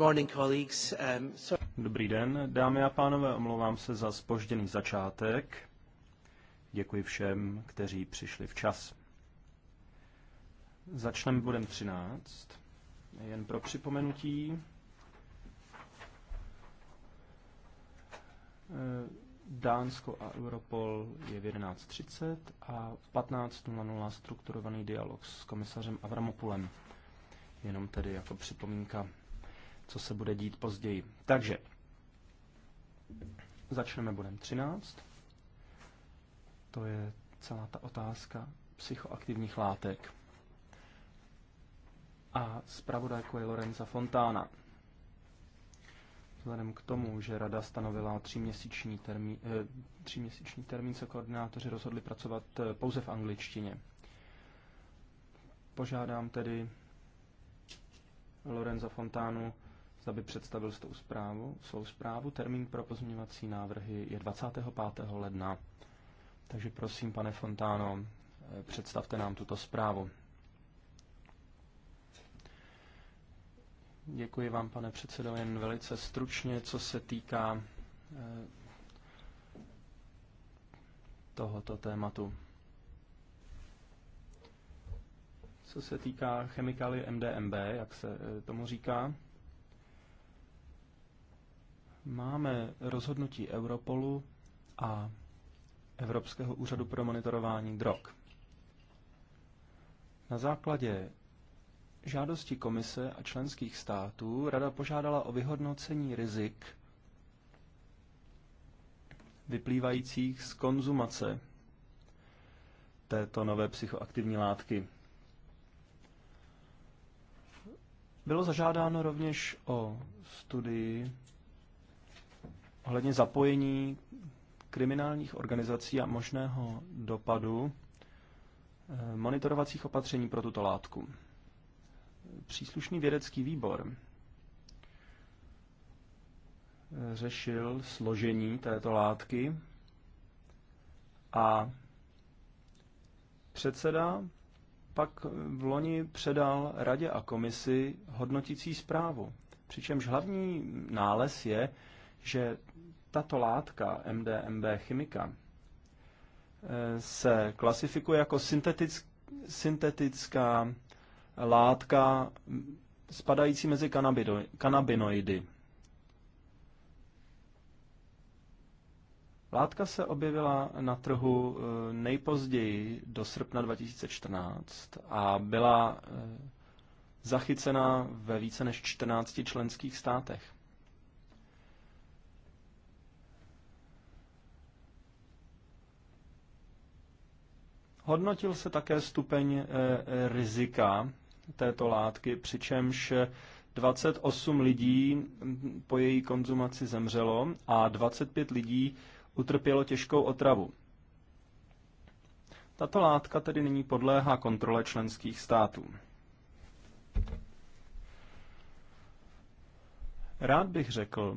Um, Dobrý den, dámy a pánové, omlouvám se za spožděný začátek. Děkuji všem, kteří přišli včas. Začneme bodem 13. Jen pro připomenutí. Eh, Dánsko a Europol je v 11.30 a v 15.00 strukturovaný dialog s komisařem Avramopulem. Jenom tedy jako připomínka co se bude dít později. Takže začneme bodem 13. To je celá ta otázka psychoaktivních látek. A zpravodajkou je Lorenza Fontána. Vzhledem k tomu, že rada stanovila tříměsíční termín, eh, tříměsíční termín se koordinátoři rozhodli pracovat eh, pouze v angličtině. Požádám tedy Lorenza Fontánu, zda by představil svou zprávu. Svou zprávu termín pro pozměňovací návrhy je 25. ledna. Takže prosím, pane Fontáno, eh, představte nám tuto zprávu. Děkuji vám, pane předsedo, jen velice stručně, co se týká eh, tohoto tématu. Co se týká chemikálie MDMB, jak se eh, tomu říká, Máme rozhodnutí Europolu a Evropského úřadu pro monitorování drog. Na základě žádosti komise a členských států Rada požádala o vyhodnocení rizik vyplývajících z konzumace této nové psychoaktivní látky. Bylo zažádáno rovněž o studii ohledně zapojení kriminálních organizací a možného dopadu eh, monitorovacích opatření pro tuto látku. Příslušný vědecký výbor eh, řešil složení této látky a předseda pak v loni předal radě a komisi hodnotící zprávu. Přičemž hlavní nález je, že tato látka MDMB chemika eh, se klasifikuje jako syntetick, syntetická látka spadající mezi kanabinoidy. Látka se objevila na trhu eh, nejpozději do srpna 2014 a byla eh, zachycena ve více než 14 členských státech. Hodnotil se také stupeň eh, rizika této látky, přičemž 28 lidí mm, po její konzumaci zemřelo a 25 lidí utrpělo těžkou otravu. Tato látka tedy nyní podléhá kontrole členských států. Rád bych řekl,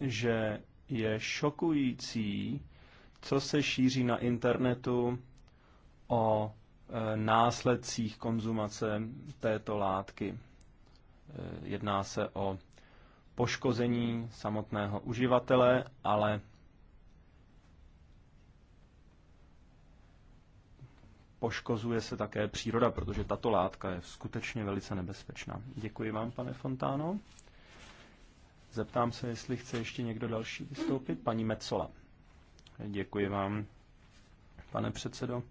že je šokující, co se šíří na internetu o e, následcích konzumace této látky. E, jedná se o poškození samotného uživatele, ale poškozuje se také příroda, protože tato látka je skutečně velice nebezpečná. Děkuji vám, pane Fontáno. Zeptám se, jestli chce ještě někdo další vystoupit. Paní Mecola. Děkuji vám, pane předsedo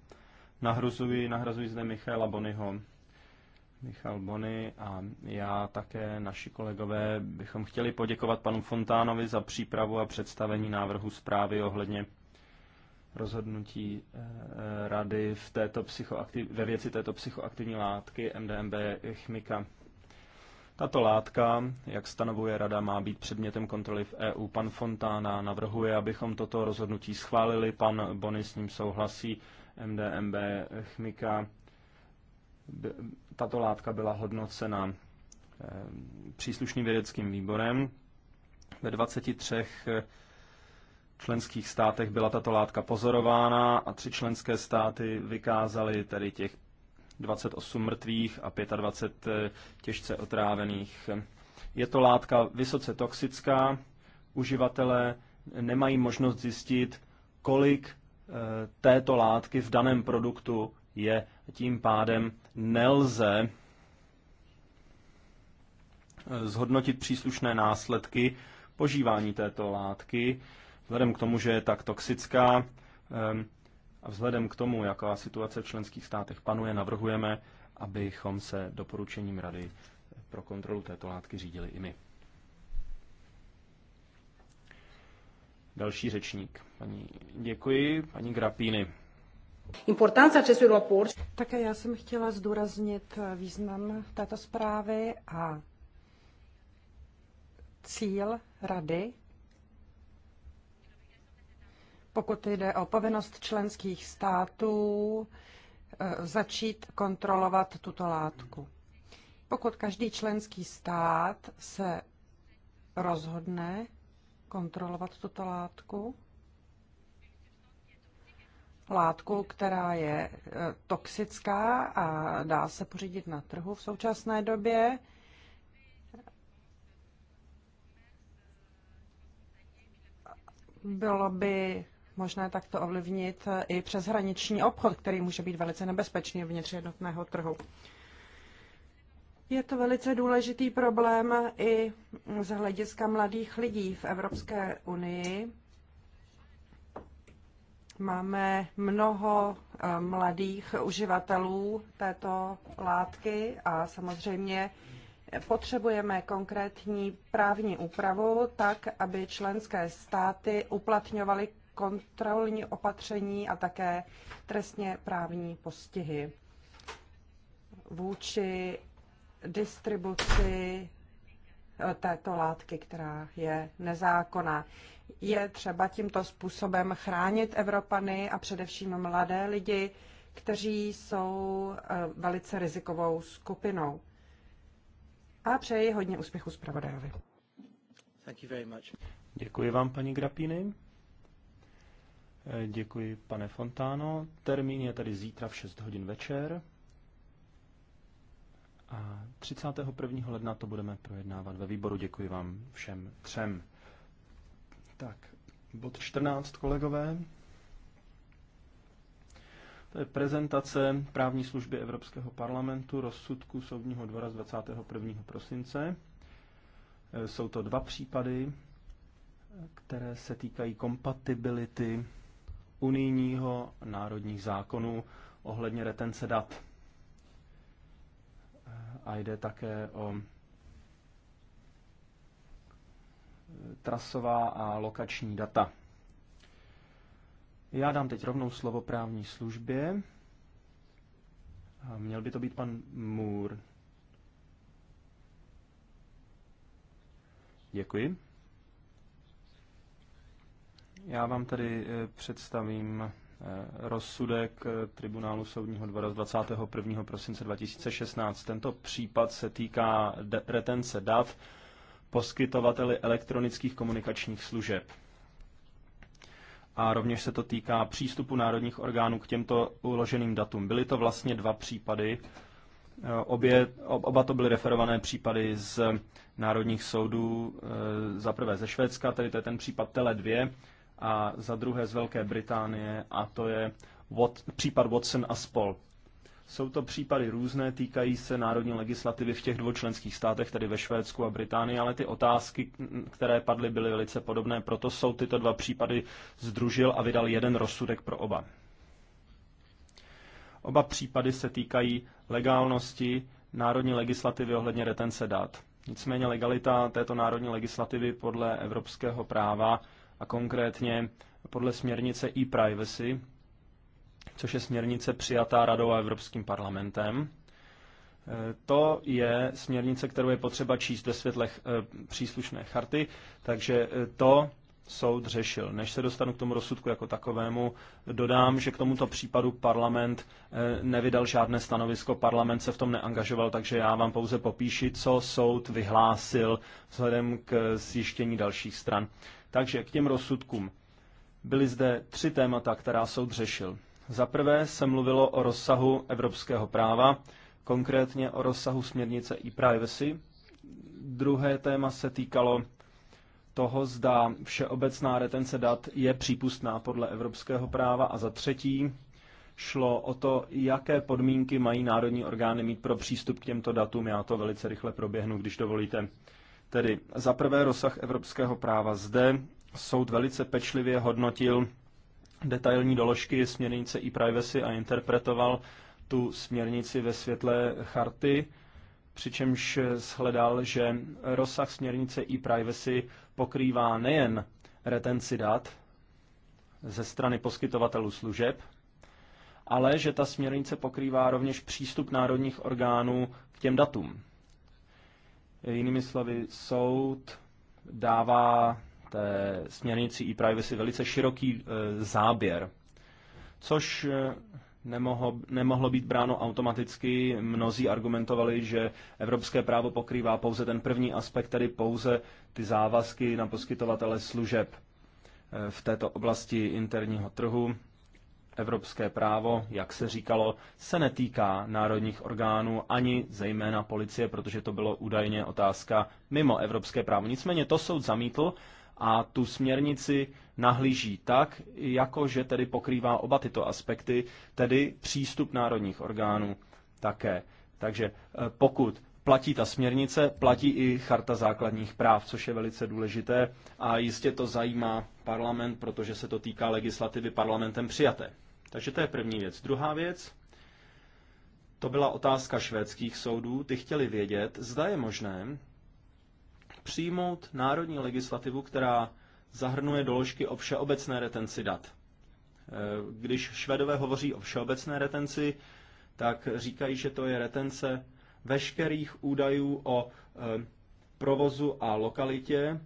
nahrazují, nahrazují zde Michaela Bonyho. Michal Bony a já také, naši kolegové, bychom chtěli poděkovat panu Fontánovi za přípravu a představení návrhu zprávy ohledně rozhodnutí eh, eh, rady v této psychoaktiv- ve věci této psychoaktivní látky MDMB chmika. Tato látka, jak stanovuje rada, má být předmětem kontroly v EU. Pan Fontána navrhuje, abychom toto rozhodnutí schválili, pan Bony s ním souhlasí, MDMB Chmika. Tato látka byla hodnocena eh, příslušným vědeckým výborem. Ve 23 eh, členských státech byla tato látka pozorována a tři členské státy vykázaly tedy těch 28 mrtvých a 25 těžce otrávených. Je to látka vysoce toxická, uživatelé nemají možnost zjistit, kolik eh, této látky v daném produktu je. Tím pádem nelze eh, zhodnotit příslušné následky požívání této látky, vzhledem k tomu, že je tak toxická, eh, a vzhledem k tomu, jaká situace v členských státech panuje, navrhujeme, abychom se doporučením Rady pro kontrolu této látky řídili i my. Další řečník. Paní, děkuji, paní Grapíny. Také já jsem chtěla zdůraznit význam této zprávy a cíl rady pokud jde o povinnost členských států e, začít kontrolovat tuto látku. Pokud každý členský stát se rozhodne kontrolovat tuto látku, látku, která je e, toxická a dá se pořídit na trhu v současné době, bylo by možné takto ovlivnit eh, i přeshraniční obchod, který může být velice nebezpečný vnitř jednotného trhu. Je to velice důležitý problém i z hlediska mladých lidí v Evropské unii. Máme mnoho eh, mladých uživatelů této látky a samozřejmě potřebujeme konkrétní právní úpravu tak, aby členské státy uplatňovaly kontrolní opatření a také trestně právní postihy vůči distribuci eh, této látky, která je nezákonná. Je třeba tímto způsobem chránit Evropany a především mladé lidi, kteří jsou eh, velice rizikovou skupinou. A přeji hodně úspěchu zpravodajovi. Děkuji vám, paní Grapíny. Děkuji, pane Fontáno. Termín je tady zítra v 6 hodin večer. A 31. ledna to budeme projednávat ve výboru. Děkuji vám všem třem. Tak, bod 14, kolegové. To je prezentace právní služby Evropského parlamentu rozsudku soudního dvora z 21. prosince. E, jsou to dva případy, které se týkají kompatibility unijního národních zákonů ohledně retence dat. A jde také o trasová a lokační data. Já dám teď rovnou slovo právní službě. A měl by to být pan Moore. Děkuji. Já vám tedy eh, představím eh, rozsudek eh, Tribunálu soudního dvora z 21. prosince 2016. Tento případ se týká retence dat poskytovateli elektronických komunikačních služeb. A rovněž se to týká přístupu národních orgánů k těmto uloženým datům. Byly to vlastně dva případy. Obě, oba to byly referované případy z národních soudů, za prvé ze Švédska, tedy to je ten případ Tele 2, a za druhé z Velké Británie a to je Wat, případ Watson a spol. Jsou to případy různé, týkají se národní legislativy v těch dvou členských státech, tedy ve Švédsku a Británii, ale ty otázky, které padly, byly velice podobné, proto jsou tyto dva případy združil a vydal jeden rozsudek pro oba. Oba případy se týkají legálnosti národní legislativy ohledně retence dat. Nicméně legalita této národní legislativy podle evropského práva a konkrétně podle směrnice e-privacy, což je směrnice přijatá Radou a Evropským parlamentem. E, to je směrnice, kterou je potřeba číst ve světlech e, příslušné charty, takže e, to soud řešil. Než se dostanu k tomu rozsudku jako takovému, dodám, že k tomuto případu parlament eh, nevydal žádné stanovisko, parlament se v tom neangažoval, takže já vám pouze popíši, co soud vyhlásil vzhledem k eh, zjištění dalších stran. Takže k těm rozsudkům. Byly zde tři témata, která soud řešil. Za prvé se mluvilo o rozsahu evropského práva, konkrétně o rozsahu směrnice e-privacy. Druhé téma se týkalo toho, zda všeobecná retence dat je přípustná podle evropského práva a za třetí šlo o to, jaké podmínky mají národní orgány mít pro přístup k těmto datům. Já to velice rychle proběhnu, když dovolíte. Tedy za prvé rozsah evropského práva zde soud velice pečlivě hodnotil detailní doložky směrnice e-privacy a interpretoval tu směrnici ve světle charty, přičemž shledal, že rozsah směrnice e-privacy pokrývá nejen retenci dat ze strany poskytovatelů služeb, ale že ta směrnice pokrývá rovněž přístup národních orgánů k těm datům. Jinými slovy, soud dává té směrnici e-privacy velice široký e, záběr, což e, nemohlo, nemohlo být bráno automaticky. Mnozí argumentovali, že evropské právo pokrývá pouze ten první aspekt, tedy pouze ty závazky na poskytovatele služeb eh, v této oblasti interního trhu. Evropské právo, jak se říkalo, se netýká národních orgánů ani zejména policie, protože to bylo údajně otázka mimo evropské právo. Nicméně to soud zamítl a tu směrnici nahlíží tak, jako že tedy pokrývá oba tyto aspekty, tedy přístup národních orgánů také. Takže eh, pokud platí ta směrnice, platí i Charta základních práv, což je velice důležité a jistě to zajímá parlament, protože se to týká legislativy parlamentem přijaté. Takže to je první věc. Druhá věc, to byla otázka švédských soudů. Ty chtěli vědět, zda je možné, přijmout národní legislativu, která zahrnuje doložky o všeobecné retenci dat. Eh, když Švedové hovoří o všeobecné retenci, tak říkají, že to je retence veškerých údajů o eh, provozu a lokalitě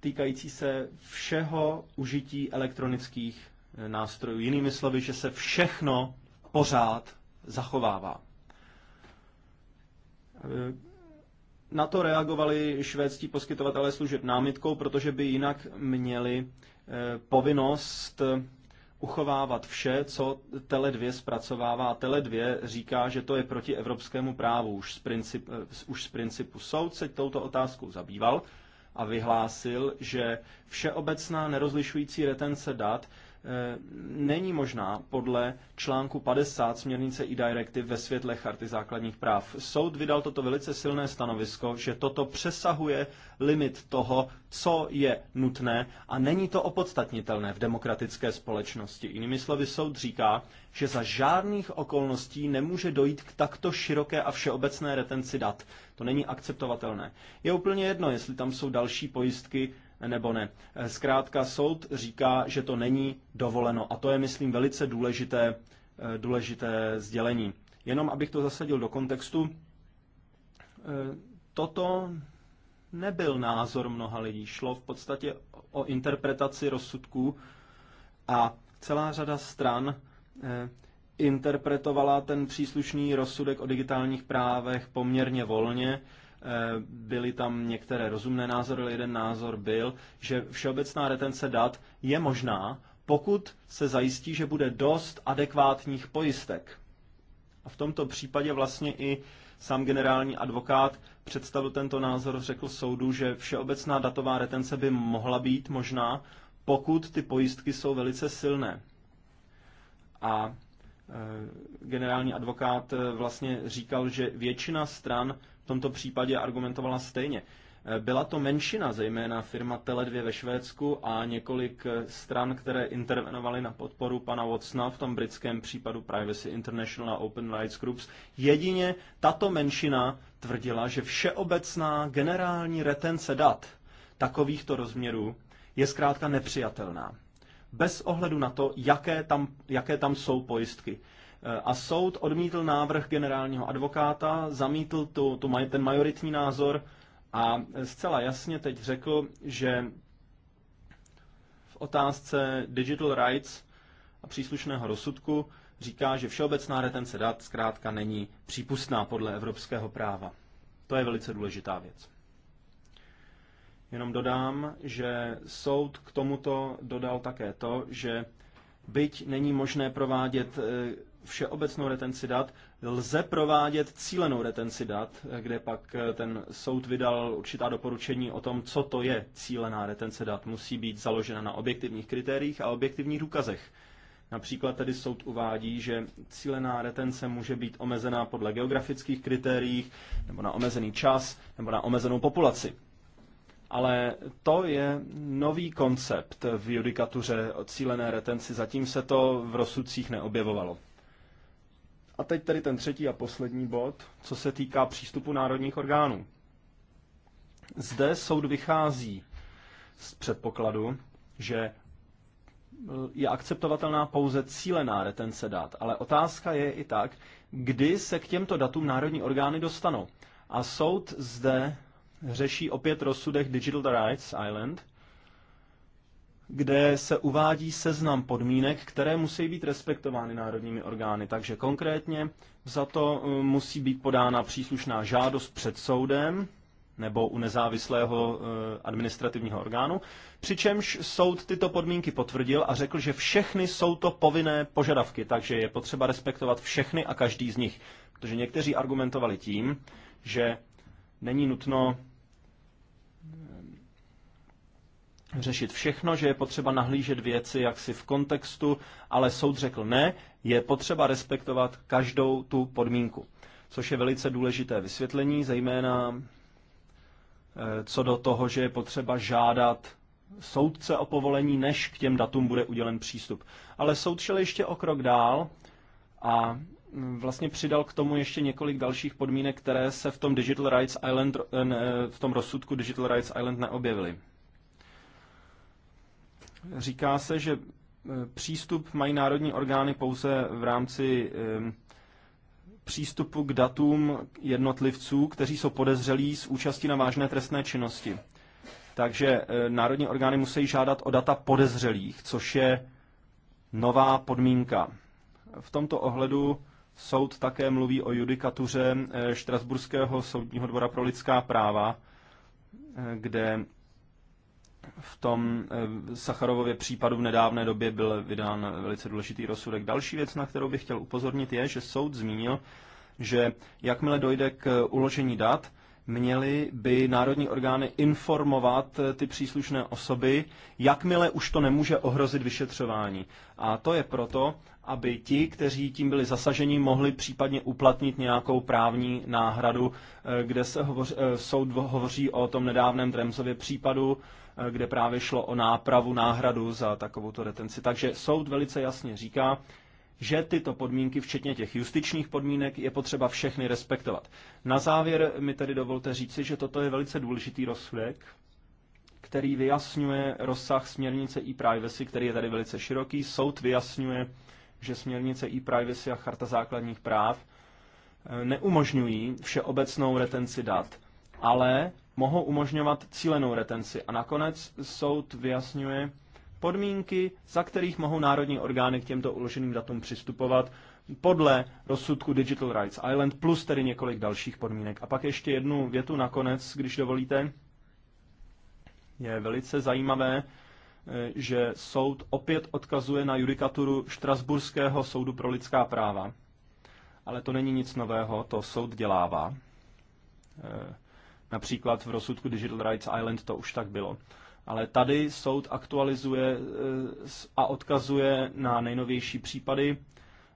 týkající se všeho užití elektronických eh, nástrojů. Jinými slovy, že se všechno pořád zachovává. Na to reagovali švédští poskytovatelé služeb námitkou, protože by jinak měli eh, povinnost eh, uchovávat vše, co Tele2 zpracovává. Tele2 říká, že to je proti evropskému právu už z, princip, eh, už z principu. Soud se touto otázkou zabýval a vyhlásil, že všeobecná nerozlišující retence dat Eh, není možná podle článku 50 směrnice i directiv ve světle charty základních práv. Soud vydal toto velice silné stanovisko, že toto přesahuje limit toho, co je nutné a není to opodstatnitelné v demokratické společnosti. Jinými slovy, soud říká, že za žádných okolností nemůže dojít k takto široké a všeobecné retenci dat. To není akceptovatelné. Je úplně jedno, jestli tam jsou další pojistky nebo ne. Eh, zkrátka soud říká, že to není dovoleno a to je, myslím, velice důležité, eh, důležité sdělení. Jenom abych to zasadil do kontextu, eh, toto nebyl názor mnoha lidí. Šlo v podstatě o interpretaci rozsudků a celá řada stran interpretovala ten příslušný rozsudek o digitálních právech poměrně volně Eh, byly tam některé rozumné názory, ale jeden názor byl, že všeobecná retence dat je možná, pokud se zajistí, že bude dost adekvátních pojistek. A v tomto případě vlastně i sám generální advokát představil tento názor, řekl soudu, že všeobecná datová retence by mohla být možná, pokud ty pojistky jsou velice silné. A eh, generální advokát eh, vlastně říkal, že většina stran tomto případě argumentovala stejně. Eh, byla to menšina, zejména firma Tele2 ve Švédsku a několik eh, stran, které intervenovaly na podporu pana Watsona v tom britském případu Privacy International a Open Rights Groups. Jedině tato menšina tvrdila, že všeobecná generální retence dat takovýchto rozměrů je zkrátka nepřijatelná. Bez ohledu na to, jaké tam, jaké tam jsou pojistky. A soud odmítl návrh generálního advokáta, zamítl tu, tu, ten majoritní názor a zcela jasně teď řekl, že v otázce digital rights a příslušného rozsudku říká, že všeobecná retence dat zkrátka není přípustná podle evropského práva. To je velice důležitá věc. Jenom dodám, že soud k tomuto dodal také to, že byť není možné provádět eh, všeobecnou retenci dat, lze provádět cílenou retenci dat, kde pak eh, ten soud vydal určitá doporučení o tom, co to je cílená retence dat. Musí být založena na objektivních kritériích a objektivních důkazech. Například tedy soud uvádí, že cílená retence může být omezená podle geografických kritérií, nebo na omezený čas, nebo na omezenou populaci. Ale to je nový koncept v judikatuře o cílené retenci. Zatím se to v rozsudcích neobjevovalo. A teď tedy ten třetí a poslední bod, co se týká přístupu národních orgánů. Zde soud vychází z předpokladu, že e, je akceptovatelná pouze cílená retence dat, ale otázka je i tak, kdy se k těmto datům národní orgány dostanou. A soud zde řeší opět rozsudek Digital Rights Island, kde se uvádí seznam podmínek, které musí být respektovány národními orgány. Takže konkrétně za to e, musí být podána příslušná žádost před soudem nebo u nezávislého e, administrativního orgánu, přičemž soud tyto podmínky potvrdil a řekl, že všechny jsou to povinné požadavky, takže je potřeba respektovat všechny a každý z nich. Protože někteří argumentovali tím, že není nutno řešit všechno, že je potřeba nahlížet věci jaksi v kontextu, ale soud řekl ne, je potřeba respektovat každou tu podmínku. Což je velice důležité vysvětlení, zejména eh, co do toho, že je potřeba žádat soudce o povolení, než k těm datům bude udělen přístup. Ale soud šel ještě o krok dál a mm, vlastně přidal k tomu ještě několik dalších podmínek, které se v tom Digital Rights Island, eh, v tom rozsudku Digital Rights Island neobjevily. Říká se, že e, přístup mají národní orgány pouze v rámci e, přístupu k datům jednotlivců, kteří jsou podezřelí z účasti na vážné trestné činnosti. Takže e, národní orgány musí žádat o data podezřelých, což je nová podmínka. V tomto ohledu soud také mluví o judikatuře Štrasburského soudního dvora pro lidská práva, kde v tom eh, Sacharovově případu v nedávné době byl vydán velice důležitý rozsudek. Další věc, na kterou bych chtěl upozornit, je, že soud zmínil, že jakmile dojde k eh, uložení dat, měly by národní orgány informovat eh, ty příslušné osoby, jakmile už to nemůže ohrozit vyšetřování. A to je proto, aby ti, kteří tím byli zasaženi, mohli případně uplatnit nějakou právní náhradu, kde se hovoř, soud hovoří o tom nedávném Dremzově případu, kde právě šlo o nápravu, náhradu za takovou retenci. Takže soud velice jasně říká, že tyto podmínky, včetně těch justičních podmínek, je potřeba všechny respektovat. Na závěr mi tedy dovolte říci, že toto je velice důležitý rozsudek, který vyjasňuje rozsah směrnice e-privacy, který je tady velice široký. Soud vyjasňuje, že směrnice e-privacy a charta základních práv eh, neumožňují všeobecnou retenci dat, ale mohou umožňovat cílenou retenci. A nakonec soud vyjasňuje podmínky, za kterých mohou národní orgány k těmto uloženým datům přistupovat podle rozsudku Digital Rights Island plus tedy několik dalších podmínek. A pak ještě jednu větu nakonec, když dovolíte. Je velice zajímavé, eh, že soud opět odkazuje na judikaturu Štrasburského soudu pro lidská práva. Ale to není nic nového, to soud dělává. Eh, Například v rozsudku Digital Rights Island to už tak bylo. Ale tady soud aktualizuje eh, a odkazuje na nejnovější případy,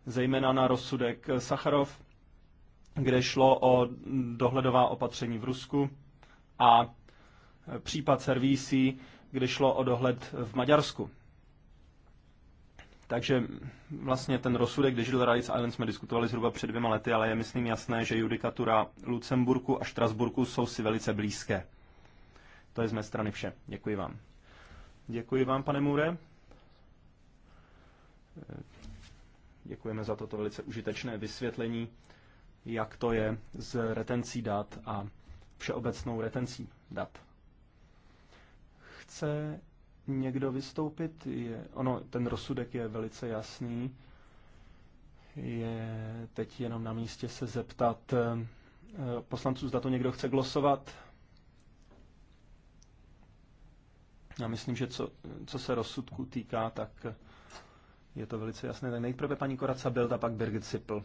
zejména na rozsudek Sacharov, kde šlo o dohledová opatření v Rusku a eh, případ servisí, kde šlo o dohled v Maďarsku. Takže vlastně ten rozsudek Digital Rights Island jsme diskutovali zhruba před dvěma lety, ale je myslím jasné, že judikatura Lucemburku a Štrasburku jsou si velice blízké. To je z mé strany vše. Děkuji vám. Děkuji vám, pane Můre. Děkujeme za toto velice užitečné vysvětlení, jak to je s retencí dat a všeobecnou retencí dat. Chce někdo vystoupit? Je, ono, ten rozsudek je velice jasný. Je teď jenom na místě se zeptat eh, poslanců, zda to někdo chce glosovat. Já myslím, že co, co se rozsudku týká, tak je to velice jasné. Tak nejprve paní Koraca a pak Birgit Sipl.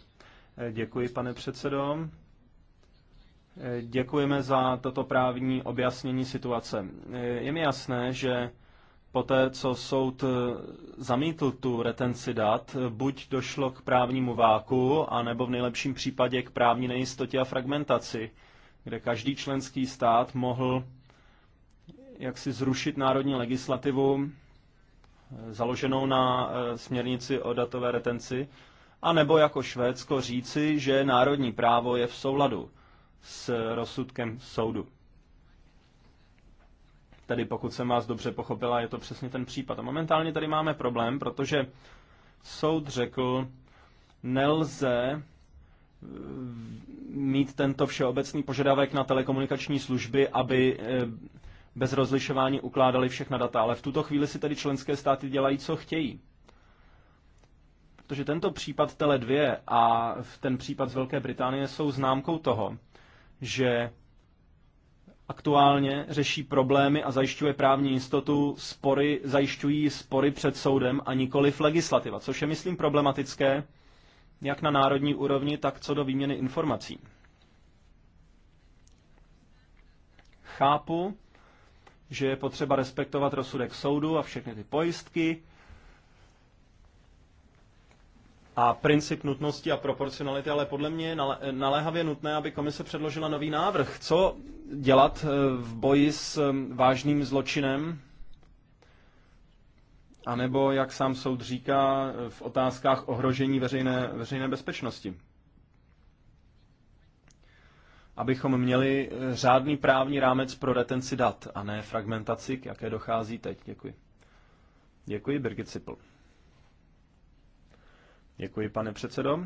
Eh, děkuji, pane předsedo. Eh, děkujeme za toto právní objasnění situace. Je mi jasné, že poté, co soud eh, zamítl tu retenci dat, buď došlo k právnímu váku, anebo v nejlepším případě k právní nejistotě a fragmentaci, kde každý členský stát mohl jaksi zrušit národní legislativu eh, založenou na eh, směrnici o datové retenci, anebo jako Švédsko říci, že národní právo je v souladu s rozsudkem soudu. Tedy pokud jsem vás dobře pochopila, je to přesně ten případ. A momentálně tady máme problém, protože soud řekl, nelze eh, mít tento všeobecný požadavek na telekomunikační služby, aby eh, bez rozlišování ukládali všechna data. Ale v tuto chvíli si tedy členské státy dělají, co chtějí. Protože tento případ Tele 2 a ten případ z Velké Británie jsou známkou toho, že aktuálně řeší problémy a zajišťuje právní jistotu, spory, zajišťují spory před soudem a v legislativa, což je, myslím, problematické jak na národní úrovni, tak co do výměny informací. Chápu, že je potřeba respektovat rozsudek soudu a všechny ty pojistky, a princip nutnosti a proporcionality, ale podle mě je naléhavě nutné, aby komise předložila nový návrh. Co dělat eh, v boji s eh, vážným zločinem? A nebo, jak sám soud říká, eh, v otázkách ohrožení veřejné, veřejné bezpečnosti. Abychom měli řádný právní rámec pro retenci dat a ne fragmentaci, k jaké dochází teď. Děkuji. Děkuji, Birgit Sipl. Děkuji, pane předsedo.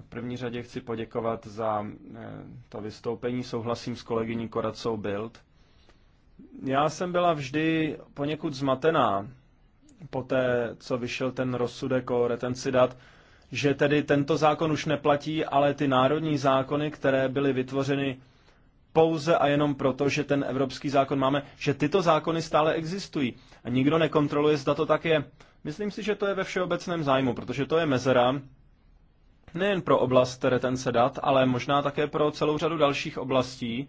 V první řadě chci poděkovat za eh, to vystoupení. Souhlasím s kolegyní Koracou Bild. Já jsem byla vždy poněkud zmatená po té, co vyšel ten rozsudek o retenci dat, že tedy tento zákon už neplatí, ale ty národní zákony, které byly vytvořeny pouze a jenom proto, že ten evropský zákon máme, že tyto zákony stále existují. A nikdo nekontroluje, zda to tak je. Myslím si, že to je ve všeobecném zájmu, protože to je mezera nejen pro oblast retence dat, ale možná také pro celou řadu dalších oblastí,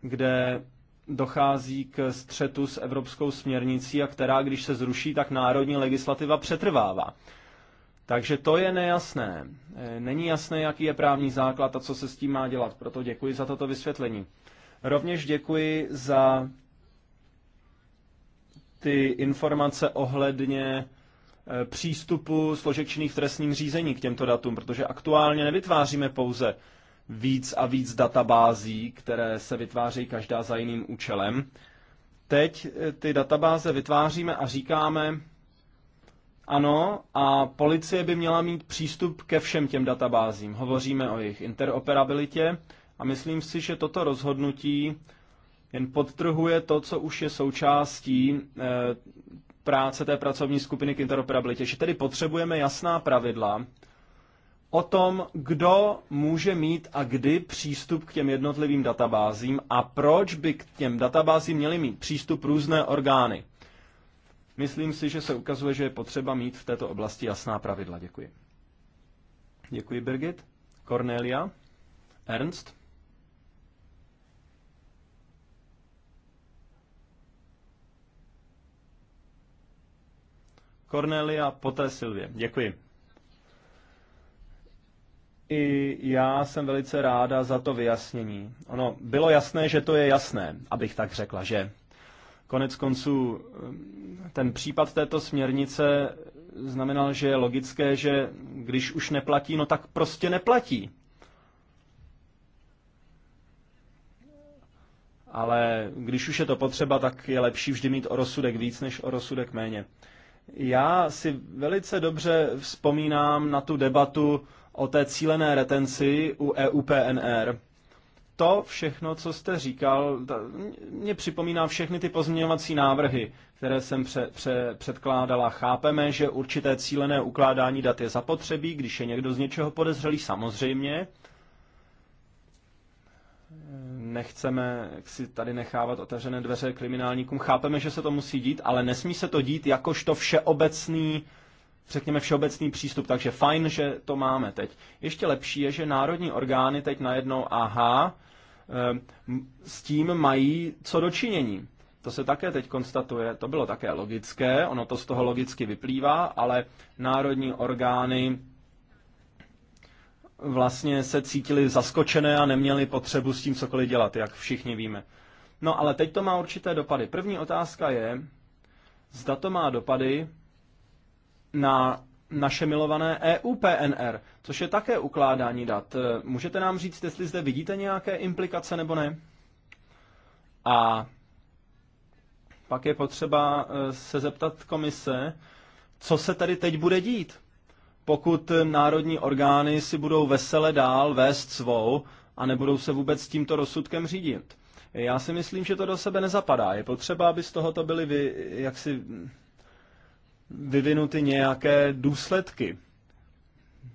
kde dochází k střetu s evropskou směrnicí a která, když se zruší, tak národní legislativa přetrvává. Takže to je nejasné. Není jasné, jaký je právní základ a co se s tím má dělat. Proto děkuji za toto vysvětlení. Rovněž děkuji za ty informace ohledně Eh, přístupu složek činných v trestním řízení k těmto datům, protože aktuálně nevytváříme pouze víc a víc databází, které se vytvářejí každá za jiným účelem. Teď eh, ty databáze vytváříme a říkáme, ano, a policie by měla mít přístup ke všem těm databázím. Hovoříme o jejich interoperabilitě a myslím si, že toto rozhodnutí jen podtrhuje to, co už je součástí eh, práce té pracovní skupiny k interoperabilitě, že tedy potřebujeme jasná pravidla o tom, kdo může mít a kdy přístup k těm jednotlivým databázím a proč by k těm databázím měly mít přístup různé orgány. Myslím si, že se ukazuje, že je potřeba mít v této oblasti jasná pravidla. Děkuji. Děkuji, Birgit. Cornelia. Ernst. Cornelia, poté Silvě. Děkuji. I já jsem velice ráda za to vyjasnění. Ono bylo jasné, že to je jasné, abych tak řekla, že konec konců ten případ této směrnice znamenal, že je logické, že když už neplatí, no tak prostě neplatí. Ale když už je to potřeba, tak je lepší vždy mít o rozsudek víc než o rozsudek méně. Já si velice dobře vzpomínám na tu debatu o té cílené retenci u EUPNR. To všechno, co jste říkal, mě připomíná všechny ty pozměňovací návrhy, které jsem pře- pře- předkládala. Chápeme, že určité cílené ukládání dat je zapotřebí, když je někdo z něčeho podezřelý, samozřejmě, nechceme si tady nechávat otevřené dveře kriminálníkům. Chápeme, že se to musí dít, ale nesmí se to dít jakožto všeobecný, řekněme všeobecný přístup. Takže fajn, že to máme teď. Ještě lepší je, že národní orgány teď najednou, aha, eh, s tím mají co dočinění. To se také teď konstatuje, to bylo také logické, ono to z toho logicky vyplývá, ale národní orgány vlastně se cítili zaskočené a neměli potřebu s tím cokoliv dělat, jak všichni víme. No ale teď to má určité dopady. První otázka je, zda to má dopady na naše milované EU-PNR, což je také ukládání dat. Můžete nám říct, jestli zde vidíte nějaké implikace nebo ne? A pak je potřeba eh, se zeptat komise, co se tady teď bude dít pokud národní orgány si budou vesele dál vést svou a nebudou se vůbec tímto rozsudkem řídit. Já si myslím, že to do sebe nezapadá. Je potřeba, aby z tohoto byly vy, jaksi vyvinuty nějaké důsledky.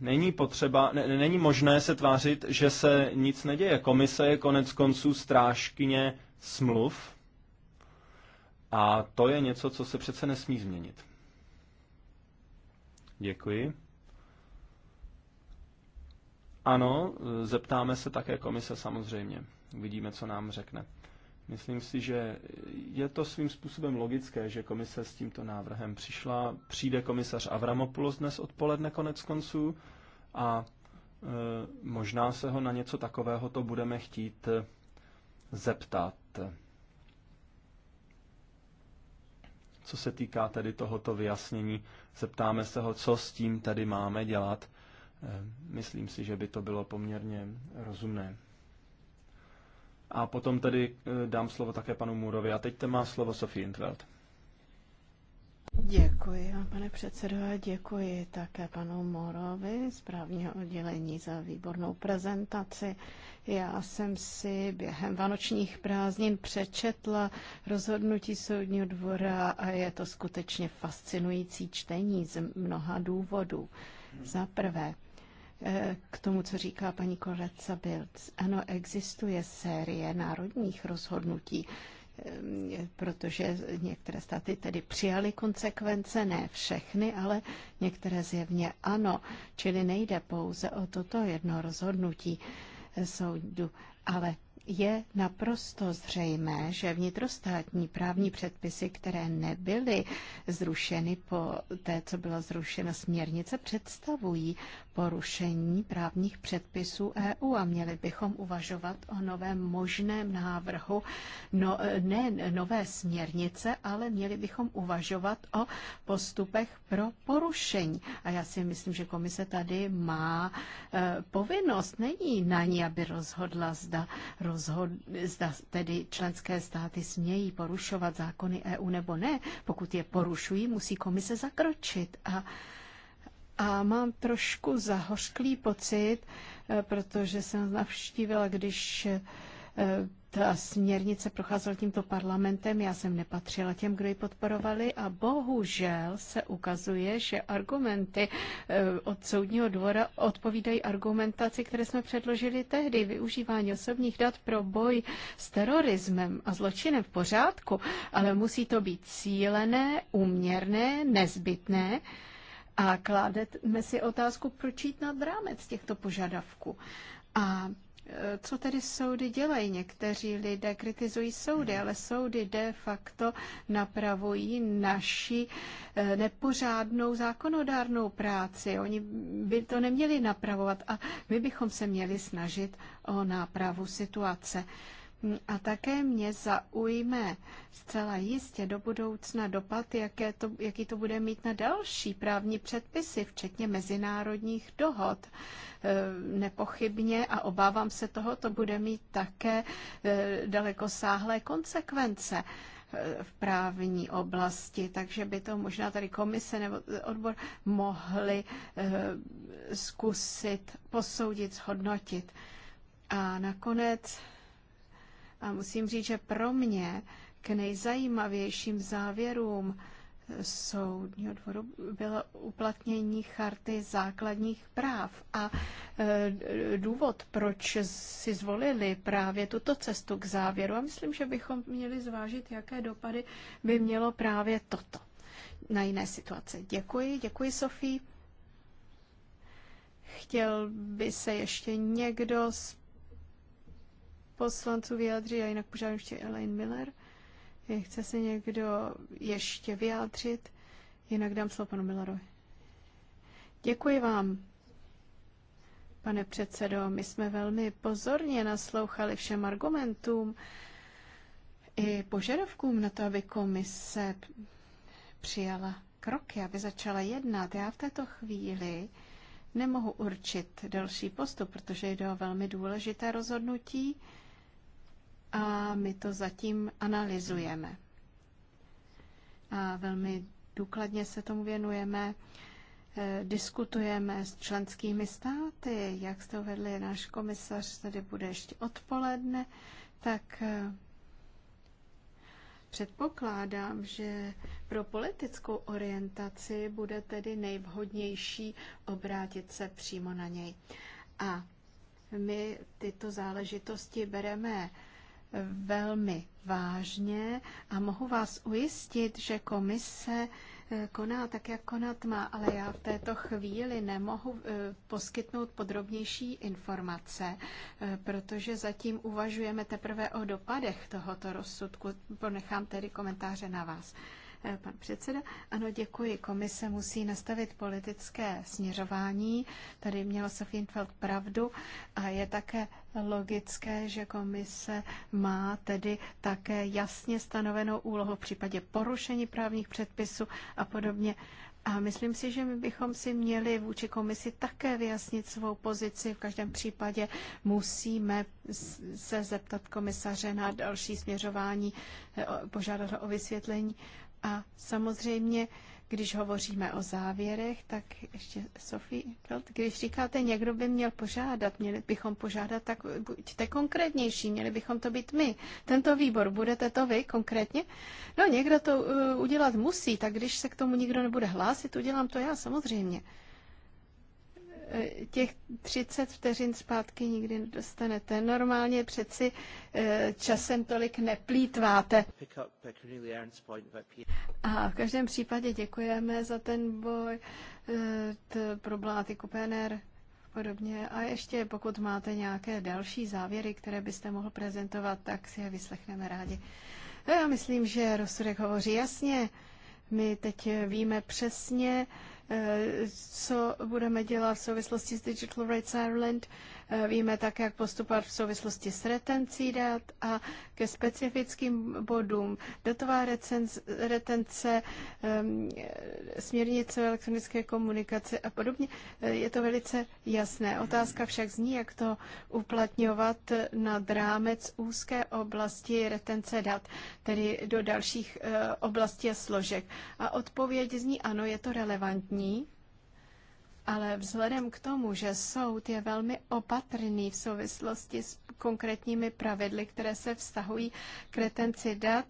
Není potřeba, ne, není možné se tvářit, že se nic neděje. Komise je konec konců strážkyně smluv a to je něco, co se přece nesmí změnit. Děkuji. Ano, zeptáme se také komise samozřejmě. Uvidíme, co nám řekne. Myslím si, že je to svým způsobem logické, že komise s tímto návrhem přišla. Přijde komisař Avramopoulos dnes odpoledne konec konců a e, možná se ho na něco takového to budeme chtít e, zeptat. Co se týká tedy tohoto vyjasnění, zeptáme se ho, co s tím tady máme dělat Eh, myslím si, že by to bylo poměrně rozumné. A potom tedy eh, dám slovo také panu Můrovi. A teď te má slovo Sofie Intveld. Děkuji pane předsedo, a děkuji také panu Morovi z právního oddělení za výbornou prezentaci. Já jsem si během vánočních prázdnin přečetla rozhodnutí soudního dvora a je to skutečně fascinující čtení z mnoha důvodů. Za prvé, k tomu, co říká paní Koreca Bild. Ano, existuje série národních rozhodnutí, eh, protože některé státy tedy přijaly konsekvence, ne všechny, ale některé zjevně ano. Čili nejde pouze o toto jedno rozhodnutí soudu, ale je naprosto zřejmé, že vnitrostátní právní předpisy, které nebyly zrušeny po té, co byla zrušena směrnice, představují porušení právních předpisů EU a měli bychom uvažovat o novém možném návrhu, no, ne nové směrnice, ale měli bychom uvažovat o postupech pro porušení. A já si myslím, že komise tady má e, povinnost, není na ní, aby rozhodla, zda, rozhod, zda tedy členské státy smějí porušovat zákony EU nebo ne. Pokud je porušují, musí komise zakročit. A a mám trošku zahořklý pocit, eh, protože jsem navštívila, když eh, ta směrnice procházela tímto parlamentem, já jsem nepatřila těm, kdo ji podporovali a bohužel se ukazuje, že argumenty eh, od soudního dvora odpovídají argumentaci, které jsme předložili tehdy. Využívání osobních dat pro boj s terorismem a zločinem v pořádku, ale musí to být cílené, úměrné, nezbytné a kládeme si otázku, proč jít nad rámec těchto požadavků. A e, co tedy soudy dělají? Někteří lidé kritizují soudy, ale soudy de facto napravují naši e, nepořádnou zákonodárnou práci. Oni by to neměli napravovat a my bychom se měli snažit o nápravu situace. A také mě zaujme zcela jistě do budoucna dopad, jaké to, jaký to bude mít na další právní předpisy, včetně mezinárodních dohod. E, nepochybně a obávám se toho, to bude mít také e, sáhlé konsekvence e, v právní oblasti, takže by to možná tady komise nebo odbor mohli zkusit posoudit, zhodnotit. A nakonec a musím říct, že pro mě k nejzajímavějším závěrům soudního dvoru bylo uplatnění charty základních práv. A e, důvod, proč si zvolili právě tuto cestu k závěru, a myslím, že bychom měli zvážit, jaké dopady by mělo právě toto na jiné situace. Děkuji, děkuji Sofí. Chtěl by se ještě někdo z poslanců vyjádří a jinak požádám ještě Elaine Miller. Chce se někdo ještě vyjádřit? Jinak dám slovo panu Millerovi. Děkuji vám, pane předsedo. My jsme velmi pozorně naslouchali všem argumentům i požadavkům na to, aby komise přijala kroky, aby začala jednat. Já v této chvíli nemohu určit další postup, protože jde o velmi důležité rozhodnutí a my to zatím analyzujeme. A velmi důkladně se tomu věnujeme, e, diskutujeme s členskými státy, jak jste uvedli, náš komisař tady bude ještě odpoledne, tak e, Předpokládám, že pro politickou orientaci bude tedy nejvhodnější obrátit se přímo na něj. A my tyto záležitosti bereme velmi vážně a mohu vás ujistit, že komise eh, koná tak, jak konat má, ale já v této chvíli nemohu eh, poskytnout podrobnější informace, eh, protože zatím uvažujeme teprve o dopadech tohoto rozsudku. Ponechám tedy komentáře na vás. Eh, pan předseda, ano, děkuji. Komise musí nastavit politické směřování. Tady měla Sofienfeld pravdu a je také logické, že komise má tedy také jasně stanovenou úlohu v případě porušení právních předpisů a podobně. A myslím si, že my bychom si měli vůči komisi také vyjasnit svou pozici. V každém případě musíme se zeptat komisaře na další směřování, eh, požádat o vysvětlení. A samozřejmě, když hovoříme o závěrech, tak ještě Sofie, když říkáte, někdo by měl požádat, měli bychom požádat, tak buďte konkrétnější, měli bychom to být my. Tento výbor, budete to vy konkrétně? No, někdo to uh, udělat musí, tak když se k tomu nikdo nebude hlásit, udělám to já samozřejmě. Eh, těch 30 vteřin zpátky nikdy nedostanete. Normálně přeci eh, časem tolik neplýtváte. A v každém případě děkujeme za ten boj, eh, problematiku PNR podobně. A ještě pokud máte nějaké další závěry, které byste mohl prezentovat, tak si je vyslechneme rádi. Já myslím, že rozsudek hovoří jasně. My teď víme přesně, Eh, co budeme dělat v souvislosti s Digital Rights Ireland. Víme tak, jak postupovat v souvislosti s retencí dat a ke specifickým bodům. Datová recenz, retence, ehm, směrnice o elektronické komunikaci a podobně. Eh, je to velice jasné. Otázka však zní, jak to uplatňovat na rámec úzké oblasti retence dat, tedy do dalších eh, oblastí a složek. A odpověď zní ano, je to relevantní ale vzhledem k tomu, že soud je velmi opatrný v souvislosti s konkrétními pravidly, které se vztahují k retenci dat,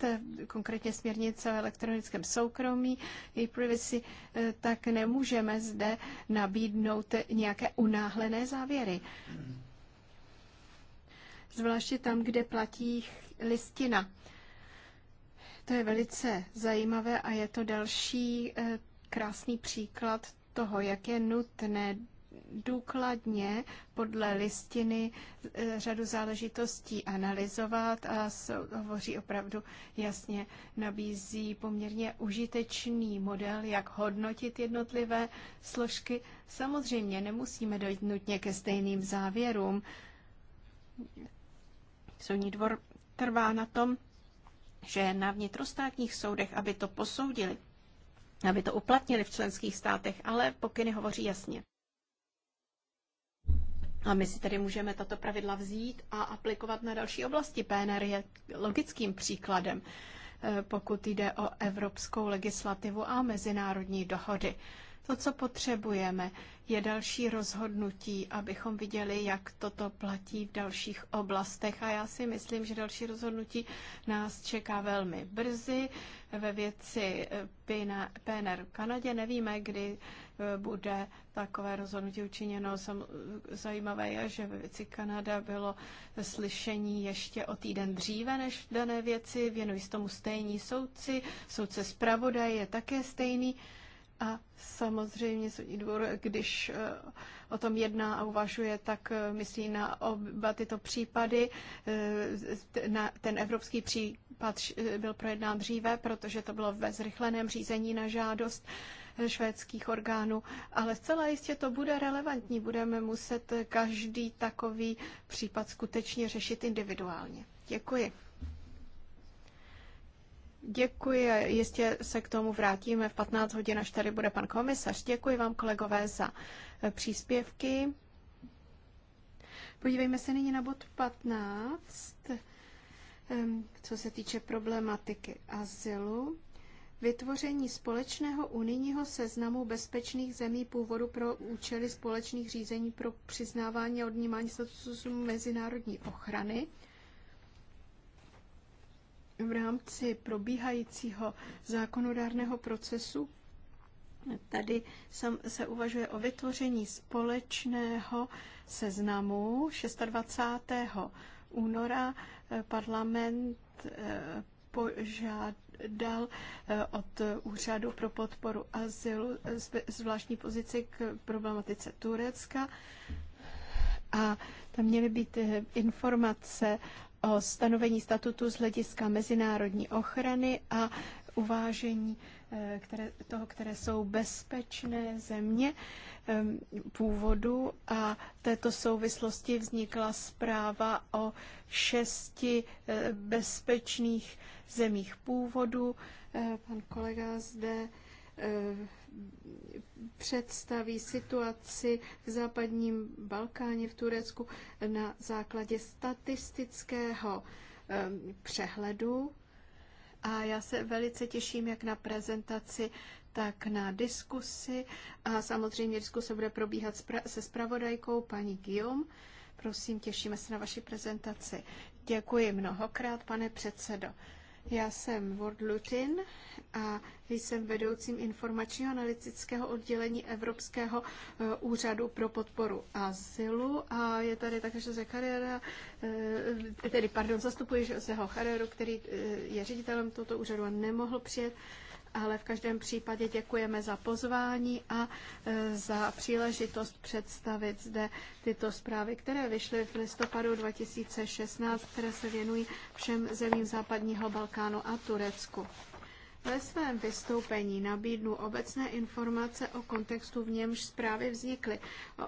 konkrétně směrnice o elektronickém soukromí, i privacy, eh, tak nemůžeme zde nabídnout nějaké unáhlené závěry. Zvláště tam, kde platí listina. To je velice zajímavé a je to další eh, krásný příklad toho, jak je nutné důkladně podle listiny e, řadu záležitostí analyzovat a hovoří opravdu jasně, nabízí poměrně užitečný model, jak hodnotit jednotlivé složky. Samozřejmě nemusíme dojít nutně ke stejným závěrům. Soudní dvor trvá na tom, že na vnitrostátních soudech, aby to posoudili, aby to uplatnili v členských státech, ale pokyny hovoří jasně. A my si tedy můžeme tato pravidla vzít a aplikovat na další oblasti. PNR je logickým příkladem, eh, pokud jde o evropskou legislativu a mezinárodní dohody. To, co potřebujeme, je další rozhodnutí, abychom viděli, jak toto platí v dalších oblastech. A já si myslím, že další rozhodnutí nás čeká velmi brzy. Ve věci eh, PNR v Kanadě nevíme, kdy eh, bude takové rozhodnutí učiněno. Eh, zajímavé je, že ve věci Kanada bylo slyšení ještě o týden dříve než v dané věci. Věnují se tomu stejní soudci, soudce zpravodaj je také stejný. A samozřejmě soudní dvor, když eh, o tom jedná a uvažuje, tak eh, myslí na oba tyto případy. Eh, ten evropský případ byl projednán dříve, protože to bylo ve zrychleném řízení na žádost švédských orgánů, ale zcela jistě to bude relevantní. Budeme muset každý takový případ skutečně řešit individuálně. Děkuji. Děkuji, jistě se k tomu vrátíme v 15 hodin, až tady bude pan komisař. Děkuji vám, kolegové, za eh, příspěvky. Podívejme se nyní na bod 15, ehm, co se týče problematiky azylu. Vytvoření společného unijního seznamu bezpečných zemí původu pro účely společných řízení pro přiznávání a odnímání statusu mezinárodní ochrany v rámci probíhajícího zákonodárného procesu Tady se uvažuje o vytvoření společného seznamu 26. února eh, parlament eh, požádal eh, od Úřadu pro podporu azylu zvláštní pozici k problematice Turecka a tam měly být informace o stanovení statutu z hlediska mezinárodní ochrany a uvážení eh, které, toho, které jsou bezpečné země původu a této souvislosti vznikla zpráva o šesti eh, bezpečných zemích původu. Eh, pan kolega zde Eh, představí situaci v západním Balkáně, v Turecku na základě statistického eh, přehledu. A já se velice těším jak na prezentaci, tak na diskusi. A samozřejmě diskuse bude probíhat se spravodajkou paní Gium. Prosím, těšíme se na vaši prezentaci. Děkuji mnohokrát, pane předsedo. Já jsem Ward Lutin a jsem vedoucím informačního analytického oddělení Evropského eh, úřadu pro podporu azylu a je tady také Jose Carrera, eh, tedy pardon, zastupuji Joseho Carreru, který eh, je ředitelem tohoto úřadu a nemohl přijet ale v každém případě děkujeme za pozvání a e, za příležitost představit zde tyto zprávy, které vyšly v listopadu 2016, které se věnují všem zemím západního Balkánu a Turecku. Ve svém vystoupení nabídnu obecné informace o kontextu, v němž zprávy vznikly,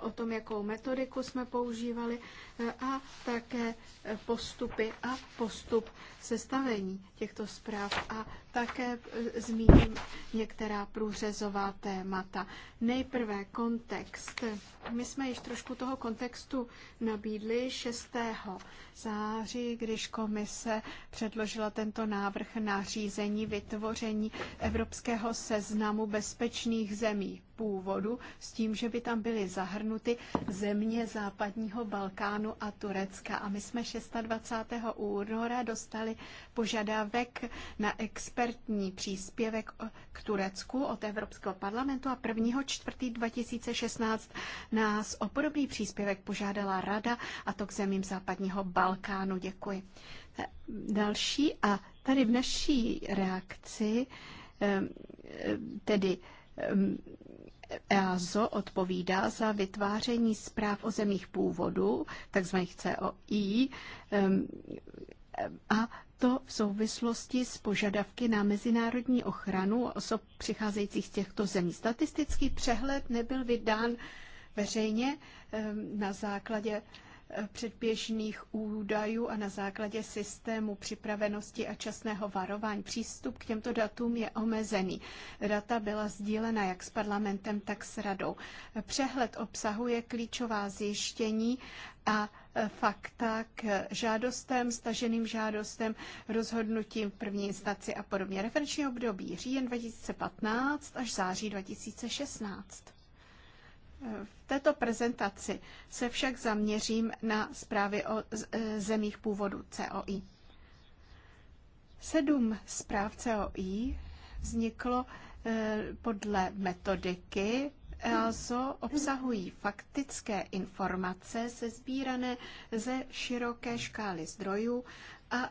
o tom, jakou metodiku jsme používali e, a také e, postupy a postup sestavení těchto zpráv a také e, zmíním některá průřezová témata. Nejprve kontext. My jsme již trošku toho kontextu nabídli 6. září, když komise předložila tento návrh na řízení vytvoření Evropského seznamu bezpečných zemí původu s tím, že by tam byly zahrnuty země západního Balkánu a Turecka. A my jsme 26. února dostali požadavek na expertní příspěvek k Turecku od Evropského parlamentu a 1. čtvrtý 2016 nás o podobný příspěvek požádala Rada a to k zemím západního Balkánu. Děkuji. Další a tady v naší reakci ehm, tedy ehm, EASO odpovídá za vytváření zpráv o zemích původu, takzvaných COI, a to v souvislosti s požadavky na mezinárodní ochranu osob přicházejících z těchto zemí. Statistický přehled nebyl vydán veřejně na základě předběžných údajů a na základě systému připravenosti a časného varování. Přístup k těmto datům je omezený. Data byla sdílena jak s parlamentem, tak s radou. Přehled obsahuje klíčová zjištění a fakta k žádostem, staženým žádostem, rozhodnutím v první instanci a podobně. Referenční období říjen 2015 až září 2016. V této prezentaci se však zaměřím na zprávy o e, zemích původu COI. Sedm zpráv COI vzniklo e, podle metodiky EASO obsahují faktické informace se sbírané ze široké škály zdrojů a e,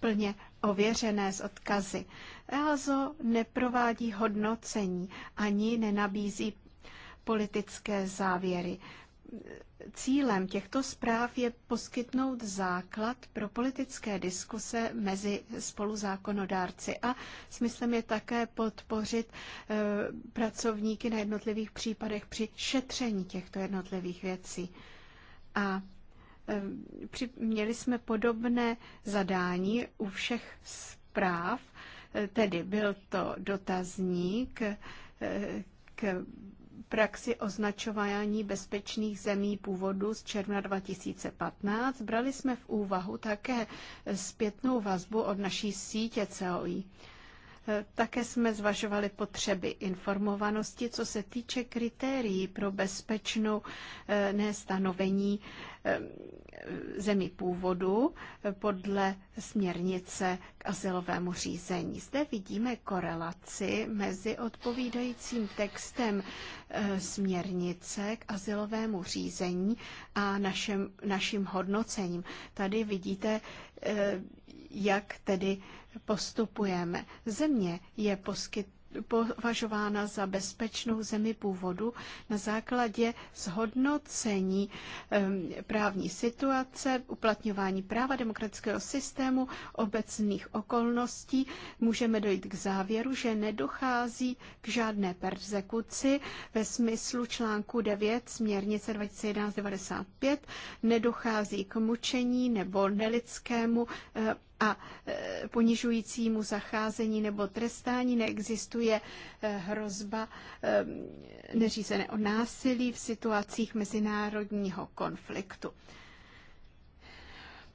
plně ověřené z odkazy. EASO neprovádí hodnocení ani nenabízí politické závěry. Cílem těchto zpráv je poskytnout základ pro politické diskuse mezi spoluzákonodárci a smyslem je také podpořit eh, pracovníky na jednotlivých případech při šetření těchto jednotlivých věcí. A eh, měli jsme podobné zadání u všech zpráv, eh, tedy byl to dotazník k praxi označování bezpečných zemí původu z června 2015 brali jsme v úvahu také zpětnou vazbu od naší sítě COI. E, také jsme zvažovali potřeby informovanosti, co se týče kritérií pro bezpečnou e, nestanovení zemi původu podle směrnice k asilovému řízení. Zde vidíme korelaci mezi odpovídajícím textem e, směrnice k asilovému řízení a našem, naším hodnocením. Tady vidíte, e, jak tedy postupujeme. Země je poskyt považována za bezpečnou zemi původu na základě zhodnocení právní situace, uplatňování práva demokratického systému, obecných okolností. Můžeme dojít k závěru, že nedochází k žádné persekuci ve smyslu článku 9 směrnice 2011-95, nedochází k mučení nebo nelidskému eh, a e, ponižujícímu zacházení nebo trestání. Neexistuje e, hrozba e, neřízené o násilí v situacích mezinárodního konfliktu.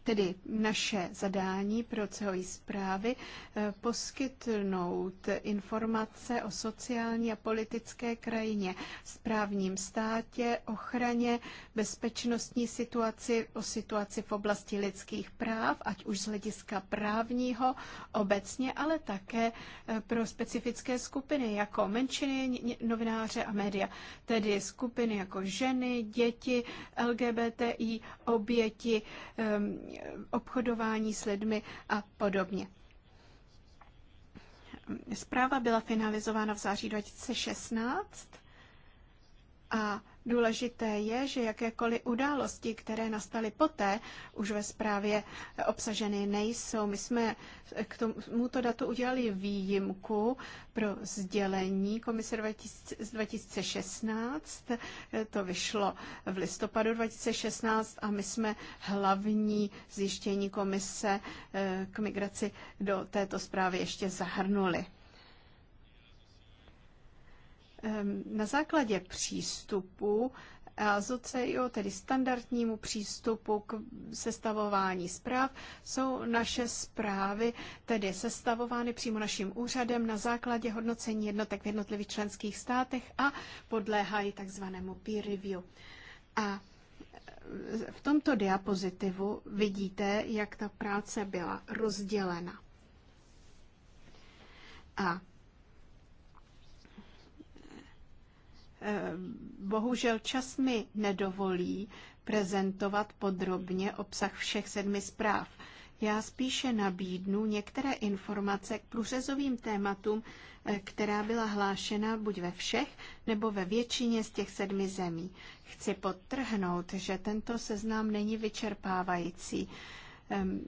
Tedy naše zadání pro celý zprávy eh, poskytnout informace o sociální a politické krajině, správním státě, ochraně, bezpečnostní situaci, o situaci v oblasti lidských práv, ať už z hlediska právního obecně, ale také eh, pro specifické skupiny jako menšiny, novináře a média, tedy skupiny jako ženy, děti, LGBTI, oběti, ehm, obchodování s lidmi a podobně. Zpráva byla finalizována v září 2016 a Důležité je, že jakékoliv události, které nastaly poté, už ve zprávě obsaženy nejsou. My jsme k tomuto datu udělali výjimku pro sdělení komise 2016. To vyšlo v listopadu 2016 a my jsme hlavní zjištění komise eh, k migraci do této zprávy ještě zahrnuli. Ehm, na základě přístupu AZOCEIO, tedy standardnímu přístupu k sestavování zpráv, jsou naše zprávy tedy sestavovány přímo naším úřadem na základě hodnocení jednotek v jednotlivých členských státech a podléhají takzvanému peer review. A e, v tomto diapozitivu vidíte, jak ta práce byla rozdělena. A Eh, bohužel čas mi nedovolí prezentovat podrobně obsah všech sedmi zpráv. Já spíše nabídnu některé informace k průřezovým tématům, eh, která byla hlášena buď ve všech nebo ve většině z těch sedmi zemí. Chci podtrhnout, že tento seznam není vyčerpávající. Ehm,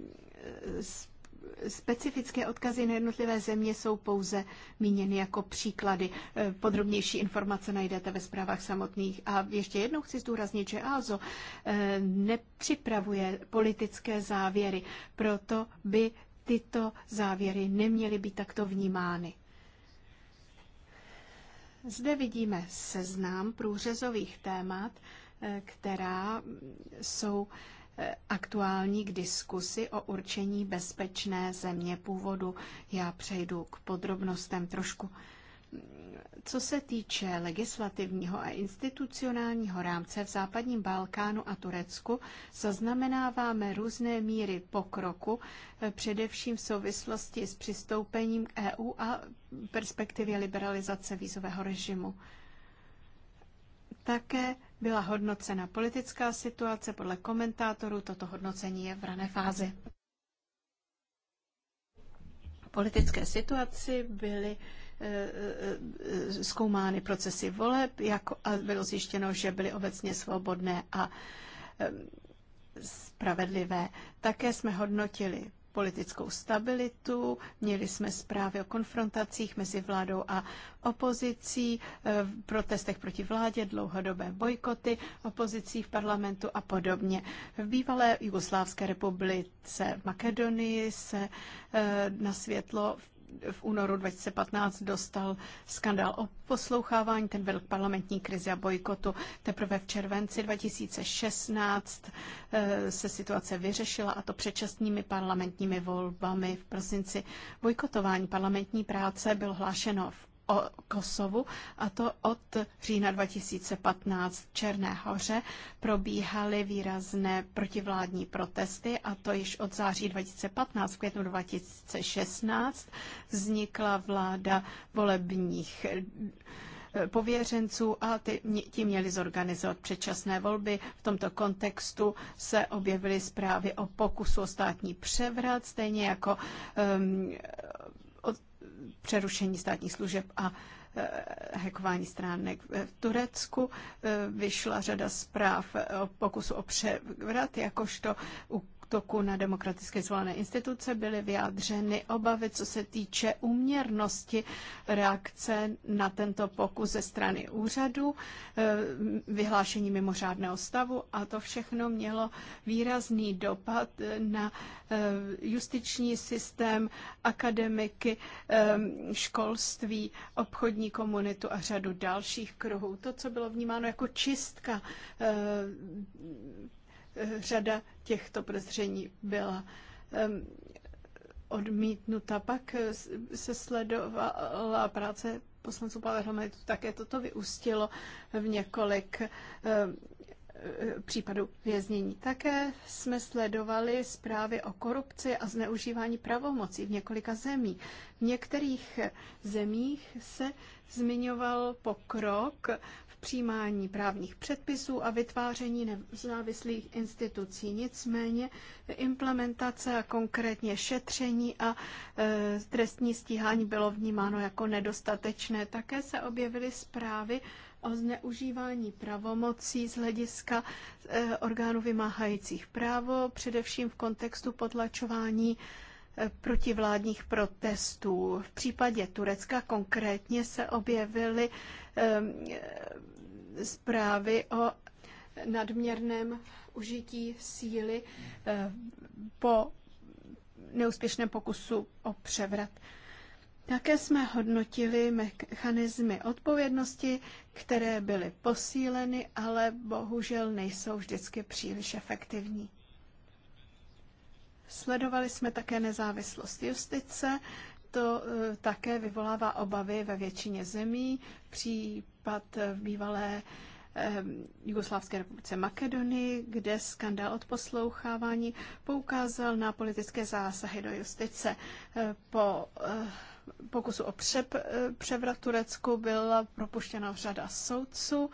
specifické odkazy na jednotlivé země jsou pouze míněny jako příklady. E, podrobnější informace najdete ve zprávách samotných. A ještě jednou chci zdůraznit, že AZO e, nepřipravuje politické závěry, proto by tyto závěry neměly být takto vnímány. Zde vidíme seznam průřezových témat, e, která jsou Eh, aktuální k diskusi o určení bezpečné země původu. Já přejdu k podrobnostem trošku. Co se týče legislativního a institucionálního rámce v západním Balkánu a Turecku, zaznamenáváme různé míry pokroku, eh, především v souvislosti s přistoupením k EU a perspektivě liberalizace vízového režimu. Také byla hodnocena politická situace. Podle komentátorů toto hodnocení je v rané fázi. Politické situaci byly eh, eh, zkoumány procesy voleb jako, a bylo zjištěno, že byly obecně svobodné a eh, spravedlivé. Také jsme hodnotili politickou stabilitu, měli jsme zprávy o konfrontacích mezi vládou a opozicí, eh, v protestech proti vládě, dlouhodobé bojkoty opozicí v parlamentu a podobně. V bývalé Jugoslávské republice v Makedonii se eh, na světlo v únoru 2015 dostal skandál o poslouchávání, ten vedl k parlamentní krizi a bojkotu. Teprve v červenci 2016 eh, se situace vyřešila a to předčasnými parlamentními volbami v prosinci. Bojkotování parlamentní práce bylo hlášeno v o Kosovu, a to od října 2015 v Černé hoře probíhaly výrazné protivládní protesty, a to již od září 2015 v květnu 2016 vznikla vláda volebních eh, pověřenců a ty, ti měli zorganizovat předčasné volby. V tomto kontextu se objevily zprávy o pokusu o státní převrat, stejně jako um, přerušení státních služeb a e, hekování stránek e, v Turecku. E, vyšla řada zpráv o pokusu o převrat, jakožto útoku na demokraticky zvolené instituce byly vyjádřeny obavy, co se týče uměrnosti reakce na tento pokus ze strany úřadu, eh, vyhlášení mimořádného stavu a to všechno mělo výrazný dopad na eh, justiční systém, akademiky, eh, školství, obchodní komunitu a řadu dalších kruhů. To, co bylo vnímáno jako čistka řada těchto prozření byla odmítnuta. Pak eh, se sledovala práce poslanců parlamentu, také toto vyústilo v několik eh, eh, případu věznění. Také jsme sledovali zprávy o korupci a zneužívání pravomocí v několika zemí. V některých zemích se zmiňoval pokrok přijímání právních předpisů a vytváření nezávislých institucí. Nicméně implementace a konkrétně šetření a e, trestní stíhání bylo vnímáno jako nedostatečné. Také se objevily zprávy o zneužívání pravomocí z hlediska e, orgánů vymáhajících právo, především v kontextu potlačování protivládních protestů. V případě Turecka konkrétně se objevily ehm, zprávy o nadměrném užití síly ehm, po neúspěšném pokusu o převrat. Také jsme hodnotili mechanismy odpovědnosti, které byly posíleny, ale bohužel nejsou vždycky příliš efektivní. Sledovali jsme také nezávislost justice, to e, také vyvolává obavy ve většině zemí. Případ v bývalé e, Jugoslávské republice Makedonii, kde skandál od poslouchávání poukázal na politické zásahy do justice. E, po pokusu o převrat Turecku byla propuštěna řada soudců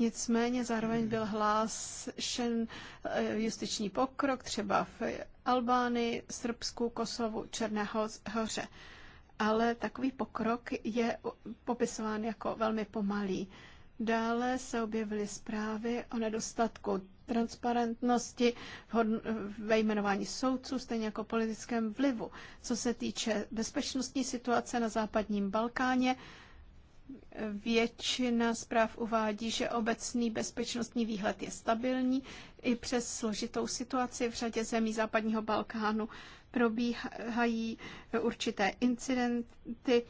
Nicméně zároveň byl hlášen eh, justiční pokrok třeba v Albánii, Srbsku, Kosovu, Černé hoře. Ale takový pokrok je popisován jako velmi pomalý. Dále se objevily zprávy o nedostatku transparentnosti ve jmenování soudců, stejně jako politickém vlivu. Co se týče bezpečnostní situace na západním Balkáně, Většina zpráv uvádí, že obecný bezpečnostní výhled je stabilní i přes složitou situaci v řadě zemí západního Balkánu. Probíhají určité incidenty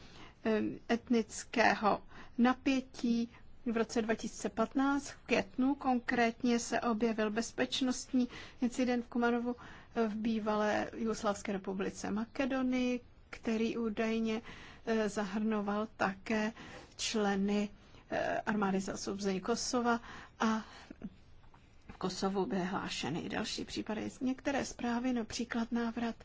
etnického napětí. V roce 2015 v květnu konkrétně se objevil bezpečnostní incident v Kumanovu eh, v bývalé Jugoslavské republice Makedonii, který údajně eh, zahrnoval také členy eh, armády za osvobození Kosova a v Kosovu byly hlášeny i další případy. Některé zprávy, například návrat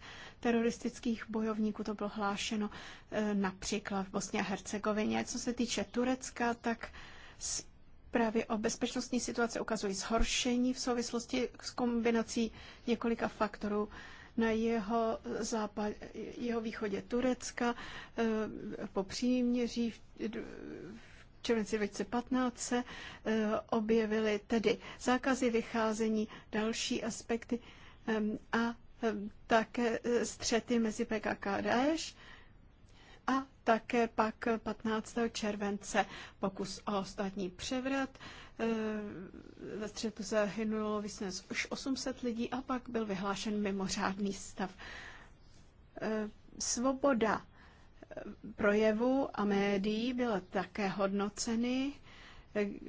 teroristických bojovníků, to bylo hlášeno eh, například v Bosně a Hercegovině. Co se týče Turecka, tak Zprávy o bezpečnostní situaci ukazují zhoršení v souvislosti s kombinací několika faktorů, na jeho, západ, jeho východě Turecka eh, po příměří v, v červenci 2015 se eh, objevily tedy zákazy vycházení, další aspekty eh, a také střety mezi PKK a Daesh a také pak 15. července pokus o státní převrat. Eh, ve střetu zahynulo více už 800 lidí a pak byl vyhlášen mimořádný stav. Eh, svoboda eh, projevu a médií byla také hodnoceny.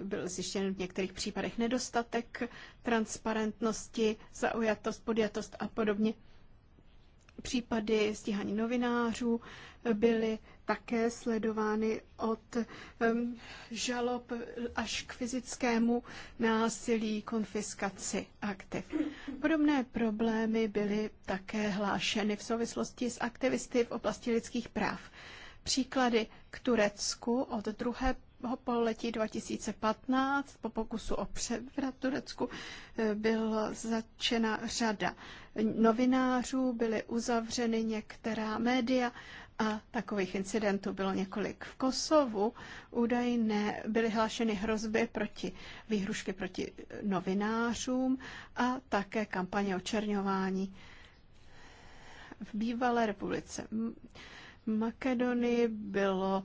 Byl zjištěn v některých případech nedostatek transparentnosti, zaujatost, podjatost a podobně. Případy stíhání novinářů byly také sledovány od um, žalob až k fyzickému násilí, konfiskaci aktiv. Podobné problémy byly také hlášeny v souvislosti s aktivisty v oblasti lidských práv. Příklady k Turecku od druhé pololetí 2015 po pokusu o převrat Turecku eh, byla začena řada novinářů, byly uzavřeny některá média a takových incidentů bylo několik. V Kosovu údajné byly hlášeny hrozby proti výhrušky proti novinářům a také kampaně očerňování. V bývalé republice Makedonii bylo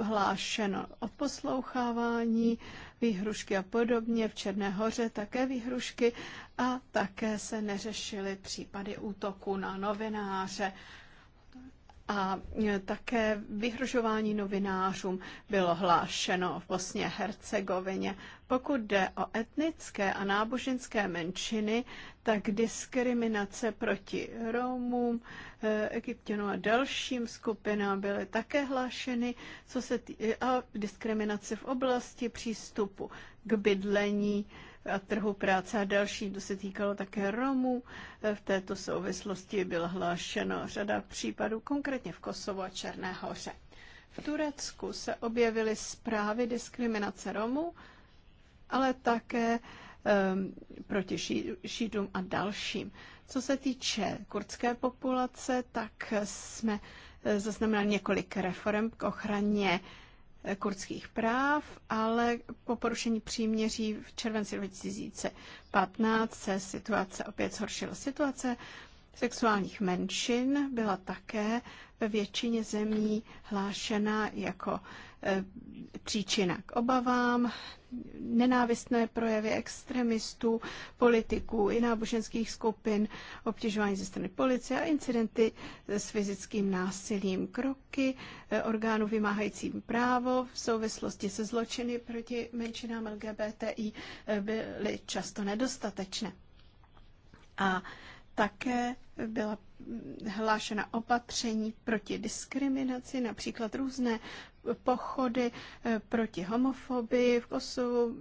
hlášeno odposlouchávání, výhrušky a podobně, v Černé hoře také výhrušky a také se neřešily případy útoku na novináře a e, také vyhrožování novinářům bylo hlášeno v Bosně a Hercegovině. Pokud jde o etnické a náboženské menšiny, tak diskriminace proti Romům, e, Egyptěnům a dalším skupinám byly také hlášeny, co se tý... a diskriminace v oblasti přístupu k bydlení, a trhu práce a další. To se týkalo také Romů. V této souvislosti byla hlášena řada případů, konkrétně v Kosovo a Černé hoře. V Turecku se objevily zprávy diskriminace Romů, ale také um, proti ší, šídům a dalším. Co se týče kurdské populace, tak jsme e, zaznamenali několik reform k ochraně uh, kurdských práv, ale po porušení příměří v červenci 2015 se situace opět zhoršila. Situace sexuálních menšin byla také ve většině zemí hlášena jako Eh, příčina k obavám, nenávistné projevy extremistů, politiků i náboženských skupin, obtěžování ze strany policie a incidenty s fyzickým násilím. Kroky eh, orgánů vymáhajícím právo v souvislosti se zločiny proti menšinám LGBTI eh, byly často nedostatečné. A také byla hlášena opatření proti diskriminaci, například různé pochody eh, proti homofobii v Kosovu,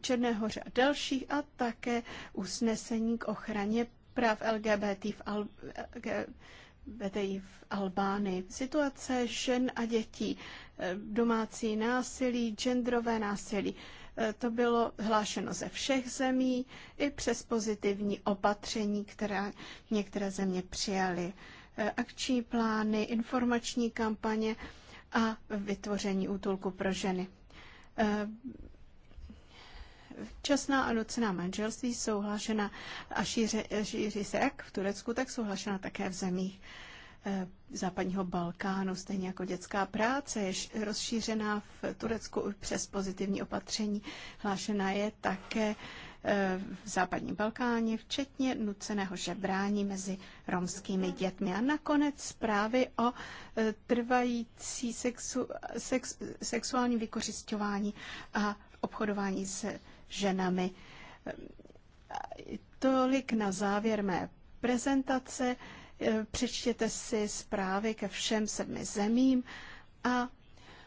Černé hoře a dalších a také usnesení k ochraně práv LGBT v, Al- LGBT v Albánii. Situace žen a dětí, eh, domácí násilí, genderové násilí. Eh, to bylo hlášeno ze všech zemí i přes pozitivní opatření, která některé země přijaly. Akční plány, informační kampaně, a vytvoření útulku pro ženy. E, včasná a nucená manželství jsou hlášena a šíři, šíří se jak v Turecku, tak jsou hlášena také v zemích e, západního Balkánu, stejně jako dětská práce, je rozšířená v Turecku přes pozitivní opatření. Hlášena je také Eh, v západním Balkáně, včetně nuceného žebrání mezi romskými dětmi. A nakonec zprávy o eh, trvající sexu, sex, sexuální vykořišťování a obchodování s ženami. Eh, tolik na závěr mé prezentace. Přečtěte si zprávy ke všem sedmi zemím a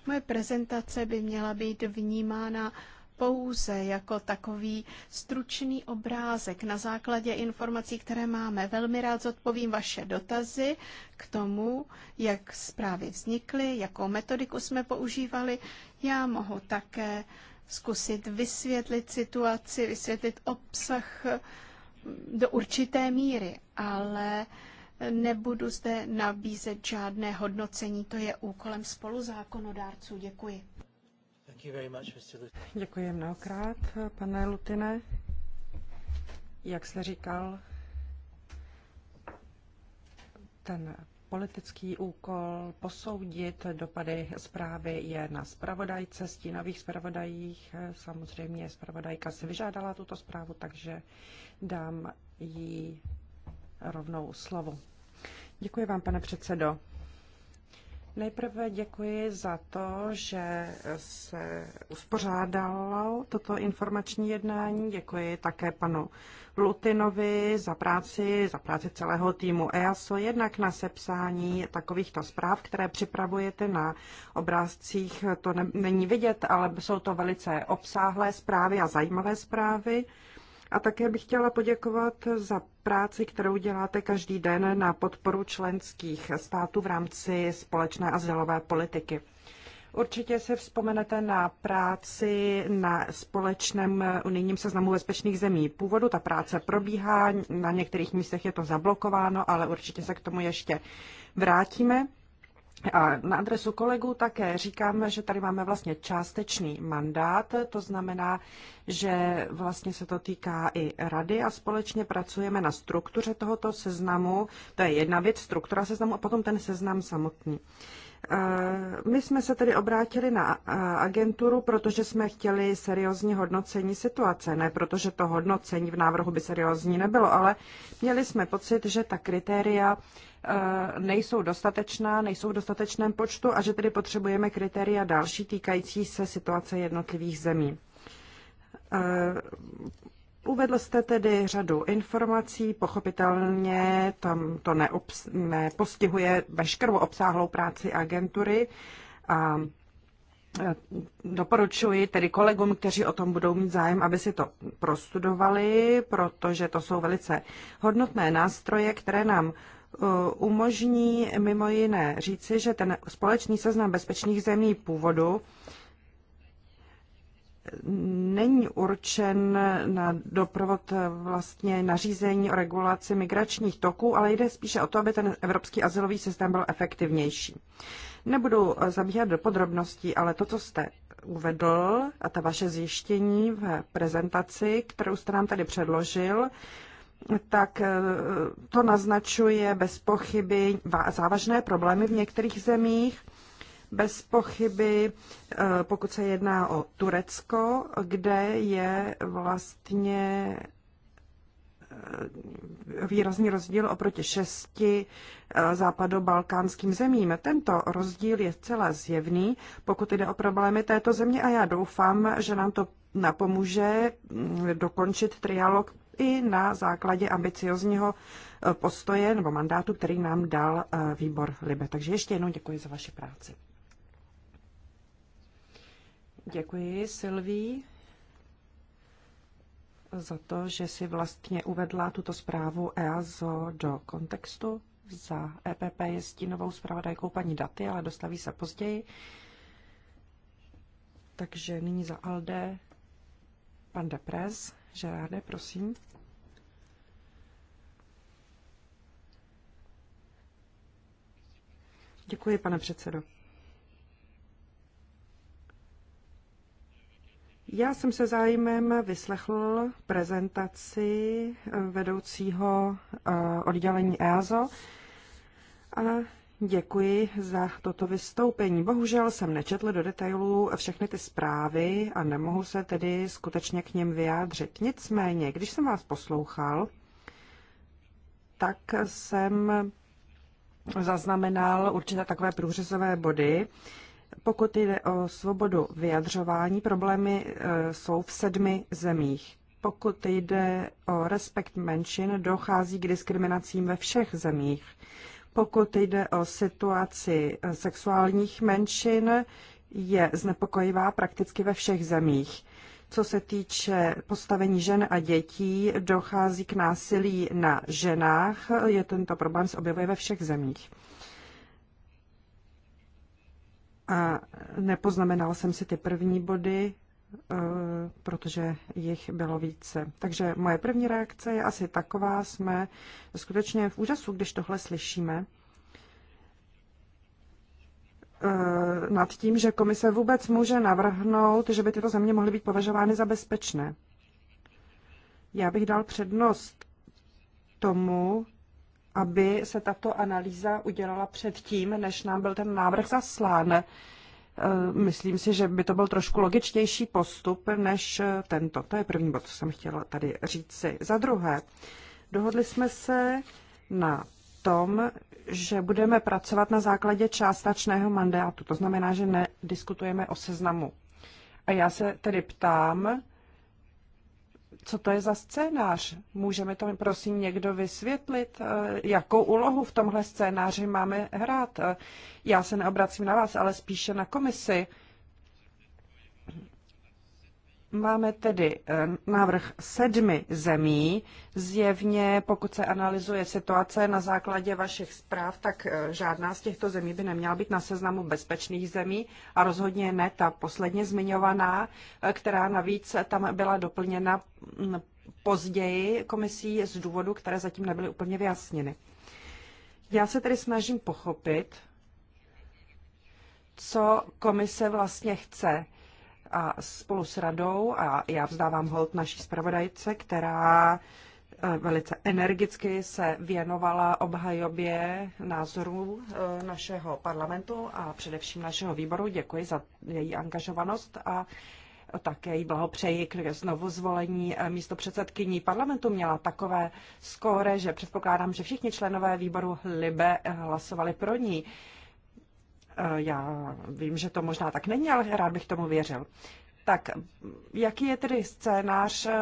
moje prezentace by měla být vnímána pouze jako takový stručný obrázek na základě informací, které máme. Velmi rád zodpovím vaše dotazy k tomu, jak zprávy vznikly, jakou metodiku jsme používali. Já mohu také zkusit vysvětlit situaci, vysvětlit obsah do určité míry, ale nebudu zde nabízet žádné hodnocení, to je úkolem spoluzákonodárců. Děkuji. Děkuji mnohokrát, pane Lutine. Jak jste říkal, ten politický úkol posoudit dopady zprávy je na spravodajce, stínových zpravodajích. Samozřejmě zpravodajka si vyžádala tuto zprávu, takže dám jí rovnou slovo. Děkuji vám, pane předsedo. Nejprve děkuji za to, že se uspořádalo toto informační jednání. Děkuji také panu Lutinovi za práci, za práci celého týmu EASO, jednak na sepsání takovýchto zpráv, které připravujete na obrázcích. To ne, není vidět, ale jsou to velice obsáhlé zprávy a zajímavé zprávy. A také bych chtěla poděkovat za práci, kterou děláte každý den na podporu členských států v rámci společné azylové politiky. Určitě si vzpomenete na práci na společném unijním seznamu bezpečných zemí původu. Ta práce probíhá, na některých místech je to zablokováno, ale určitě se k tomu ještě vrátíme. A na adresu kolegů také říkám, že tady máme vlastně částečný mandát, to znamená, že vlastně se to týká i rady a společně pracujeme na struktuře tohoto seznamu. To je jedna věc, struktura seznamu a potom ten seznam samotný. Eh, my jsme se tedy obrátili na eh, agenturu, protože jsme chtěli seriózní hodnocení situace. Ne protože to hodnocení v návrhu by seriózní nebylo, ale měli jsme pocit, že ta kritéria eh, nejsou dostatečná, nejsou v dostatečném počtu a že tedy potřebujeme kritéria další týkající se situace jednotlivých zemí. Uvedl jste tedy řadu informací, pochopitelně tam to neobs- nepostihuje veškerou obsáhlou práci agentury a e, Doporučuji tedy kolegům, kteří o tom budou mít zájem, aby si to prostudovali, protože to jsou velice hodnotné nástroje, které nám e, umožní mimo jiné říci, že ten společný seznam bezpečných zemí původu není určen na doprovod vlastně nařízení o regulaci migračních toků, ale jde spíše o to, aby ten evropský asilový systém byl efektivnější. Nebudu zabíhat do podrobností, ale to, co jste uvedl a ta vaše zjištění v prezentaci, kterou jste nám tady předložil, tak eh, to naznačuje bez pochyby závažné problémy v některých zemích bez pochyby, eh, pokud se jedná o Turecko, kde je vlastně eh, výrazný rozdíl oproti šesti eh, západobalkánským zemím. Tento rozdíl je zcela zjevný, pokud jde o problémy této země a já doufám, že nám to napomůže mm, dokončit trialog i na základě ambiciozního postoje nebo mandátu, který nám dal výbor Libe. Takže ještě jednou děkuji za vaši práci. Děkuji, Silví, za to, že si vlastně uvedla tuto zprávu EASO do kontextu. Za EPP je stínovou zpravodajkou paní Daty, ale dostaví se později. Takže nyní za ALDE pan že ráde, prosím. Děkuji, pane předsedo. Já jsem se zájmem vyslechl prezentaci eh, vedoucího eh, oddělení EASO a děkuji za toto vystoupení. Bohužel jsem nečetl do detailů všechny ty zprávy a nemohu se tedy skutečně k něm vyjádřit. Nicméně, když jsem vás poslouchal, tak jsem zaznamenal určité takové průřezové body, pokud jde o svobodu vyjadřování, problémy e, jsou v sedmi zemích. Pokud jde o respekt menšin, dochází k diskriminacím ve všech zemích. Pokud jde o situaci e, sexuálních menšin, je znepokojivá prakticky ve všech zemích. Co se týče postavení žen a dětí, dochází k násilí na ženách. Je tento problém se objevuje ve všech zemích. A nepoznamenal jsem si ty první body, eh, protože jich bylo více. Takže moje první reakce je asi taková, jsme skutečně v úžasu, když tohle slyšíme, eh, nad tím, že komise vůbec může navrhnout, že by tyto země mohly být považovány za bezpečné. Já bych dal přednost tomu, aby se tato analýza udělala předtím, než nám byl ten návrh zaslán. E, myslím si, že by to byl trošku logičtější postup než tento. To je první bod, co jsem chtěla tady si. Za druhé, dohodli jsme se na tom, že budeme pracovat na základě částečného mandátu. To znamená, že nediskutujeme o seznamu. A já se tedy ptám, co to je za scénář? Můžeme to prosím někdo vysvětlit? Eh, jakou úlohu v tomhle scénáři máme hrát? Eh, já se neobracím na vás, ale spíše na komisi. Máme tedy eh, návrh sedmi zemí. Zjevně, pokud se analyzuje situace na základě vašich zpráv, tak eh, žádná z těchto zemí by neměla být na seznamu bezpečných zemí a rozhodně ne ta posledně zmiňovaná, eh, která navíc tam byla doplněna mm, později komisí z důvodu, které zatím nebyly úplně vyjasněny. Já se tedy snažím pochopit, co komise vlastně chce a spolu s radou, a já vzdávám hold naší zpravodajce, která eh, velice energicky se věnovala obhajobě názorů eh, našeho parlamentu a především našeho výboru. Děkuji za její angažovanost a také jí blahopřeji k znovu zvolení eh, místo předsedkyní parlamentu. Měla takové skóre, že předpokládám, že všichni členové výboru Libe hlasovali pro ní. Eh, já vím, že to možná tak není, ale rád bych tomu věřil. Tak jaký je tedy scénář, eh,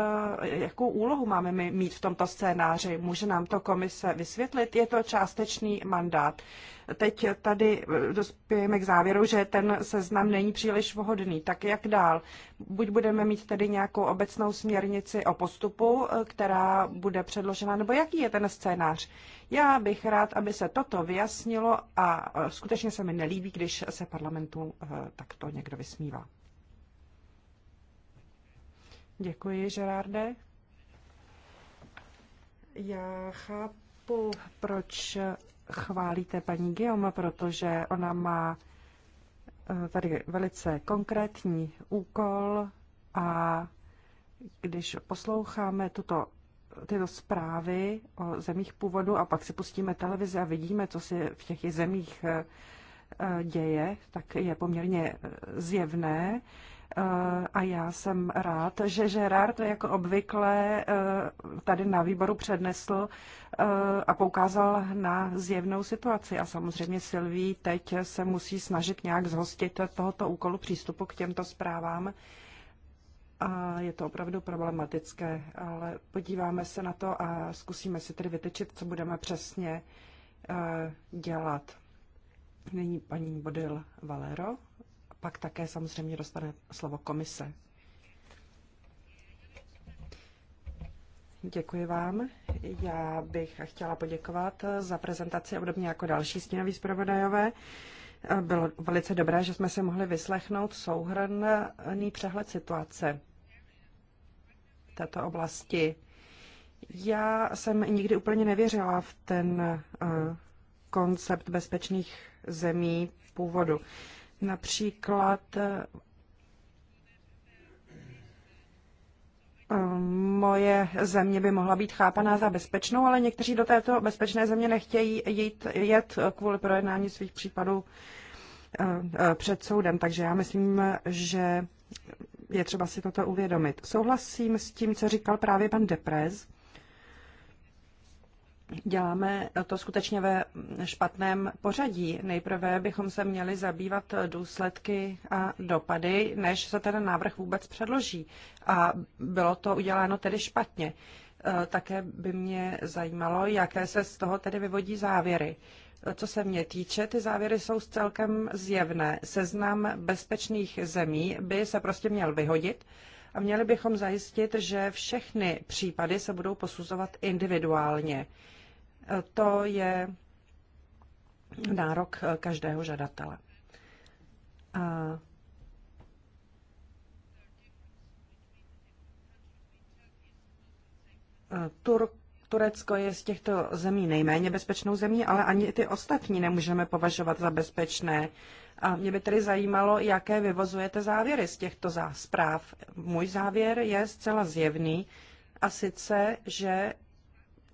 jakou úlohu máme my mít v tomto scénáři? Může nám to komise vysvětlit? Je to částečný mandát. Teď tady eh, dospějeme k závěru, že ten seznam není příliš vhodný. Tak jak dál? Buď budeme mít tedy nějakou obecnou směrnici o postupu, eh, která bude předložena, nebo jaký je ten scénář? Já bych rád, aby se toto vyjasnilo a skutečně se mi nelíbí, když se parlamentu takto někdo vysmívá. Děkuji, Gerarde. Já chápu, proč chválíte paní Guillaume, protože ona má eh, tady velice konkrétní úkol a když posloucháme tuto, tyto zprávy o zemích původu a pak si pustíme televizi a vidíme, co se v těch zemích eh, eh, děje, tak je poměrně zjevné, a já jsem rád, že Gerard jako obvykle eh, tady na výboru přednesl eh, a poukázal na zjevnou situaci. A samozřejmě Silví teď se musí snažit nějak zhostit tohoto úkolu přístupu k těmto zprávám. A je to opravdu problematické, ale podíváme se na to a zkusíme si tedy vytečit, co budeme přesně eh, dělat. Nyní paní Bodil Valero pak také samozřejmě dostane slovo komise. Děkuji vám. Já bych chtěla poděkovat za prezentaci, obdobně jako další stínoví zpravodajové. Bylo velice dobré, že jsme se mohli vyslechnout souhrnný přehled situace této oblasti. Já jsem nikdy úplně nevěřila v ten eh, koncept bezpečných zemí původu. Například eh, moje země by mohla být chápaná za bezpečnou, ale někteří do této bezpečné země nechtějí jít, jet kvůli projednání svých případů eh, eh, před soudem. Takže já myslím, že je třeba si toto uvědomit. Souhlasím s tím, co říkal právě pan Deprez děláme to skutečně ve špatném pořadí. Nejprve bychom se měli zabývat důsledky a dopady, než se ten návrh vůbec předloží. A bylo to uděláno tedy špatně. E, také by mě zajímalo, jaké se z toho tedy vyvodí závěry. Co se mě týče, ty závěry jsou celkem zjevné. Seznam bezpečných zemí by se prostě měl vyhodit a měli bychom zajistit, že všechny případy se budou posuzovat individuálně. To je nárok každého žadatele. A Tur- Turecko je z těchto zemí nejméně bezpečnou zemí, ale ani ty ostatní nemůžeme považovat za bezpečné. A mě by tedy zajímalo, jaké vyvozujete závěry z těchto zpráv. Můj závěr je zcela zjevný, a sice, že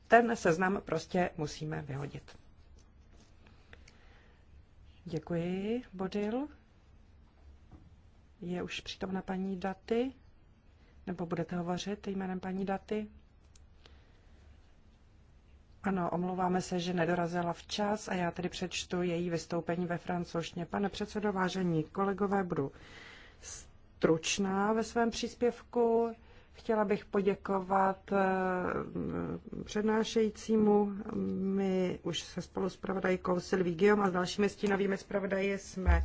ten seznam prostě musíme vyhodit. Děkuji, Bodil. Je už přítomna paní Daty? Nebo budete hovořit jménem paní Daty? Ano, omlouváme se, že nedorazila včas a já tedy přečtu její vystoupení ve francouzštině. Pane předsedo, vážení kolegové, budu stručná ve svém příspěvku. Chtěla bych poděkovat eh, přednášejícímu. My už se spolu s pravodajkou Silví a s dalšími stínovými zpravodaji jsme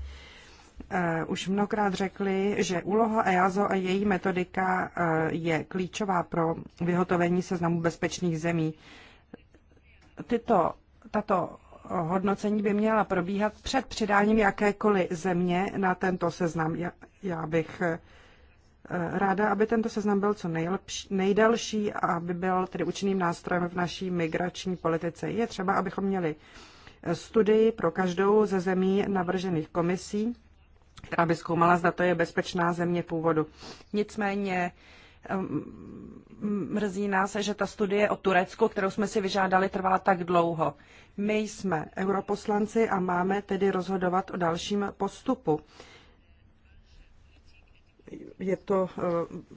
eh, už mnohokrát řekli, že úloha EASO a její metodika eh, je klíčová pro vyhotovení seznamu bezpečných zemí. Tyto, tato hodnocení by měla probíhat před přidáním jakékoliv země na tento seznam. Já, já bych Eh, ráda, aby tento seznam byl co nejlepší, nejdelší a aby byl tedy účinným nástrojem v naší migrační politice. Je třeba, abychom měli eh, studii pro každou ze zemí navržených komisí, která by zkoumala, zda to je bezpečná země původu. Nicméně eh, mrzí nás, že ta studie o Turecku, kterou jsme si vyžádali, trvala tak dlouho. My jsme europoslanci a máme tedy rozhodovat o dalším postupu je to eh,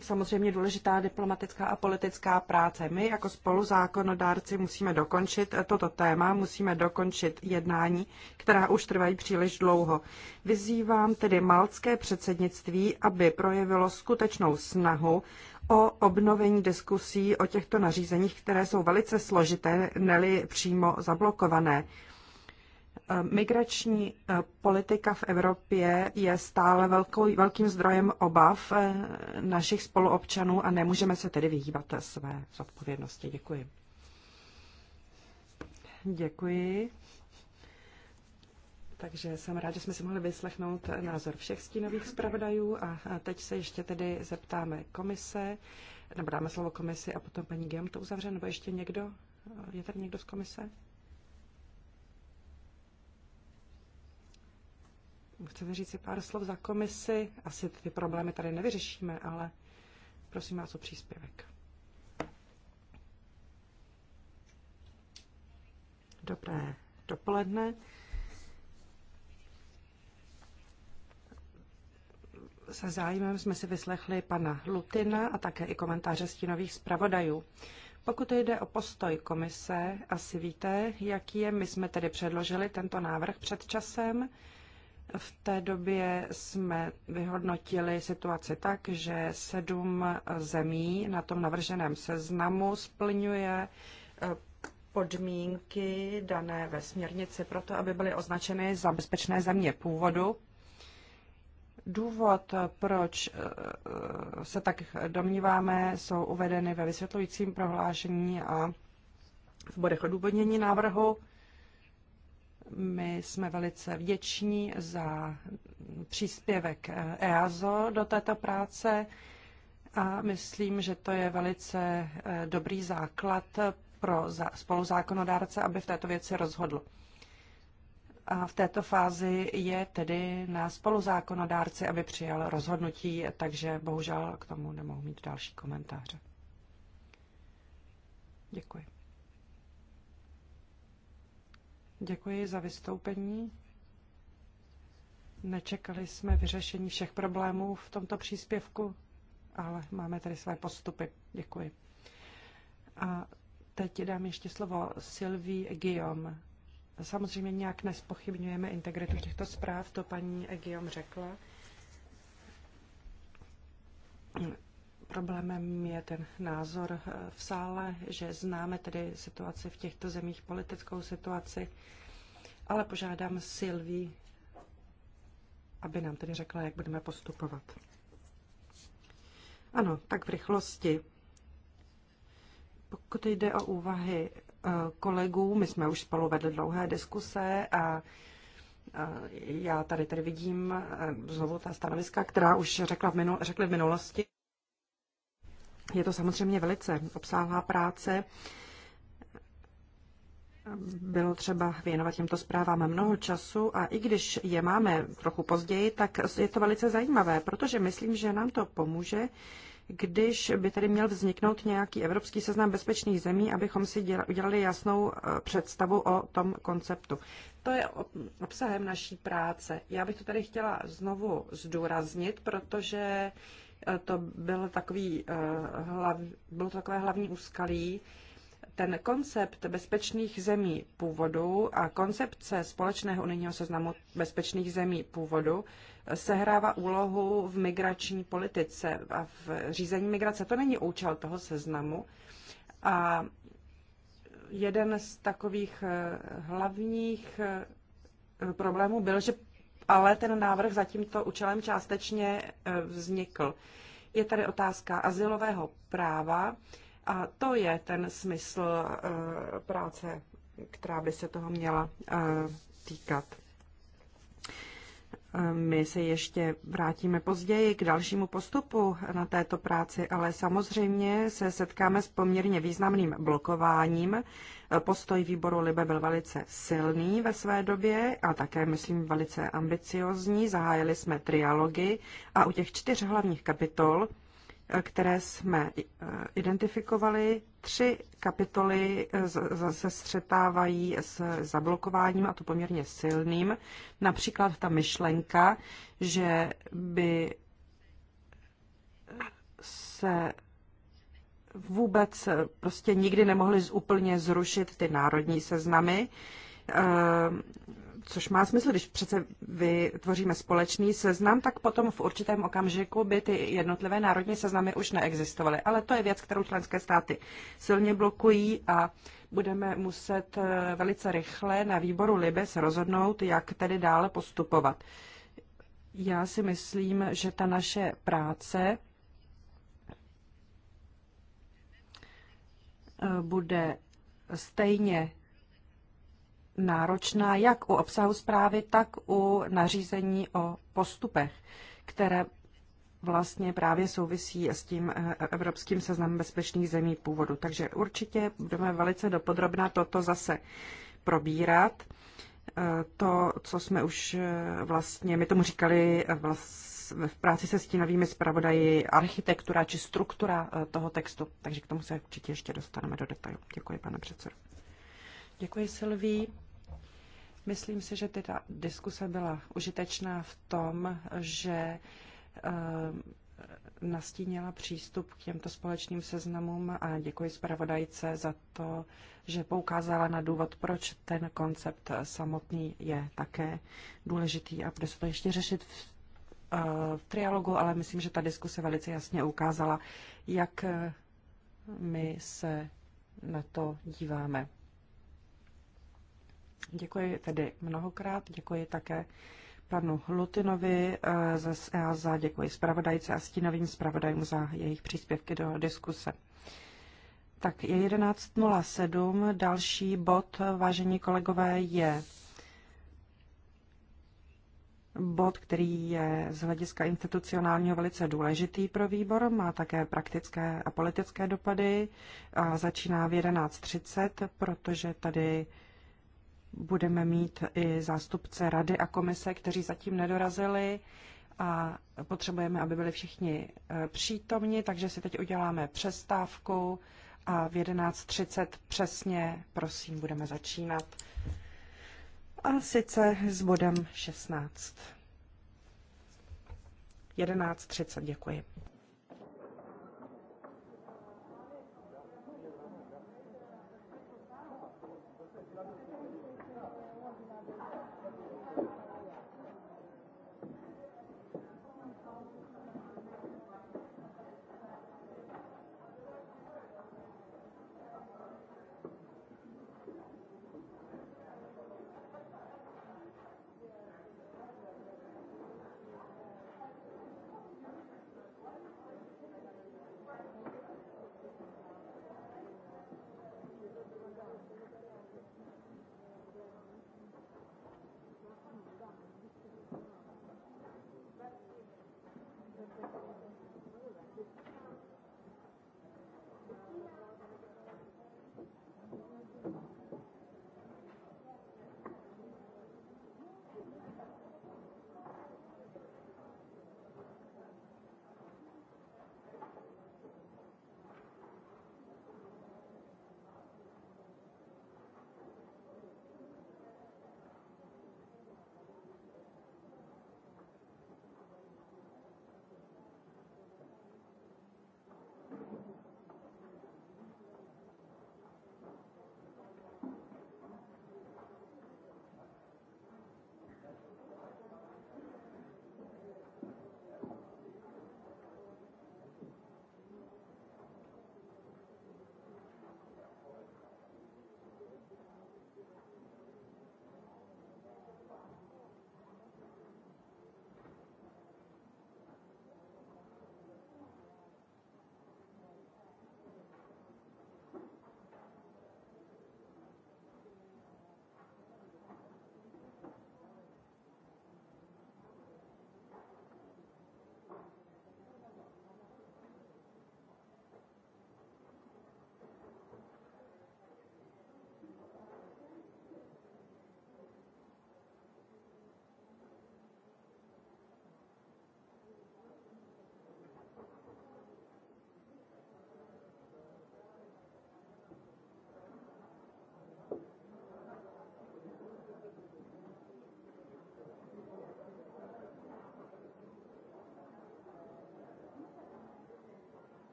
samozřejmě důležitá diplomatická a politická práce. My jako spoluzákonodárci musíme dokončit eh, toto téma, musíme dokončit jednání, která už trvají příliš dlouho. Vyzývám tedy maltské předsednictví, aby projevilo skutečnou snahu o obnovení diskusí o těchto nařízeních, které jsou velice složité, neli přímo zablokované. Migrační politika v Evropě je stále velkou, velkým zdrojem obav e, našich spoluobčanů a nemůžeme se tedy vyhýbat své zodpovědnosti. Děkuji. Děkuji. Takže jsem rád, že jsme si mohli vyslechnout názor všech stínových zpravodajů a teď se ještě tedy zeptáme komise, nebo dáme slovo komisi a potom paní Gem to uzavře, nebo ještě někdo? Je tady někdo z komise? chcete říct si pár slov za komisi? Asi ty problémy tady nevyřešíme, ale prosím vás o příspěvek. Dobré dopoledne. Se zájmem jsme si vyslechli pana Lutina a také i komentáře stínových zpravodajů. Pokud jde o postoj komise, asi víte, jaký je. My jsme tedy předložili tento návrh před časem. V té době jsme vyhodnotili situaci tak, že sedm zemí na tom navrženém seznamu splňuje eh, podmínky dané ve směrnici pro to, aby byly označeny za bezpečné země původu. Důvod, proč eh, se tak domníváme, jsou uvedeny ve vysvětlujícím prohlášení a v bodech odůvodnění návrhu. My jsme velice vděční za příspěvek EASO do této práce a myslím, že to je velice eh, dobrý základ pro spoluzákonodárce, aby v této věci rozhodl. A v této fázi je tedy na spoluzákonodárci, aby přijal rozhodnutí, takže bohužel k tomu nemohu mít další komentáře. Děkuji. Děkuji za vystoupení. Nečekali jsme vyřešení všech problémů v tomto příspěvku, ale máme tady své postupy. Děkuji. A teď dám ještě slovo Sylvie Egiom. Samozřejmě nějak nespochybňujeme integritu těchto zpráv, to paní Egiom řekla Problémem je ten názor eh, v sále, že známe tedy situaci v těchto zemích, politickou situaci, ale požádám Silví, aby nám tedy řekla, jak budeme postupovat. Ano, tak v rychlosti. Pokud jde o úvahy eh, kolegů, my jsme už spolu vedli dlouhé diskuse a eh, já tady tedy vidím znovu ta stanoviska, která už řekla v minul, řekli v minulosti. Je to samozřejmě velice obsáhlá práce. Bylo třeba věnovat těmto zprávám mnoho času a i když je máme trochu později, tak je to velice zajímavé, protože myslím, že nám to pomůže, když by tady měl vzniknout nějaký evropský seznam bezpečných zemí, abychom si děla, udělali jasnou eh, představu o tom konceptu. To je obsahem naší práce. Já bych to tady chtěla znovu zdůraznit, protože uh, Eh, to byl takový, eh, hlav, bylo to takové hlavní úskalí. Ten koncept bezpečných zemí původu a koncepce společného unijního seznamu bezpečných zemí původu sehrává úlohu v migrační politice a v řízení migrace. To není účel toho seznamu. A jeden z takových eh, hlavních problémů byl, že ale ten návrh za tímto účelem částečně e, vznikl. Je tady otázka asilového práva a to je ten smysl e, práce, která by se toho měla e, týkat. My se ještě vrátíme později k dalšímu postupu na této práci, ale samozřejmě se setkáme s poměrně významným blokováním. Postoj výboru Libe byl velice silný ve své době a také, myslím, velice ambiciozní. Zahájili jsme trialogy a u těch čtyř hlavních kapitol Eh, které jsme eh, identifikovali. Tři kapitoly eh, se střetávají s zablokováním, a to poměrně silným. Například ta myšlenka, že by se vůbec prostě nikdy nemohli úplně zrušit ty národní seznamy což má smysl, když přece vytvoříme společný seznam, tak potom v určitém okamžiku by ty jednotlivé národní seznamy už neexistovaly. Ale to je věc, kterou členské státy silně blokují a budeme muset eh, velice rychle na výboru Libes rozhodnout, jak tedy dále postupovat. Já si myslím, že ta naše práce eh, bude stejně náročná jak u obsahu zprávy, tak u nařízení o postupech, které vlastně právě souvisí s tím eh, evropským seznamem bezpečných zemí původu. Takže určitě budeme velice dopodrobná toto zase probírat. Eh, to, co jsme už eh, vlastně, my tomu říkali vlastně v práci se stínovými zpravodaji architektura či struktura toho textu, takže k tomu se určitě ještě dostaneme do detailu. Děkuji, pane předsedo. Děkuji, Silví. Myslím si, že ta diskuse byla užitečná v tom, že eh, nastínila přístup k těmto společným seznamům a děkuji zpravodajce za to, že poukázala na důvod, proč ten koncept samotný je také důležitý a bude se to ještě řešit v, eh, v trialogu, ale myslím, že ta diskuse velice jasně ukázala, jak eh, my se na to díváme. Děkuji tedy mnohokrát, děkuji také panu Lutinovi eh, ze EASA, děkuji zpravodajce a stínovým zpravodajům za jejich příspěvky do diskuse. Tak je 11.07, další bod, vážení kolegové, je bod, který je z hlediska institucionálního velice důležitý pro výbor, má také praktické a politické dopady a začíná v 11.30, protože tady budeme mít i zástupce rady a komise, kteří zatím nedorazili a potřebujeme, aby byli všichni e, přítomni, takže si teď uděláme přestávku a v 11.30 přesně, prosím, budeme začínat. A sice s bodem 16. 11.30, děkuji.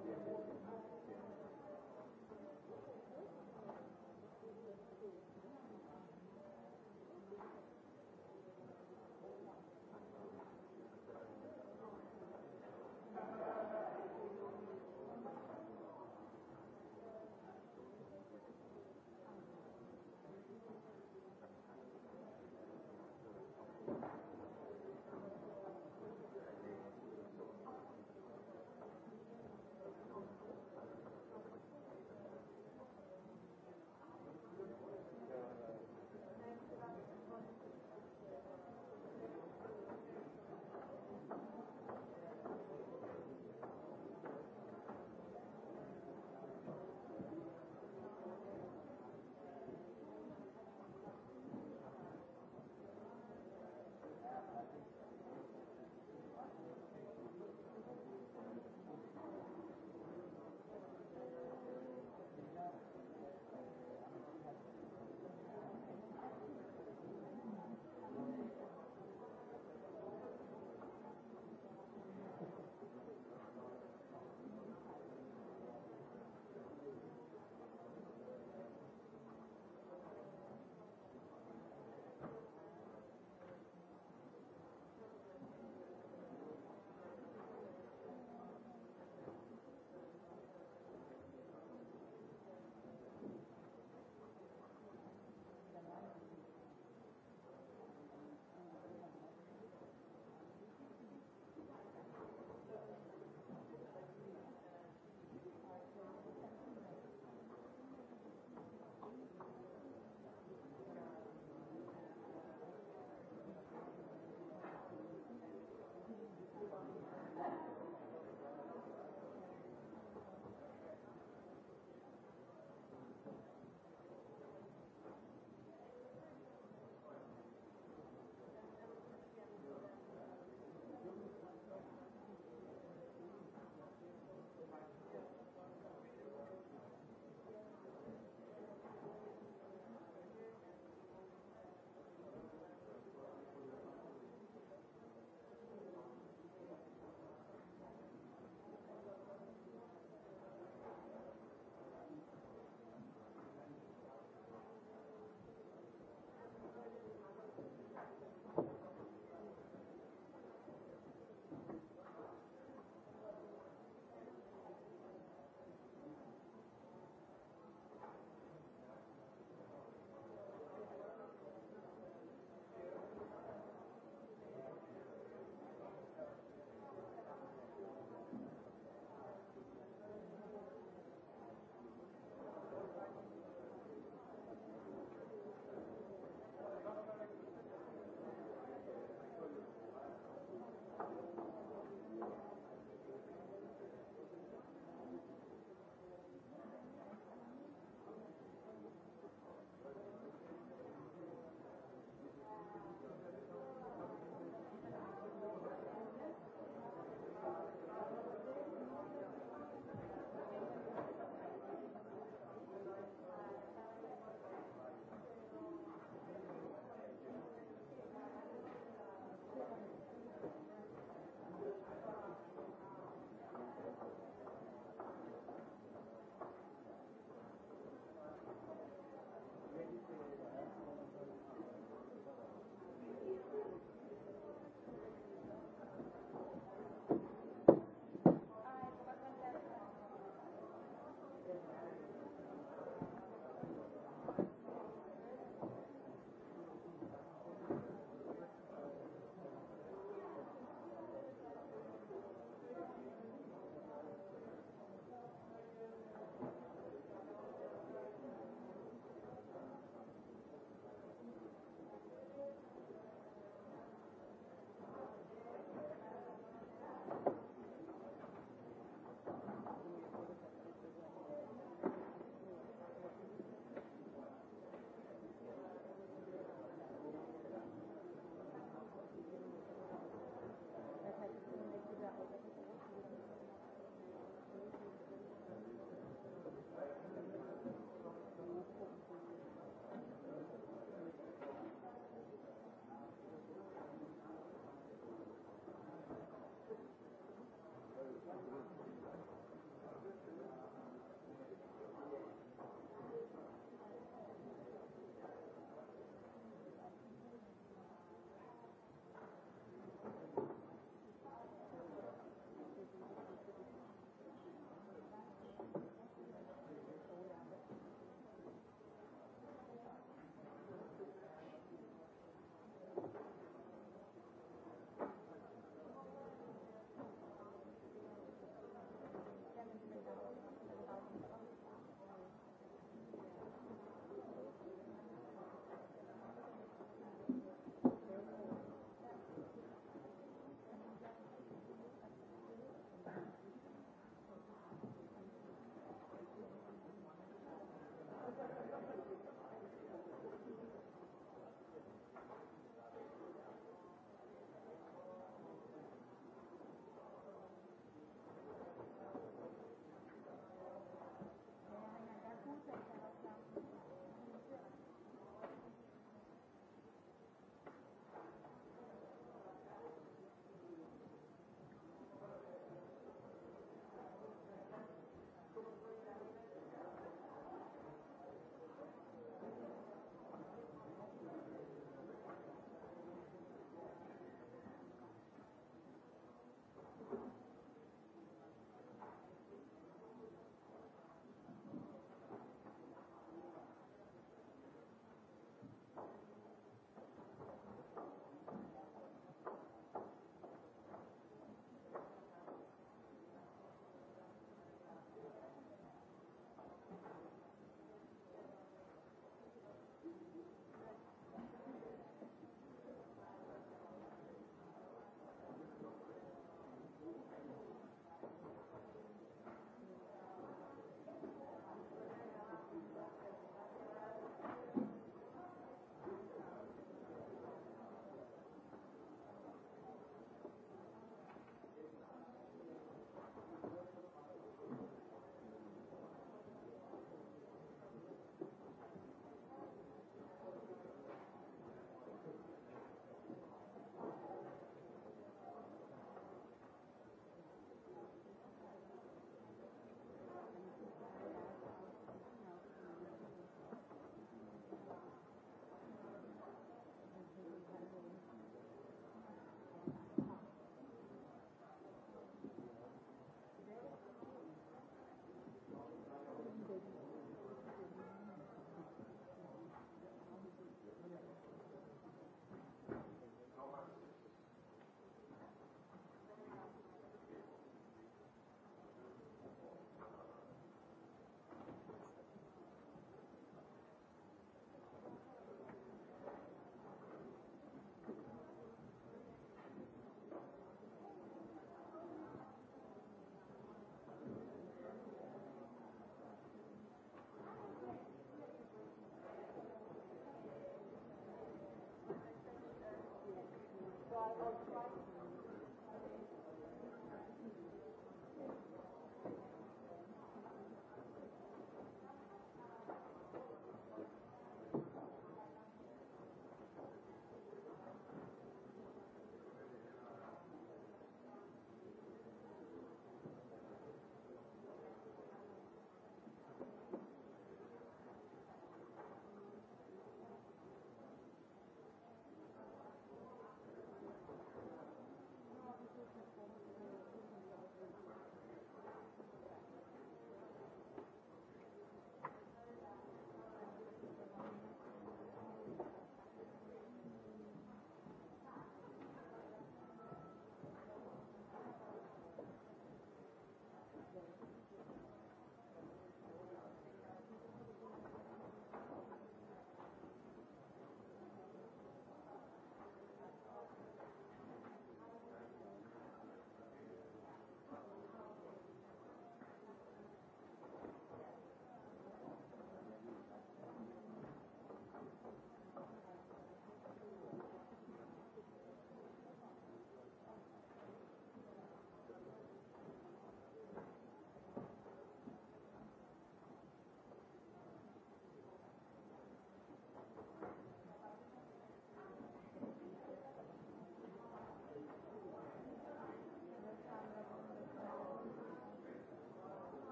Thank you.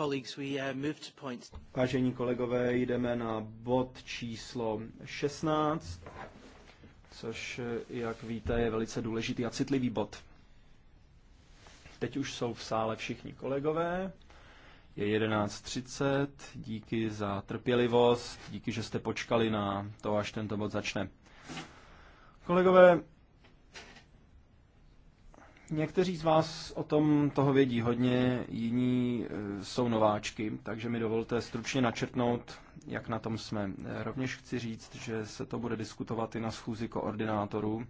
Uh, Vážení kolegové, jdeme na bod číslo 16, což, eh, jak víte, je velice důležitý a citlivý bod. Teď už jsou v sále všichni kolegové. Je 11.30, díky za trpělivost, díky, že jste počkali na to, až tento bod začne. Kolegové, Někteří z vás o tom toho vědí hodně, jiní e, jsou nováčky, takže mi dovolte stručně načrtnout, jak na tom jsme. E, rovněž chci říct, že se to bude diskutovat i na schůzi koordinátorů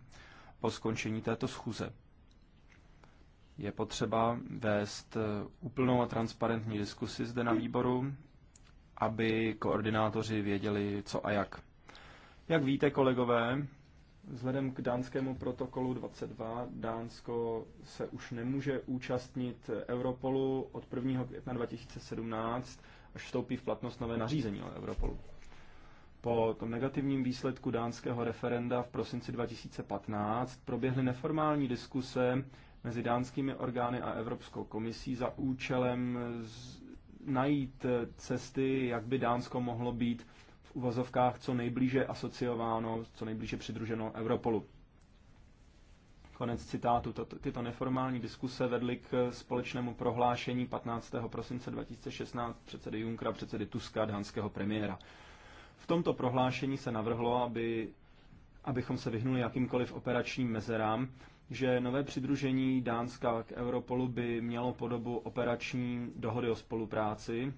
po skončení této schůze. Je potřeba vést e, úplnou a transparentní diskusi zde na výboru, aby koordinátoři věděli, co a jak. Jak víte, kolegové, Vzhledem k dánskému protokolu 22, Dánsko se už nemůže účastnit Europolu od 1. května 2017, až vstoupí v platnost nové nařízení o Europolu. Po tom negativním výsledku dánského referenda v prosinci 2015 proběhly neformální diskuse mezi dánskými orgány a Evropskou komisí za účelem najít cesty, jak by Dánsko mohlo být v uvozovkách co nejblíže asociováno, co nejblíže přidruženo Europolu. Konec citátu. tyto neformální diskuse vedly k společnému prohlášení 15. prosince 2016 předsedy Junkra, předsedy Tuska, dánského premiéra. V tomto prohlášení se navrhlo, aby, abychom se vyhnuli jakýmkoliv operačním mezerám, že nové přidružení Dánska k Europolu by mělo podobu operační dohody o spolupráci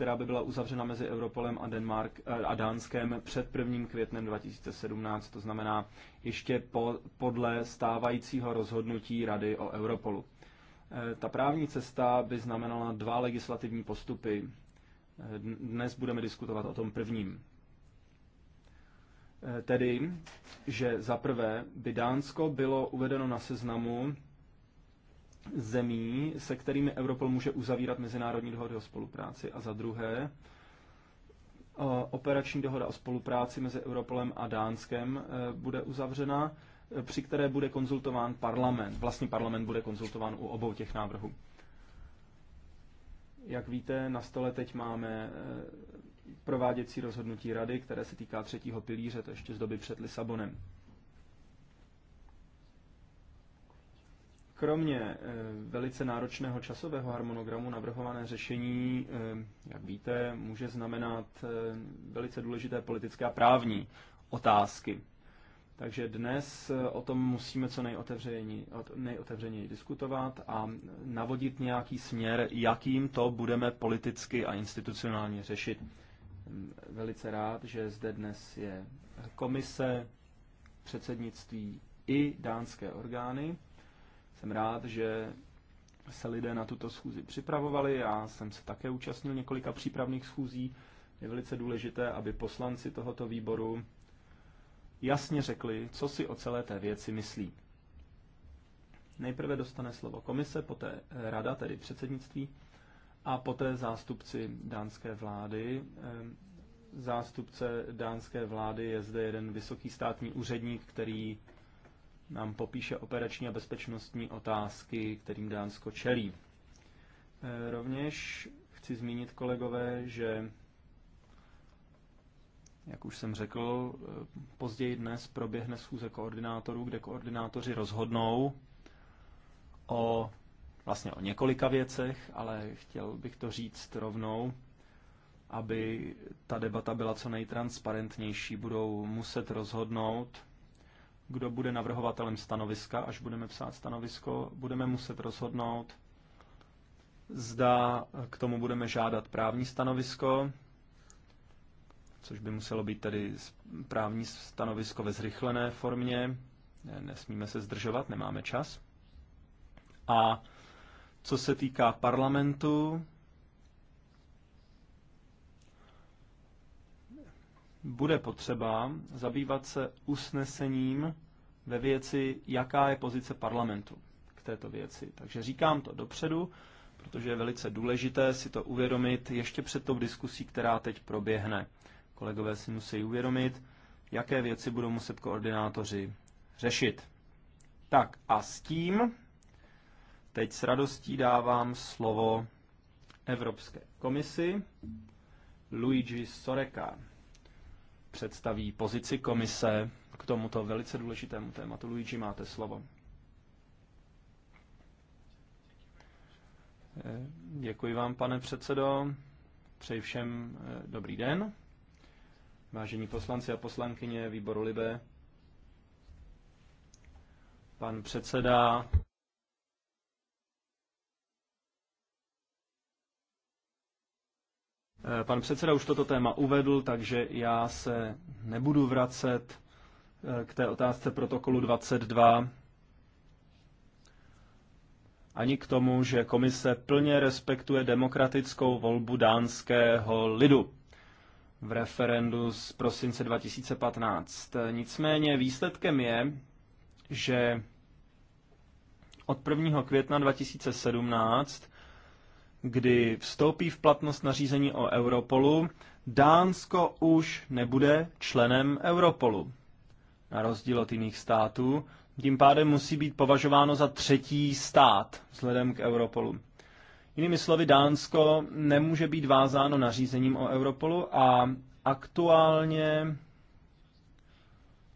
která by byla uzavřena mezi Europolem a, Denmark, eh, a Dánskem před 1. květnem 2017, to znamená ještě po, podle stávajícího rozhodnutí Rady o Europolu. Eh, ta právní cesta by znamenala dva legislativní postupy. Eh, dnes budeme diskutovat o tom prvním. Tedy, že za prvé by Dánsko bylo uvedeno na seznamu zemí, se kterými Europol může uzavírat mezinárodní dohody o spolupráci a za druhé eh, operační dohoda o spolupráci mezi Europolem a Dánskem eh, bude uzavřena, eh, při které bude konzultován parlament. Vlastně parlament bude konzultován u obou těch návrhů. Jak víte, na stole teď máme prováděcí rozhodnutí rady, které se týká třetího pilíře, to ještě z doby před Lisabonem. Kromě eh, velice náročného časového harmonogramu navrhované řešení, eh, jak víte, může znamenat eh, velice důležité politické a právní otázky. Takže dnes o tom musíme co nejotevřeněji, nejotevřeněji diskutovat a navodit nějaký směr, jakým to budeme politicky a institucionálně řešit. Hm, velice rád, že zde dnes je komise, předsednictví i dánské orgány. Jsem rád, že se lidé na tuto schůzi připravovali. Já jsem se také účastnil několika přípravných schůzí. Je velice důležité, aby poslanci tohoto výboru jasně řekli, co si o celé té věci myslí. Nejprve dostane slovo komise, poté rada, tedy předsednictví, a poté zástupci dánské vlády. Ehm, zástupce dánské vlády je zde jeden vysoký státní úředník, který nám popíše operační a bezpečnostní otázky, kterým Dánsko čelí. E, rovněž chci zmínit, kolegové, že, jak už jsem řekl, e, později dnes proběhne schůze koordinátorů, kde koordinátoři rozhodnou o vlastně o několika věcech, ale chtěl bych to říct rovnou, aby ta debata byla co nejtransparentnější. Budou muset rozhodnout, kdo bude navrhovatelem stanoviska, až budeme psát stanovisko, budeme muset rozhodnout, zda k tomu budeme žádat právní stanovisko, což by muselo být tedy právní stanovisko ve zrychlené formě. Nesmíme se zdržovat, nemáme čas. A co se týká parlamentu, bude potřeba zabývat se usnesením ve věci, jaká je pozice parlamentu k této věci. Takže říkám to dopředu, protože je velice důležité si to uvědomit ještě před tou diskusí, která teď proběhne. Kolegové si musí uvědomit, jaké věci budou muset koordinátoři řešit. Tak a s tím teď s radostí dávám slovo Evropské komisi Luigi Soreka představí pozici komise k tomuto velice důležitému tématu. Luigi, máte slovo. Eh, děkuji vám, pane předsedo. Přeji všem eh, dobrý den. Vážení poslanci a poslankyně výboru Libe, pan předseda Eh, pan předseda už toto téma uvedl, takže já se nebudu vracet eh, k té otázce protokolu 22 ani k tomu, že komise plně respektuje demokratickou volbu dánského lidu v referendu z prosince 2015. Eh, nicméně výsledkem je, že od 1. května 2017 kdy vstoupí v platnost nařízení o Europolu, Dánsko už nebude členem Europolu, na rozdíl od jiných států. Tím pádem musí být považováno za třetí stát vzhledem k Europolu. Jinými slovy, Dánsko nemůže být vázáno nařízením o Europolu a aktuálně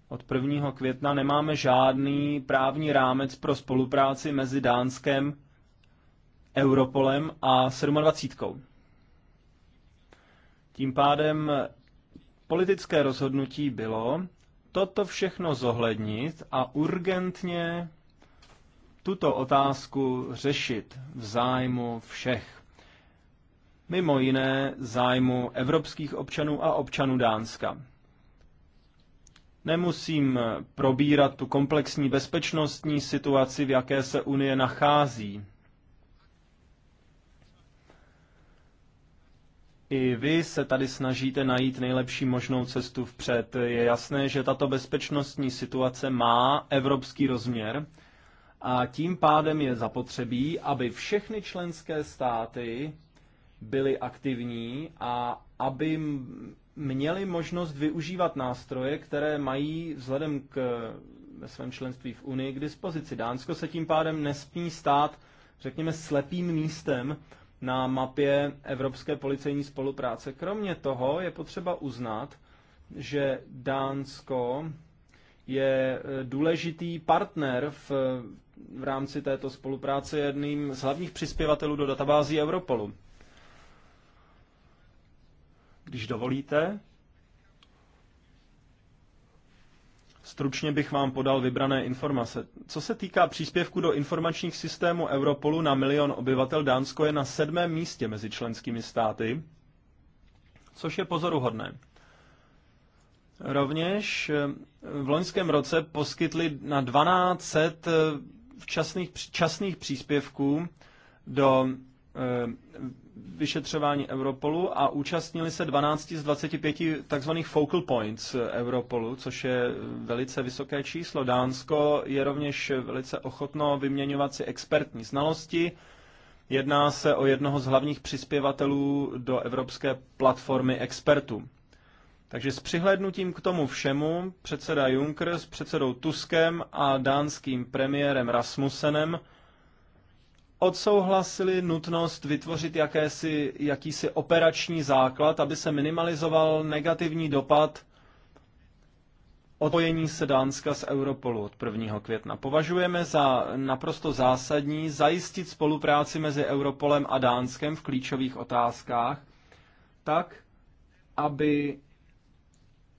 od 1. května nemáme žádný právní rámec pro spolupráci mezi Dánskem Europolem a 27. Tím pádem politické rozhodnutí bylo toto všechno zohlednit a urgentně tuto otázku řešit v zájmu všech. Mimo jiné zájmu evropských občanů a občanů Dánska. Nemusím probírat tu komplexní bezpečnostní situaci, v jaké se Unie nachází. i vy se tady snažíte najít nejlepší možnou cestu vpřed. Je jasné, že tato bezpečnostní situace má evropský rozměr a tím pádem je zapotřebí, aby všechny členské státy byly aktivní a aby měli možnost využívat nástroje, které mají vzhledem k ve svém členství v Unii k dispozici. Dánsko se tím pádem nesmí stát, řekněme, slepým místem, na mapě Evropské policejní spolupráce. Kromě toho je potřeba uznat, že Dánsko je eh, důležitý partner v, v rámci této spolupráce jedným z hlavních přispěvatelů do databází Europolu. Když dovolíte, Stručně bych vám podal vybrané informace. Co se týká příspěvku do informačních systémů Europolu na milion obyvatel, Dánsko je na sedmém místě mezi členskými státy, což je pozoruhodné. Rovněž eh, v loňském roce poskytli na 1200 eh, včasných, časných příspěvků do Eh, vyšetřování Europolu a účastnili se 12 z 25 takzvaných focal points Europolu, což je velice vysoké číslo. Dánsko je rovněž velice ochotno vyměňovat si expertní znalosti. Jedná se o jednoho z hlavních přispěvatelů do Evropské platformy expertů. Takže s přihlednutím k tomu všemu předseda Juncker s předsedou Tuskem a dánským premiérem Rasmusenem – odsouhlasili nutnost vytvořit jakési, jakýsi operační základ, aby se minimalizoval negativní dopad odpojení se Dánska z Europolu od 1. května. Považujeme za naprosto zásadní zajistit spolupráci mezi Europolem a Dánskem v klíčových otázkách, tak, aby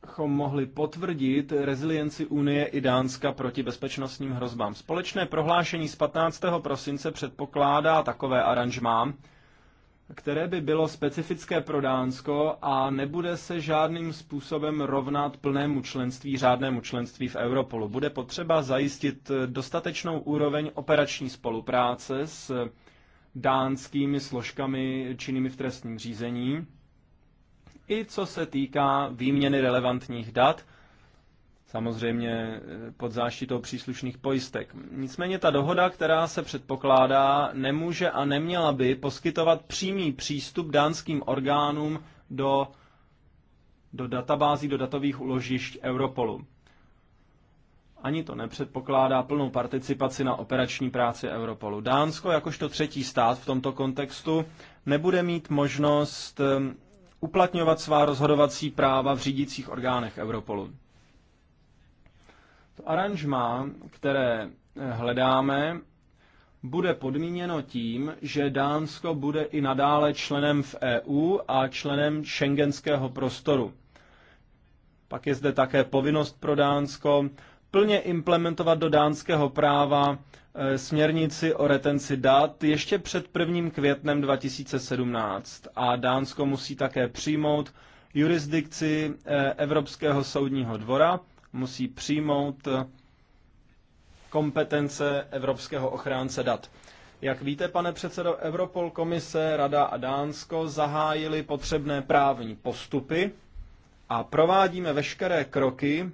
bychom mohli potvrdit rezilienci Unie i Dánska proti bezpečnostním hrozbám. Společné prohlášení z 15. prosince předpokládá takové aranžmá, které by bylo specifické pro Dánsko a nebude se žádným způsobem rovnat plnému členství, řádnému členství v Europolu. Bude potřeba zajistit dostatečnou úroveň operační spolupráce s dánskými složkami činnými v trestním řízení i co se týká výměny relevantních dat, samozřejmě eh, pod záštitou příslušných pojistek. Nicméně ta dohoda, která se předpokládá, nemůže a neměla by poskytovat přímý přístup dánským orgánům do, do databází, do datových uložišť Europolu. Ani to nepředpokládá plnou participaci na operační práci Europolu. Dánsko, jakožto třetí stát v tomto kontextu, nebude mít možnost eh, uplatňovat svá rozhodovací práva v řídících orgánech Europolu. To aranžma, které eh, hledáme, bude podmíněno tím, že Dánsko bude i nadále členem v EU a členem šengenského prostoru. Pak je zde také povinnost pro Dánsko plně implementovat do dánského práva Eh, směrnici o retenci dat ještě před 1. květnem 2017 a Dánsko musí také přijmout jurisdikci eh, Evropského soudního dvora, musí přijmout eh, kompetence Evropského ochránce dat. Jak víte, pane předsedo, Europol, Komise, Rada a Dánsko zahájili potřebné právní postupy a provádíme veškeré kroky,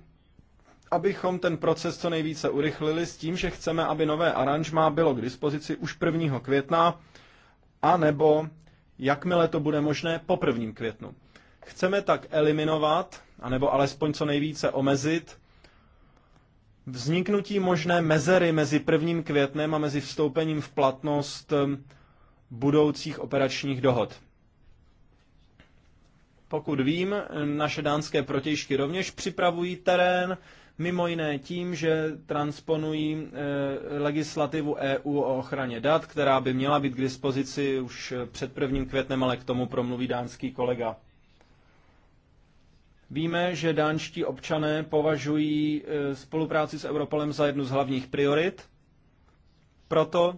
abychom ten proces co nejvíce urychlili s tím, že chceme, aby nové aranžma bylo k dispozici už 1. května, anebo jakmile to bude možné po 1. květnu. Chceme tak eliminovat, anebo alespoň co nejvíce omezit, vzniknutí možné mezery mezi 1. květnem a mezi vstoupením v platnost eh, budoucích operačních dohod. Pokud vím, naše dánské protějšky rovněž připravují terén mimo jiné tím, že transponují e, legislativu EU o ochraně dat, která by měla být k dispozici už před prvním květnem, ale k tomu promluví dánský kolega. Víme, že dánští občané považují e, spolupráci s Europolem za jednu z hlavních priorit, proto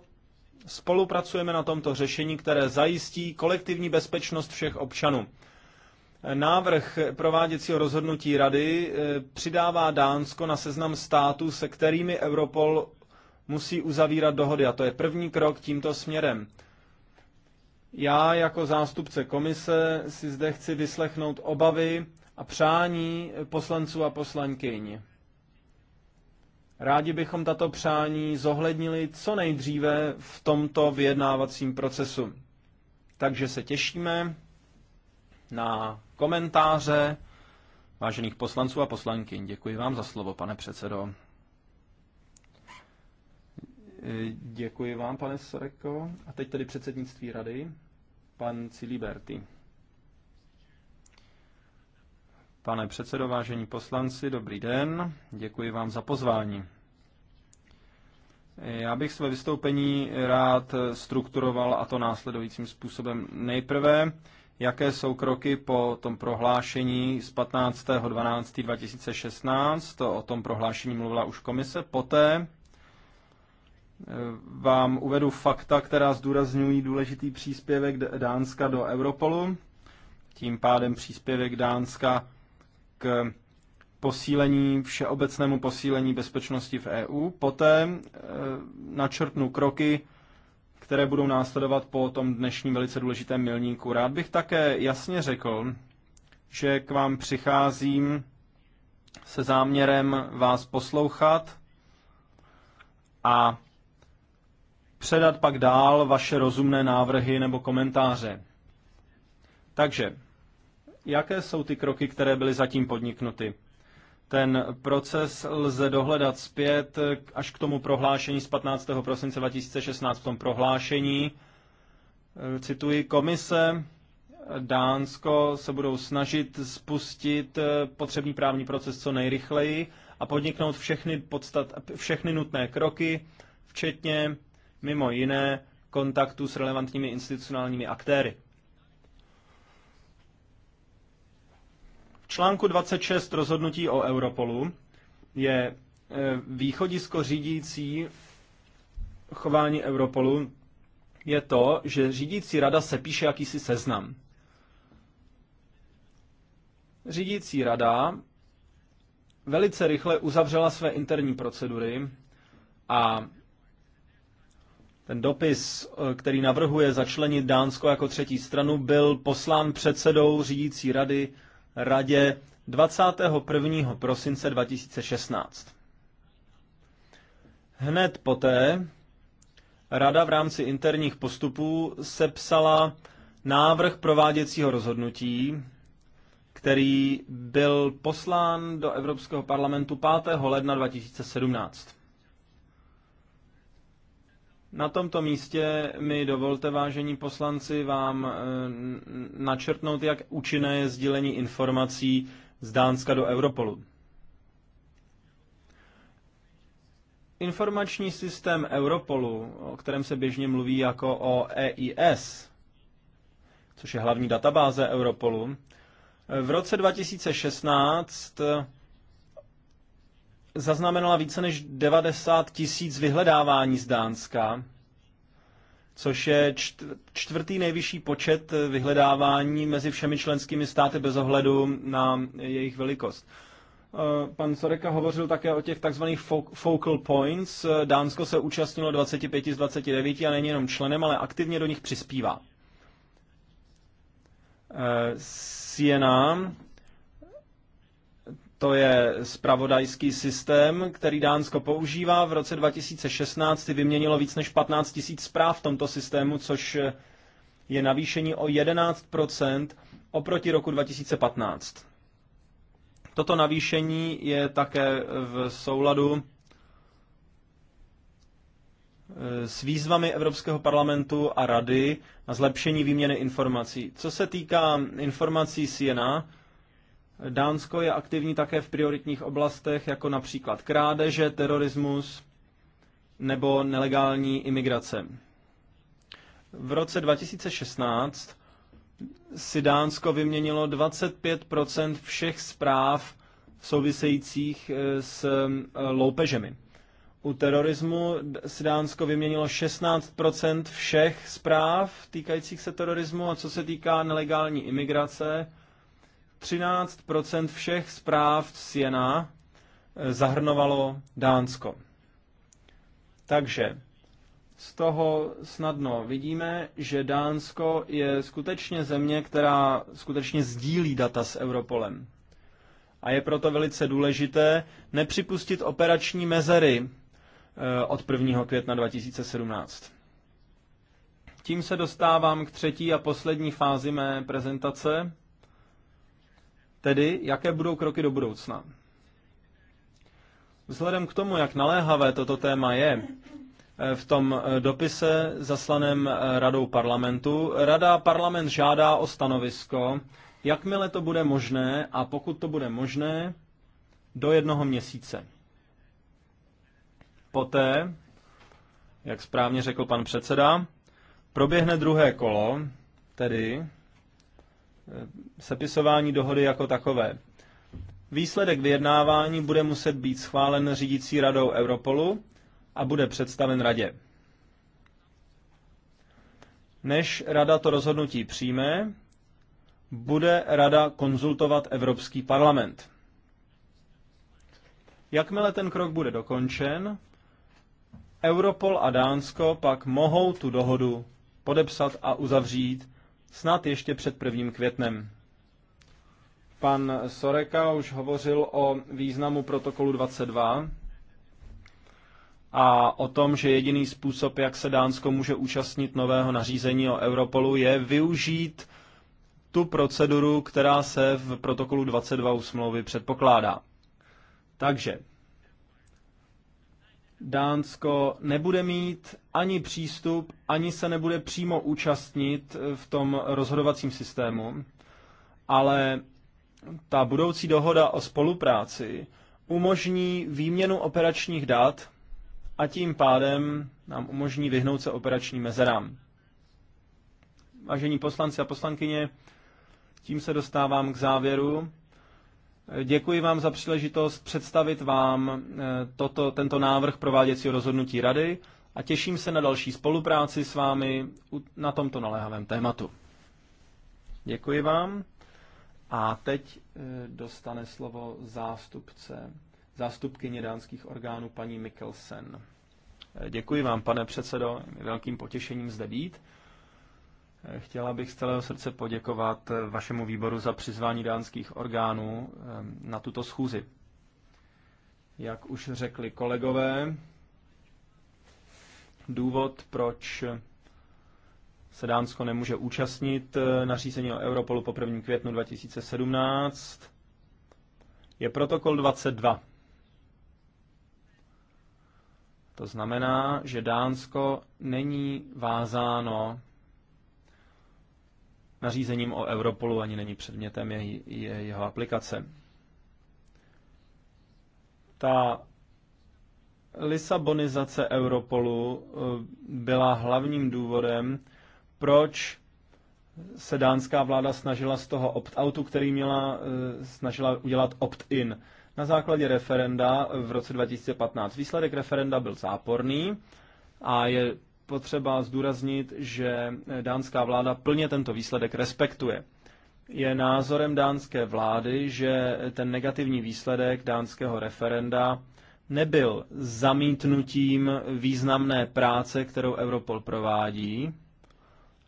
spolupracujeme na tomto řešení, které zajistí kolektivní bezpečnost všech občanů. Návrh prováděcího rozhodnutí rady e, přidává Dánsko na seznam států, se kterými Europol musí uzavírat dohody. A to je první krok tímto směrem. Já jako zástupce komise si zde chci vyslechnout obavy a přání poslanců a poslankyň. Rádi bychom tato přání zohlednili co nejdříve v tomto vyjednávacím procesu. Takže se těšíme na komentáře vážených poslanců a poslankyň. Děkuji vám za slovo, pane předsedo. Děkuji vám, pane Sreko. A teď tedy předsednictví rady, pan Ciliberti. Pane předsedo, vážení poslanci, dobrý den. Děkuji vám za pozvání. Já bych své vystoupení rád strukturoval a to následujícím způsobem. Nejprve jaké jsou kroky po tom prohlášení z 15.12.2016, to o tom prohlášení mluvila už komise, poté e, vám uvedu fakta, která zdůrazňují důležitý příspěvek Dánska do Europolu, tím pádem příspěvek Dánska k posílení, všeobecnému posílení bezpečnosti v EU. Poté e, načrtnu kroky, které budou následovat po tom dnešním velice důležitém milníku. Rád bych také jasně řekl, že k vám přicházím se záměrem vás poslouchat a předat pak dál vaše rozumné návrhy nebo komentáře. Takže, jaké jsou ty kroky, které byly zatím podniknuty? Ten proces lze dohledat zpět až k tomu prohlášení z 15. prosince 2016 v tom prohlášení. Cituji, komise Dánsko se budou snažit spustit potřebný právní proces co nejrychleji a podniknout všechny, podstat, všechny nutné kroky, včetně mimo jiné kontaktu s relevantními institucionálními aktéry. článku 26 rozhodnutí o Europolu je e, východisko řídící chování Europolu je to, že řídící rada se píše jakýsi seznam. Řídící rada velice rychle uzavřela své interní procedury a ten dopis, e, který navrhuje začlenit Dánsko jako třetí stranu, byl poslán předsedou řídící rady radě 21. prosince 2016. Hned poté rada v rámci interních postupů sepsala návrh prováděcího rozhodnutí, který byl poslán do Evropského parlamentu 5. ledna 2017. Na tomto místě mi dovolte, vážení poslanci, vám eh, načrtnout, jak účinné je sdílení informací z Dánska do Europolu. Informační systém Europolu, o kterém se běžně mluví jako o EIS, což je hlavní databáze Europolu, v roce 2016 zaznamenala více než 90 tisíc vyhledávání z Dánska, což je čtvrtý nejvyšší počet vyhledávání mezi všemi členskými státy bez ohledu na jejich velikost. Eh, pan Soreka hovořil také o těch takzvaných focal points. Dánsko se účastnilo 25 z 29 a není jenom členem, ale aktivně do nich přispívá. Eh, Siena to je spravodajský systém, který Dánsko používá. V roce 2016 vyměnilo víc než 15 tisíc zpráv v tomto systému, což je navýšení o 11 oproti roku 2015. Toto navýšení je také v souladu eh, s výzvami Evropského parlamentu a Rady na zlepšení výměny informací. Co se týká informací Siena, Dánsko je aktivní také v prioritních oblastech, jako například krádeže, terorismus nebo nelegální imigrace. V roce 2016 si Dánsko vyměnilo 25 všech zpráv souvisejících eh, s eh, loupežemi. U terorismu si Dánsko vyměnilo 16 všech zpráv týkajících se terorismu a co se týká nelegální imigrace, 13 všech zpráv z Jena eh, zahrnovalo Dánsko. Takže z toho snadno vidíme, že Dánsko je skutečně země, která skutečně sdílí data s Europolem. A je proto velice důležité nepřipustit operační mezery eh, od 1. května 2017. Tím se dostávám k třetí a poslední fázi mé prezentace, Tedy, jaké budou kroky do budoucna? Vzhledem k tomu, jak naléhavé toto téma je, eh, v tom eh, dopise zaslaném eh, Radou parlamentu, Rada parlament žádá o stanovisko, jakmile to bude možné a pokud to bude možné, do jednoho měsíce. Poté, jak správně řekl pan předseda, proběhne druhé kolo, tedy Eh, sepisování dohody jako takové. Výsledek vyjednávání bude muset být schválen řídící radou Europolu a bude představen radě. Než rada to rozhodnutí přijme, bude rada konzultovat Evropský parlament. Jakmile ten krok bude dokončen, Europol a Dánsko pak mohou tu dohodu podepsat a uzavřít snad ještě před prvním květnem. Pan Soreka už hovořil o významu protokolu 22 a o tom, že jediný způsob, jak se Dánsko může účastnit nového nařízení o Europolu, je využít tu proceduru, která se v protokolu 22 u smlouvy předpokládá. Takže Dánsko nebude mít ani přístup, ani se nebude přímo účastnit v tom rozhodovacím systému, ale ta budoucí dohoda o spolupráci umožní výměnu operačních dat a tím pádem nám umožní vyhnout se operačním mezerám. Vážení poslanci a poslankyně, tím se dostávám k závěru. Děkuji vám za příležitost představit vám eh, toto, tento návrh prováděcího rozhodnutí Rady a těším se na další spolupráci s vámi na tomto naléhavém tématu. Děkuji vám. A teď eh, dostane slovo zástupce, zástupkyně dánských orgánů paní Mikkelsen. Eh, děkuji vám, pane předsedo, velkým potěšením zde být. Chtěla bych z celého srdce poděkovat eh, vašemu výboru za přizvání dánských orgánů eh, na tuto schůzi. Jak už řekli kolegové, důvod, proč se Dánsko nemůže účastnit eh, nařízení o Europolu po 1. květnu 2017, je protokol 22. To znamená, že Dánsko není vázáno nařízením o Europolu ani není předmětem je, je jeho aplikace. Ta Lisabonizace Europolu eh, byla hlavním důvodem, proč se dánská vláda snažila z toho opt-outu, který měla, eh, snažila udělat opt-in. Na základě referenda v roce 2015 výsledek referenda byl záporný a je potřeba zdůraznit, že dánská vláda plně tento výsledek respektuje. Je názorem dánské vlády, že ten negativní výsledek dánského referenda nebyl zamítnutím významné práce, kterou Europol provádí.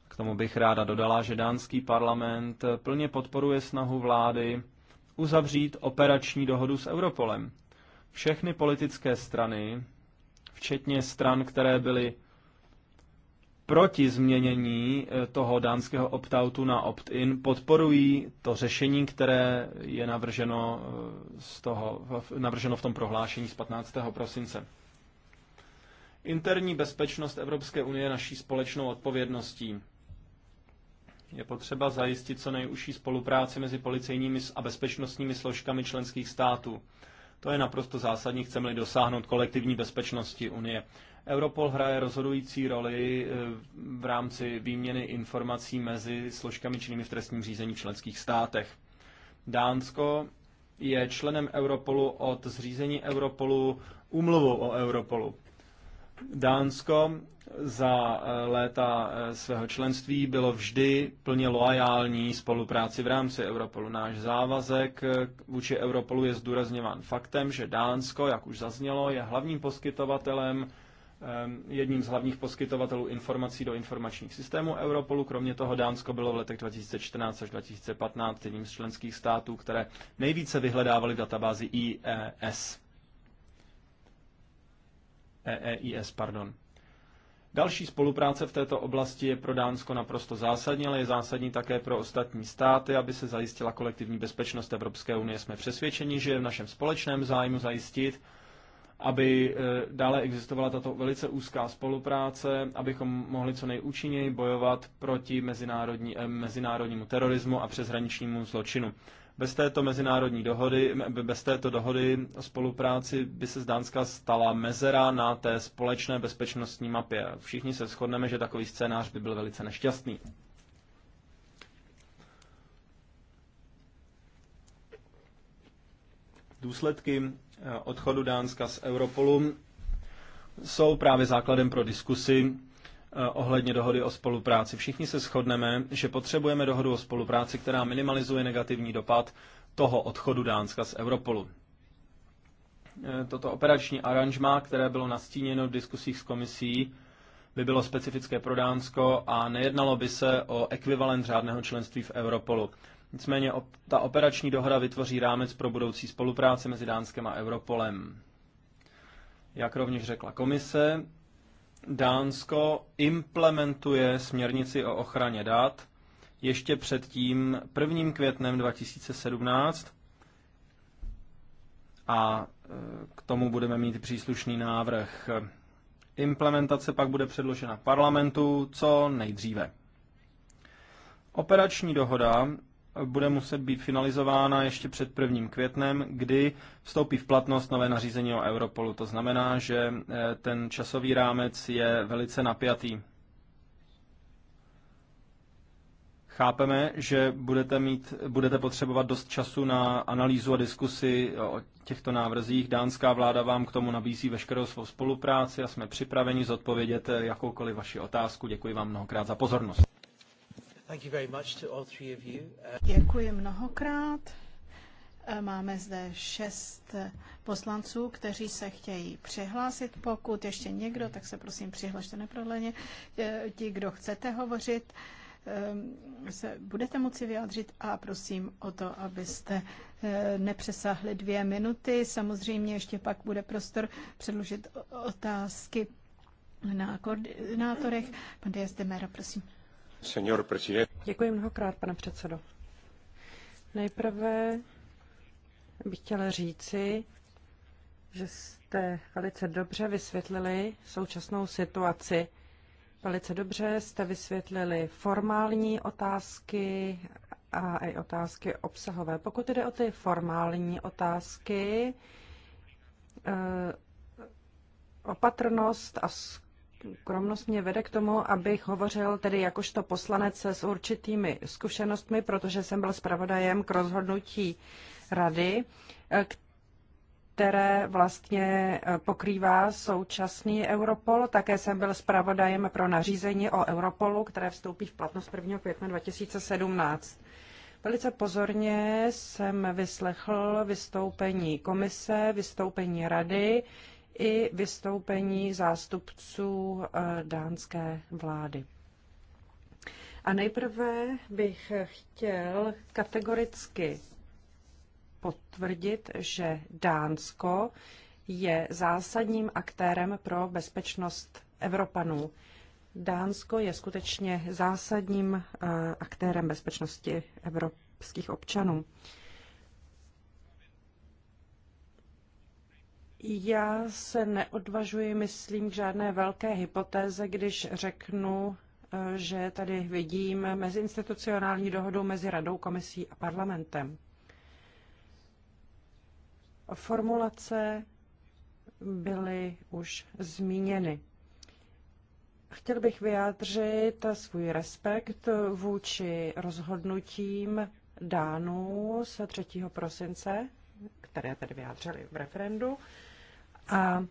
K tomu bych ráda dodala, že dánský parlament plně podporuje snahu vlády uzavřít operační dohodu s Europolem. Všechny politické strany, včetně stran, které byly proti změnění eh, toho dánského opt-outu na opt-in podporují to řešení, které je navrženo, eh, z toho, navrženo v tom prohlášení z 15. prosince. Interní bezpečnost Evropské unie je naší společnou odpovědností. Je potřeba zajistit co nejužší spolupráci mezi policejními a bezpečnostními složkami členských států. To je naprosto zásadní, chceme-li dosáhnout kolektivní bezpečnosti Unie. Europol hraje rozhodující roli eh, v rámci výměny informací mezi složkami činnými v trestním řízení v členských státech. Dánsko je členem Europolu od zřízení Europolu umluvou o Europolu. Dánsko za eh, léta eh, svého členství bylo vždy plně loajální spolupráci v rámci Europolu. Náš závazek vůči Europolu je zdůrazněván faktem, že Dánsko, jak už zaznělo, je hlavním poskytovatelem jedním z hlavních poskytovatelů informací do informačních systémů Europolu. Kromě toho Dánsko bylo v letech 2014 až 2015 jedním z členských států, které nejvíce vyhledávaly v databázi IES. EES, pardon. Další spolupráce v této oblasti je pro Dánsko naprosto zásadní, ale je zásadní také pro ostatní státy, aby se zajistila kolektivní bezpečnost Evropské unie. Jsme přesvědčeni, že je v našem společném zájmu zajistit, aby eh, dále existovala tato velice úzká spolupráce, abychom mohli co nejúčinněji bojovat proti mezinárodní, eh, mezinárodnímu terorismu a přeshraničnímu zločinu. Bez této mezinárodní dohody, bez této dohody o spolupráci by se z Dánska stala mezera na té společné bezpečnostní mapě. Všichni se shodneme, že takový scénář by byl velice nešťastný. Důsledky Eh, odchodu Dánska z Europolu jsou právě základem pro diskusy eh, ohledně dohody o spolupráci. Všichni se shodneme, že potřebujeme dohodu o spolupráci, která minimalizuje negativní dopad toho odchodu Dánska z Europolu. Eh, toto operační aranžma, které bylo nastíněno v diskusích s komisí, by bylo specifické pro Dánsko a nejednalo by se o ekvivalent řádného členství v Europolu. Nicméně ta operační dohoda vytvoří rámec pro budoucí spolupráci mezi Dánskem a Europolem. Jak rovněž řekla komise, Dánsko implementuje směrnici o ochraně dat ještě před tím 1. květnem 2017 a e, k tomu budeme mít příslušný návrh. Implementace pak bude předložena parlamentu co nejdříve. Operační dohoda bude muset být finalizována ještě před 1. květnem, kdy vstoupí v platnost nové nařízení o Europolu. To znamená, že eh, ten časový rámec je velice napjatý. Chápeme, že budete, mít, budete potřebovat dost času na analýzu a diskusi o těchto návrzích. Dánská vláda vám k tomu nabízí veškerou svou spolupráci a jsme připraveni zodpovědět eh, jakoukoliv vaši otázku. Děkuji vám mnohokrát za pozornost. Děkuji mnohokrát. Eh, máme zde šest poslanců, kteří se chtějí přihlásit. Pokud ještě někdo, tak se prosím přihlašte neprodleně. Eh, ti, kdo chcete hovořit, eh, se budete moci vyjádřit a prosím o to, abyste nepřesáhli dvě minuty. Samozřejmě ještě pak bude prostor předložit otázky na koordinátorech. Pan Diaz de Mera, prosím. Děkuji mnohokrát, pane předsedo. Nejprve bych chtěla říci, že jste velice dobře vysvětlili současnou situaci. Velice dobře jste vysvětlili formální otázky a i otázky obsahové. Pokud jde o ty formální otázky, eh, opatrnost a skromnost mě vede k tomu, abych hovořil tedy jakožto poslanec s určitými zkušenostmi, protože jsem byl zpravodajem k rozhodnutí rady, které vlastně eh, pokrývá současný Europol. Také jsem byl zpravodajem pro nařízení o Europolu, které vstoupí v platnost 1. května 2017. Velice pozorně jsem vyslechl vystoupení komise, vystoupení rady, i vystoupení zástupců eh, dánské vlády. A nejprve bych chtěl kategoricky potvrdit, že Dánsko je zásadním aktérem pro bezpečnost Evropanů. Dánsko je skutečně zásadním eh, aktérem bezpečnosti evropských občanů. Já se neodvažuji, myslím, k žádné velké hypotéze, když řeknu, eh, že tady vidím mezinstitucionální dohodu mezi Radou, Komisí a parlamentem. Formulace byly už zmíněny. Chtěl bych vyjádřit svůj respekt vůči rozhodnutím Dánů z 3. prosince, které tedy vyjádřili v referendu, a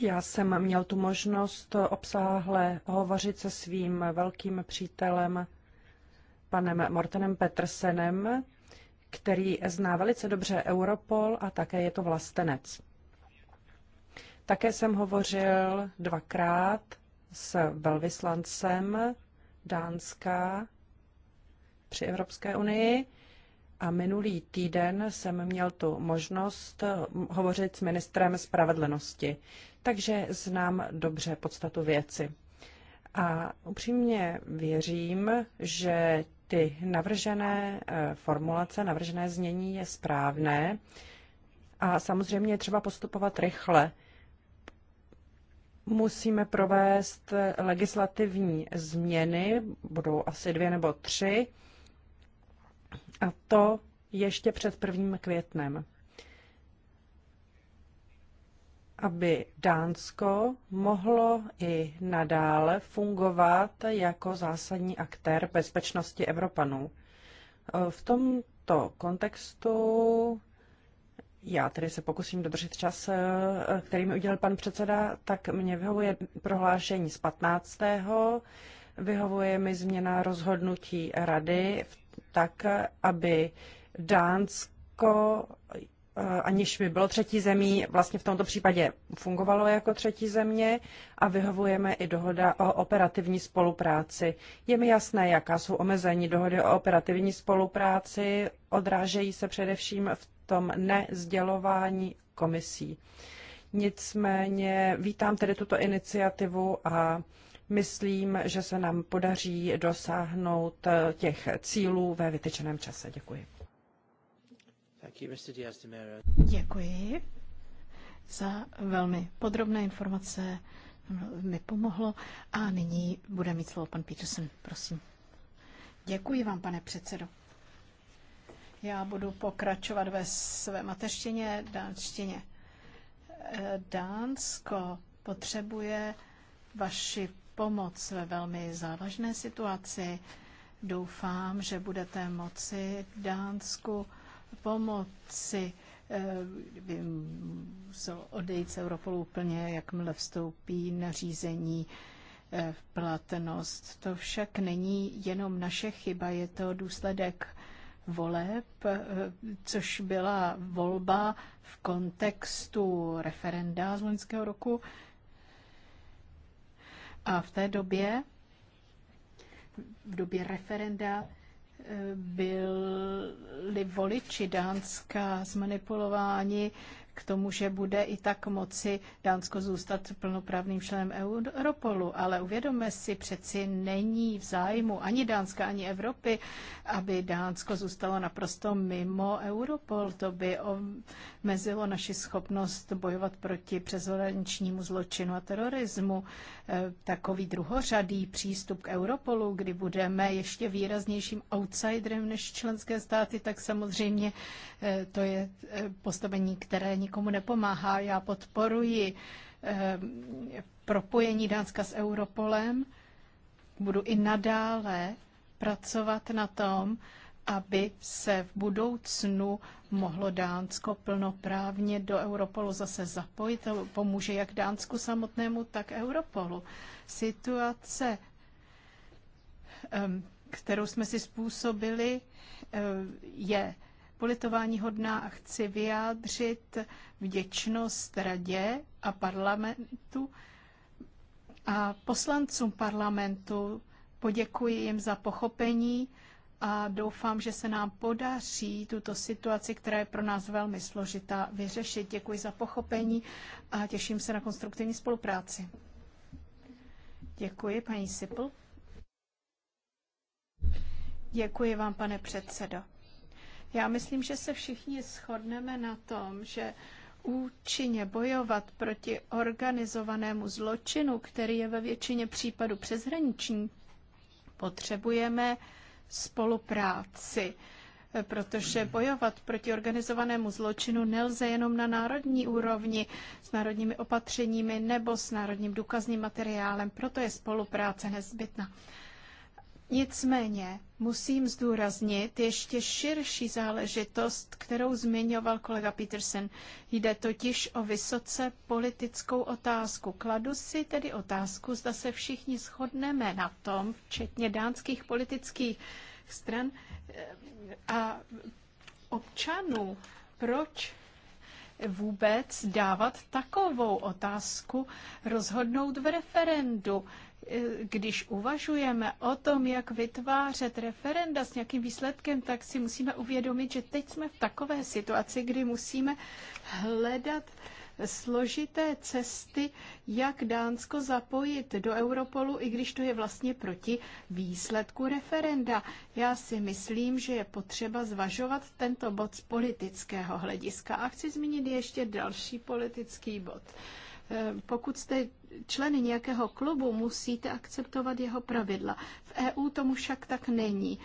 já jsem měl tu možnost obsáhle hovořit se svým velkým přítelem, panem Mortenem Petersenem, který zná velice dobře Europol a také je to vlastenec. Také jsem hovořil dvakrát s velvyslancem Dánska při Evropské unii a minulý týden jsem měl tu možnost eh, hovořit s ministrem spravedlnosti, takže znám dobře podstatu věci. A upřímně věřím, že ty navržené eh, formulace, navržené znění je správné a samozřejmě je třeba postupovat rychle. Musíme provést eh, legislativní změny, budou asi dvě nebo tři, a to ještě před prvním květnem. Aby Dánsko mohlo i nadále fungovat jako zásadní aktér bezpečnosti Evropanů. V tomto kontextu já tedy se pokusím dodržet čas, eh, který mi udělal pan předseda, tak mě vyhovuje prohlášení z 15. Vyhovuje mi změna rozhodnutí rady v tak, aby Dánsko, eh, aniž by bylo třetí zemí, vlastně v tomto případě fungovalo jako třetí země a vyhovujeme i dohoda o operativní spolupráci. Je mi jasné, jaká jsou omezení dohody o operativní spolupráci, odrážejí se především v tom nezdělování komisí. Nicméně vítám tedy tuto iniciativu a Myslím, že se nám podaří dosáhnout eh, těch cílů ve vytyčeném čase. Děkuji. Děkuji za velmi podrobné informace. Mi pomohlo. A nyní bude mít slovo pan Peterson. Prosím. Děkuji vám, pane předsedo. Já budu pokračovat ve své mateřštině, dánštině. Eh, Dánsko potřebuje vaši pomoc ve velmi závažné situaci. Doufám, že budete moci Dánsku pomoci eh, musel odejít z Europolu úplně, jakmile vstoupí nařízení eh, v platnost. To však není jenom naše chyba, je to důsledek voleb, eh, což byla volba v kontextu referenda z loňského roku, a v té době, v době referenda, eh, byli voliči Dánska zmanipulováni k tomu, že bude i tak moci Dánsko zůstat plnoprávným členem e Europolu, ale uvědomme si, přeci není v zájmu ani Dánska, ani Evropy, aby Dánsko zůstalo naprosto mimo Europol. To by omezilo naši schopnost bojovat proti přeshraničnímu zločinu a terorismu. E, takový druhořadý přístup k Europolu, kdy budeme ještě výraznějším outsiderem než členské státy, tak samozřejmě e, to je postavení, které nikomu nepomáhá. Já podporuji eh, propojení Dánska s Europolem. Budu i nadále pracovat na tom, aby se v budoucnu mohlo Dánsko plnoprávně do Europolu zase zapojit. To pomůže jak Dánsku samotnému, tak Europolu. Situace, eh, kterou jsme si způsobili, eh, je politování hodná a chci vyjádřit vděčnost radě a parlamentu a poslancům parlamentu. Poděkuji jim za pochopení a doufám, že se nám podaří tuto situaci, která je pro nás velmi složitá, vyřešit. Děkuji za pochopení a těším se na konstruktivní spolupráci. Děkuji, paní Sipl. Děkuji vám, pane předsedo. Já myslím, že se všichni shodneme na tom, že účinně bojovat proti organizovanému zločinu, který je ve většině případů přeshraniční, potřebujeme spolupráci protože bojovat proti organizovanému zločinu nelze jenom na národní úrovni s národními opatřeními nebo s národním důkazním materiálem, proto je spolupráce nezbytná. Nicméně musím zdůraznit ještě širší záležitost, kterou zmiňoval kolega Peterson. Jde totiž o vysoce politickou otázku. Kladu si tedy otázku, zda se všichni shodneme na tom, včetně dánských politických stran eh, a občanů, proč vůbec dávat takovou otázku rozhodnout v referendu když uvažujeme o tom, jak vytvářet referenda s nějakým výsledkem, tak si musíme uvědomit, že teď jsme v takové situaci, kdy musíme hledat složité cesty, jak Dánsko zapojit do Europolu, i když to je vlastně proti výsledku referenda. Já si myslím, že je potřeba zvažovat tento bod z politického hlediska. A chci zmínit ještě další politický bod. Eh, pokud jste členy nějakého klubu, musíte akceptovat jeho pravidla. V EU tomu však tak není.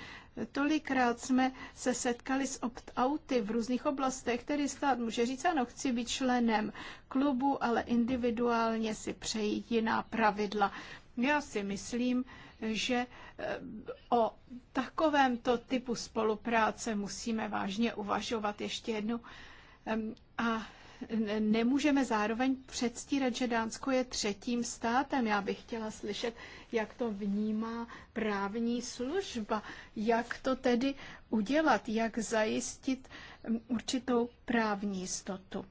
Tolikrát jsme se setkali s opt-outy v různých oblastech, který stát může říct, ano, chci být členem klubu, ale individuálně si přeji jiná pravidla. Já si myslím, že eh, o takovémto typu spolupráce musíme vážně uvažovat ještě jednou. A nemůžeme zároveň předstírat, že Dánsko je třetím státem. Já bych chtěla slyšet, jak to vnímá právní služba, jak to tedy udělat, jak zajistit mm, určitou právní jistotu.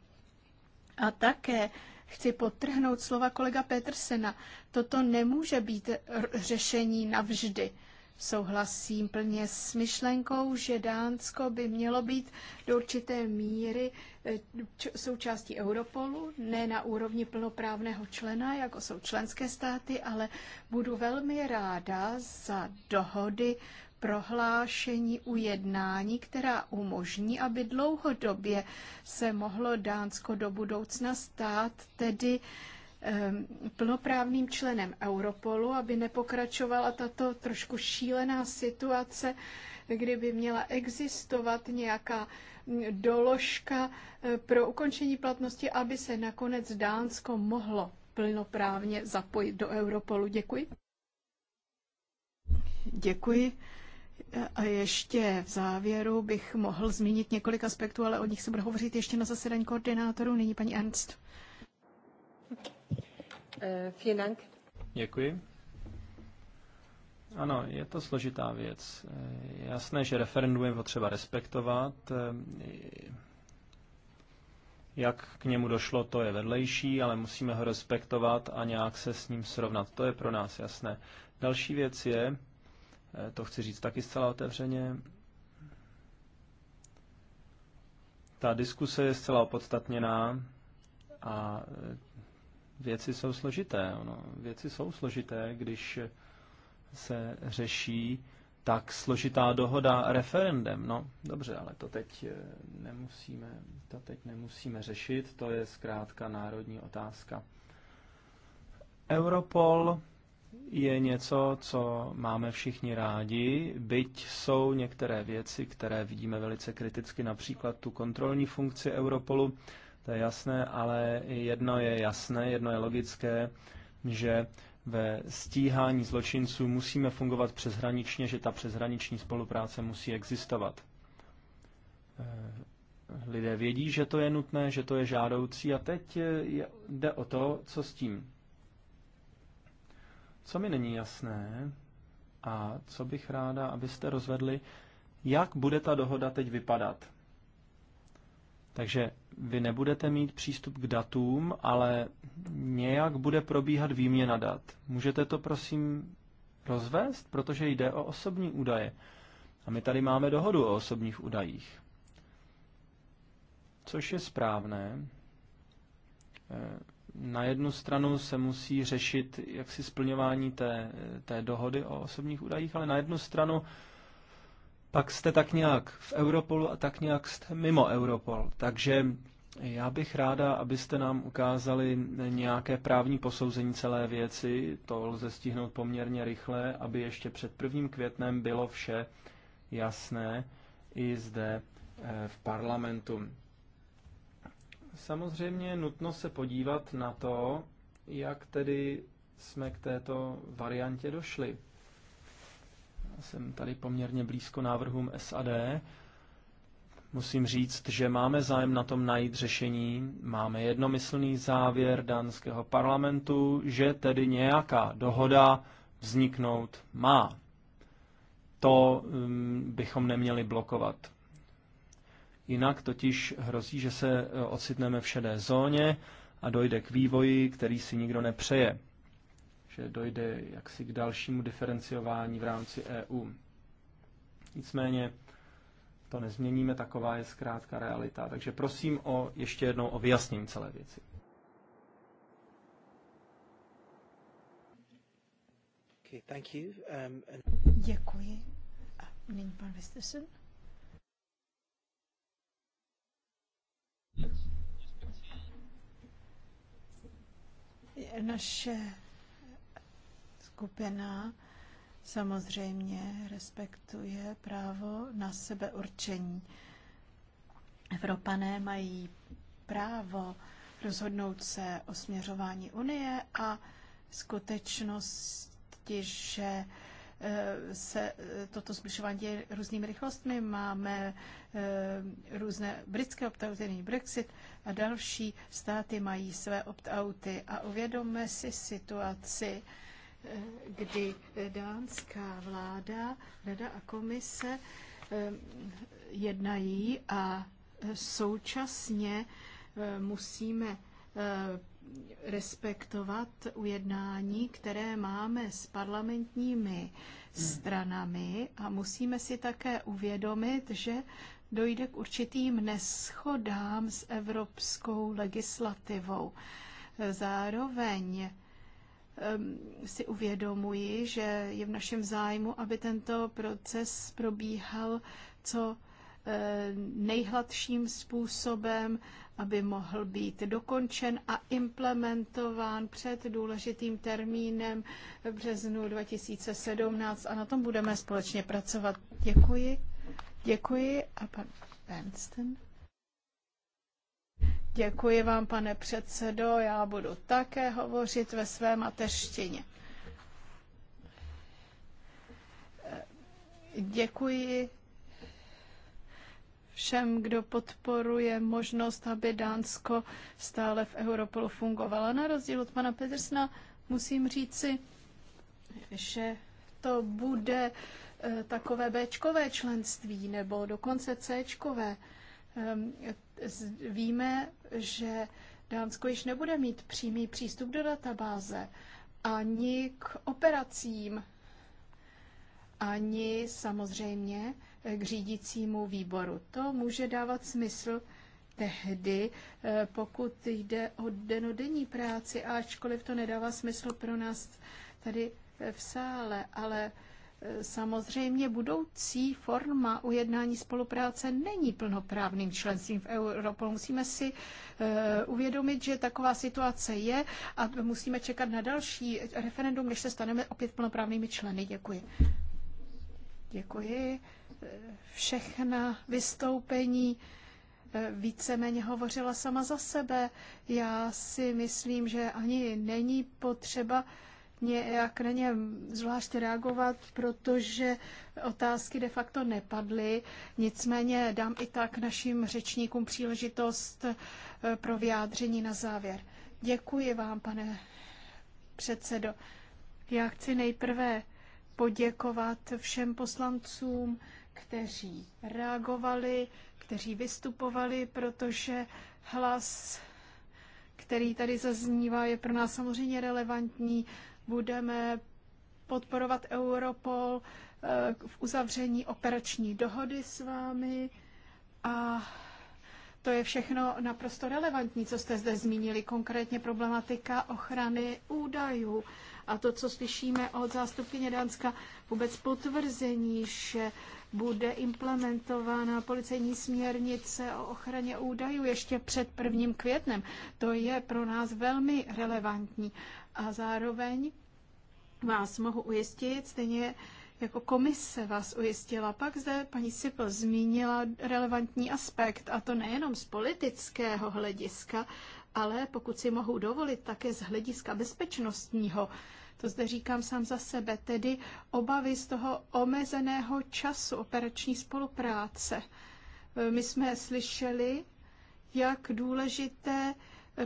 A také chci podtrhnout slova kolega Petersena. Toto nemůže být řešení navždy. Souhlasím plně s myšlenkou, že Dánsko by mělo být do určité míry eh, součástí Europolu, ne na úrovni plnoprávného člena, jako jsou členské státy, ale budu velmi ráda za dohody prohlášení ujednání, která umožní, aby dlouhodobě se mohlo Dánsko do budoucna stát tedy eh, Ehm, plnoprávným členem Europolu, aby nepokračovala tato trošku šílená situace, kdyby měla existovat nějaká doložka eh, pro ukončení platnosti, aby se nakonec Dánsko mohlo plnoprávně zapojit do Europolu. Děkuji. Děkuji. A ještě v závěru bych mohl zmínit několik aspektů, ale o nich se bude hovořit ještě na zasedání koordinátorů. Nyní paní Ernst. Eh, Děkuji. Ano, je to složitá věc. Eh, jasné, že referendum je potřeba respektovat. Eh, jak k němu došlo, to je vedlejší, ale musíme ho respektovat a nějak se s ním srovnat. To je pro nás jasné. Další věc je, to chci říct taky zcela otevřeně, ta diskuse je zcela opodstatněná a věci jsou složité. Ono, věci jsou složité, když se řeší tak složitá dohoda referendem. No, dobře, ale to teď eh, nemusíme, to teď nemusíme řešit, to je zkrátka národní otázka. Europol je něco, co máme všichni rádi, byť jsou některé věci, které vidíme velice kriticky, například tu kontrolní funkci Europolu, to je jasné, ale jedno je jasné, jedno je logické, že ve stíhání zločinců musíme fungovat přeshraničně, že ta přeshraniční spolupráce musí existovat. Eh, lidé vědí, že to je nutné, že to je žádoucí a teď eh, jde o to, co s tím. Co mi není jasné a co bych ráda, abyste rozvedli, jak bude ta dohoda teď vypadat. Takže vy nebudete mít přístup k datům, ale nějak bude probíhat výměna dat. Můžete to prosím rozvést, protože jde o osobní údaje. A my tady máme dohodu o osobních údajích. Což je správné. Eh, na jednu stranu se musí řešit jaksi splňování té, té dohody o osobních údajích, ale na jednu stranu pak jste tak nějak v Europolu a tak nějak jste mimo Europol. Takže já bych ráda, abyste nám ukázali nějaké právní posouzení celé věci. To lze stihnout poměrně rychle, aby ještě před prvním květnem bylo vše jasné i zde eh, v parlamentu. Samozřejmě je nutno se podívat na to, jak tedy jsme k této variantě došli jsem tady poměrně blízko návrhům SAD. Musím říct, že máme zájem na tom najít řešení. Máme jednomyslný závěr dánského parlamentu, že tedy nějaká dohoda vzniknout má. To um, bychom neměli blokovat. Jinak totiž hrozí, že se eh, ocitneme v šedé zóně a dojde k vývoji, který si nikdo nepřeje že dojde jaksi k dalšímu diferenciování v rámci EU. Nicméně to nezměníme, taková je zkrátka realita. Takže prosím o ještě jednou o vyjasnění celé věci. Okay, thank you. Um, and... Děkuji. A nyní pan Vesterson. Naše skupina samozřejmě respektuje právo na sebeurčení. Evropané mají právo rozhodnout se o směřování Unie a skutečnosti, že eh, se eh, toto zbližování děje různými rychlostmi. Máme eh, různé britské opt-outy, Brexit, a další státy mají své opt-outy. A uvědomme si situaci, kdy dánská vláda, rada a komise eh, jednají a současně eh, musíme eh, respektovat ujednání, které máme s parlamentními stranami a musíme si také uvědomit, že dojde k určitým neschodám s evropskou legislativou. Zároveň Ehm, si uvědomuji, že je v našem zájmu, aby tento proces probíhal co ehm, nejhladším způsobem, aby mohl být dokončen a implementován před důležitým termínem v březnu 2017 a na tom budeme společně pracovat. Děkuji. Děkuji a pan Bernstein. Děkuji vám, pane předsedo. Já budu také hovořit ve své mateřštině. Děkuji všem, kdo podporuje možnost, aby Dánsko stále v Europolu fungovalo. Na rozdíl od pana Petersna musím říci, že to bude eh, takové Bčkové členství nebo dokonce Cčkové. Ehm, víme, že Dánsko již nebude mít přímý přístup do databáze ani k operacím, ani samozřejmě k řídícímu výboru. To může dávat smysl tehdy, eh, pokud jde o denodenní práci, ačkoliv to nedává smysl pro nás tady eh, v sále, ale Samozřejmě budoucí forma ujednání spolupráce není plnoprávným členstvím v Europolu. Musíme si eh, uvědomit, že taková situace je a musíme čekat na další referendum, než se staneme opět plnoprávnými členy. Děkuji. Děkuji. Všechna vystoupení eh, víceméně hovořila sama za sebe. Já si myslím, že ani není potřeba nějak na ně zvlášť reagovat, protože otázky de facto nepadly. Nicméně dám i tak našim řečníkům příležitost eh, pro vyjádření na závěr. Děkuji vám, pane předsedo. Já chci nejprve poděkovat všem poslancům, kteří reagovali, kteří vystupovali, protože hlas, který tady zaznívá, je pro nás samozřejmě relevantní budeme podporovat Europol eh, v uzavření operační dohody s vámi a to je všechno naprosto relevantní, co jste zde zmínili, konkrétně problematika ochrany údajů. A to, co slyšíme od zástupkyně Dánska, vůbec potvrzení, že bude implementována policejní směrnice o ochraně údajů ještě před prvním květnem. To je pro nás velmi relevantní. A zároveň vás mohu ujistit, stejně jako komise vás ujistila. Pak zde paní Sipl zmínila relevantní aspekt, a to nejenom z politického hlediska, ale pokud si mohu dovolit, také z hlediska bezpečnostního. To zde říkám sám za sebe, tedy obavy z toho omezeného času operační spolupráce. My jsme slyšeli, jak důležité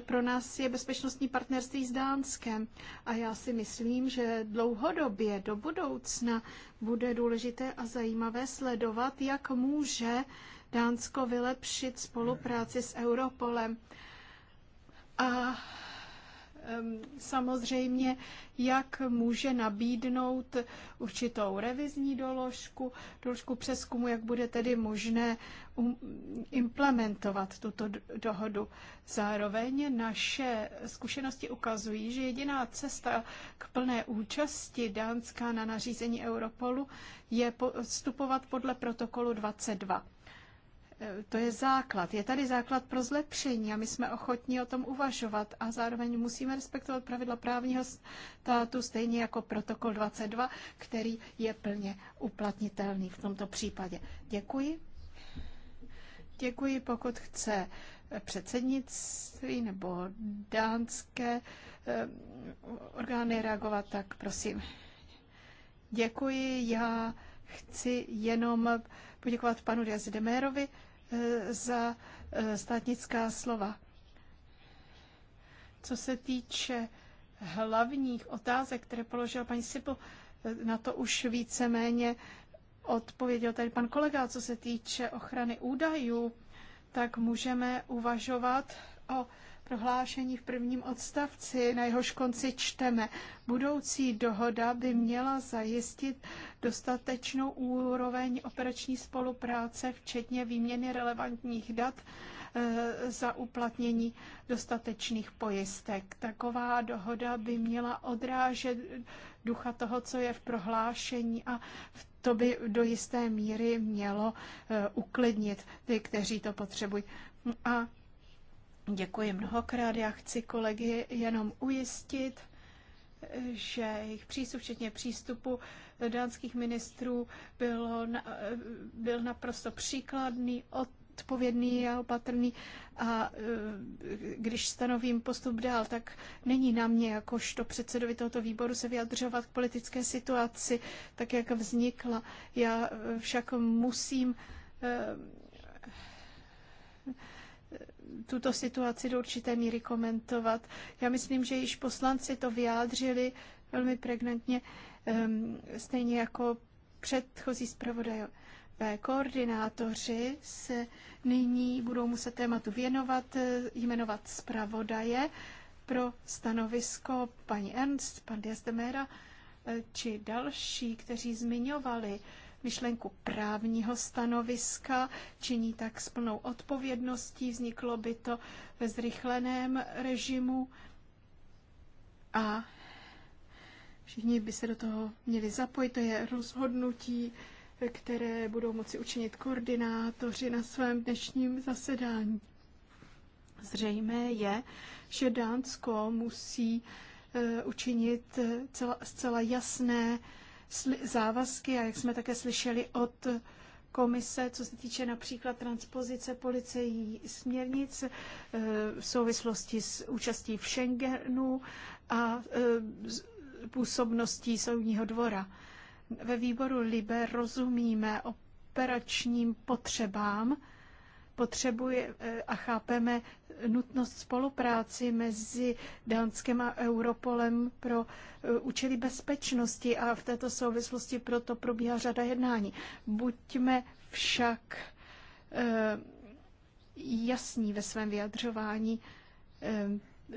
pro nás je bezpečnostní partnerství s Dánskem a já si myslím, že dlouhodobě do budoucna bude důležité a zajímavé sledovat, jak může Dánsko vylepšit spolupráci s Europolem. A samozřejmě, jak může nabídnout určitou revizní doložku, doložku přeskumu, jak bude tedy možné um, implementovat tuto dohodu. Zároveň naše zkušenosti ukazují, že jediná cesta k plné účasti Dánska na nařízení Europolu je postupovat podle protokolu 22 to je základ. Je tady základ pro zlepšení a my jsme ochotní o tom uvažovat a zároveň musíme respektovat pravidla právního státu, stejně jako protokol 22, který je plně uplatnitelný v tomto případě. Děkuji. Děkuji, pokud chce předsednictví nebo dánské eh, orgány reagovat, tak prosím. Děkuji, já chci jenom poděkovat panu Diaz Demérovi Eh, za eh, státnická slova. Co se týče hlavních otázek, které položil paní Sipl, eh, na to už víceméně odpověděl tady pan kolega. Co se týče ochrany údajů, tak můžeme uvažovat o prohlášení v prvním odstavci, na jehož konci čteme. Budoucí dohoda by měla zajistit dostatečnou úroveň operační spolupráce, včetně výměny relevantních dat eh, za uplatnění dostatečných pojistek. Taková dohoda by měla odrážet ducha toho, co je v prohlášení a to by do jisté míry mělo eh, uklidnit ty, kteří to potřebují. A Děkuji mnohokrát. Já chci kolegy jenom ujistit, že jejich přístup, včetně přístupu dánských ministrů, bylo na, byl naprosto příkladný, odpovědný a opatrný. A e, když stanovím postup dál, tak není na mě, jakožto předsedovi tohoto výboru, se vyjadřovat k politické situaci, tak jak vznikla. Já e, však musím e, tuto situaci do určité míry komentovat. Já myslím, že již poslanci to vyjádřili velmi pregnantně, ehm, stejně jako předchozí zpravodajové koordinátoři se nyní budou muset tématu věnovat, eh, jmenovat zpravodaje pro stanovisko paní Ernst, pan Diastemera eh, či další, kteří zmiňovali myšlenku právního stanoviska, činí tak s plnou odpovědností, vzniklo by to ve zrychleném režimu a všichni by se do toho měli zapojit. To je rozhodnutí, které budou moci učinit koordinátoři na svém dnešním zasedání. Zřejmé je, že Dánsko musí eh, učinit eh, zcela jasné závazky a jak jsme také slyšeli od komise, co se týče například transpozice policejí směrnic eh, v souvislosti s účastí v Schengenu a eh, působností soudního dvora. Ve výboru LIBE rozumíme operačním potřebám potřebuje eh, a chápeme nutnost spolupráci mezi Dánskem a Europolem pro eh, účely bezpečnosti a v této souvislosti proto probíhá řada jednání. Buďme však eh, jasní ve svém vyjadřování.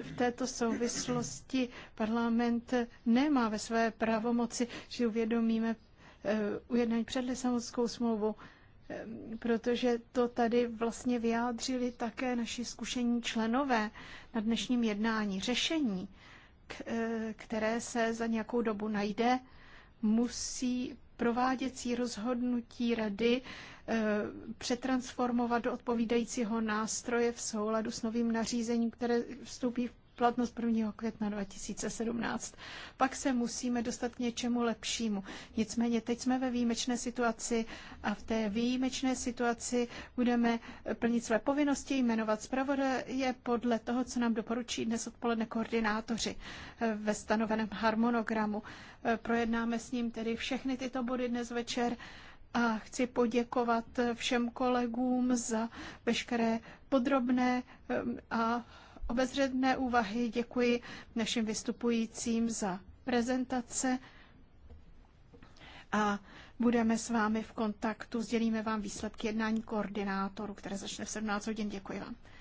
V této souvislosti parlament nemá ve své pravomoci, že uvědomíme ujednání před Lisabonskou smlouvou. Ehm, protože to tady vlastně vyjádřili také naši zkušení členové na dnešním jednání. Řešení, e, které se za nějakou dobu najde, musí prováděcí rozhodnutí rady e, přetransformovat do odpovídajícího nástroje v souladu s novým nařízením, které vstoupí v platnost 1. května 2017. Pak se musíme dostat k něčemu lepšímu. Nicméně teď jsme ve výjimečné situaci a v té výjimečné situaci budeme plnit své povinnosti, jmenovat zpravodaje podle toho, co nám doporučí dnes odpoledne koordinátoři eh, ve stanoveném harmonogramu. Eh, projednáme s ním tedy všechny tyto body dnes večer a chci poděkovat všem kolegům za veškeré podrobné eh, a obezřetné úvahy. Děkuji našim vystupujícím za prezentace a budeme s vámi v kontaktu. Sdělíme vám výsledky jednání koordinátoru, které začne v 17 hodin. Děkuji vám.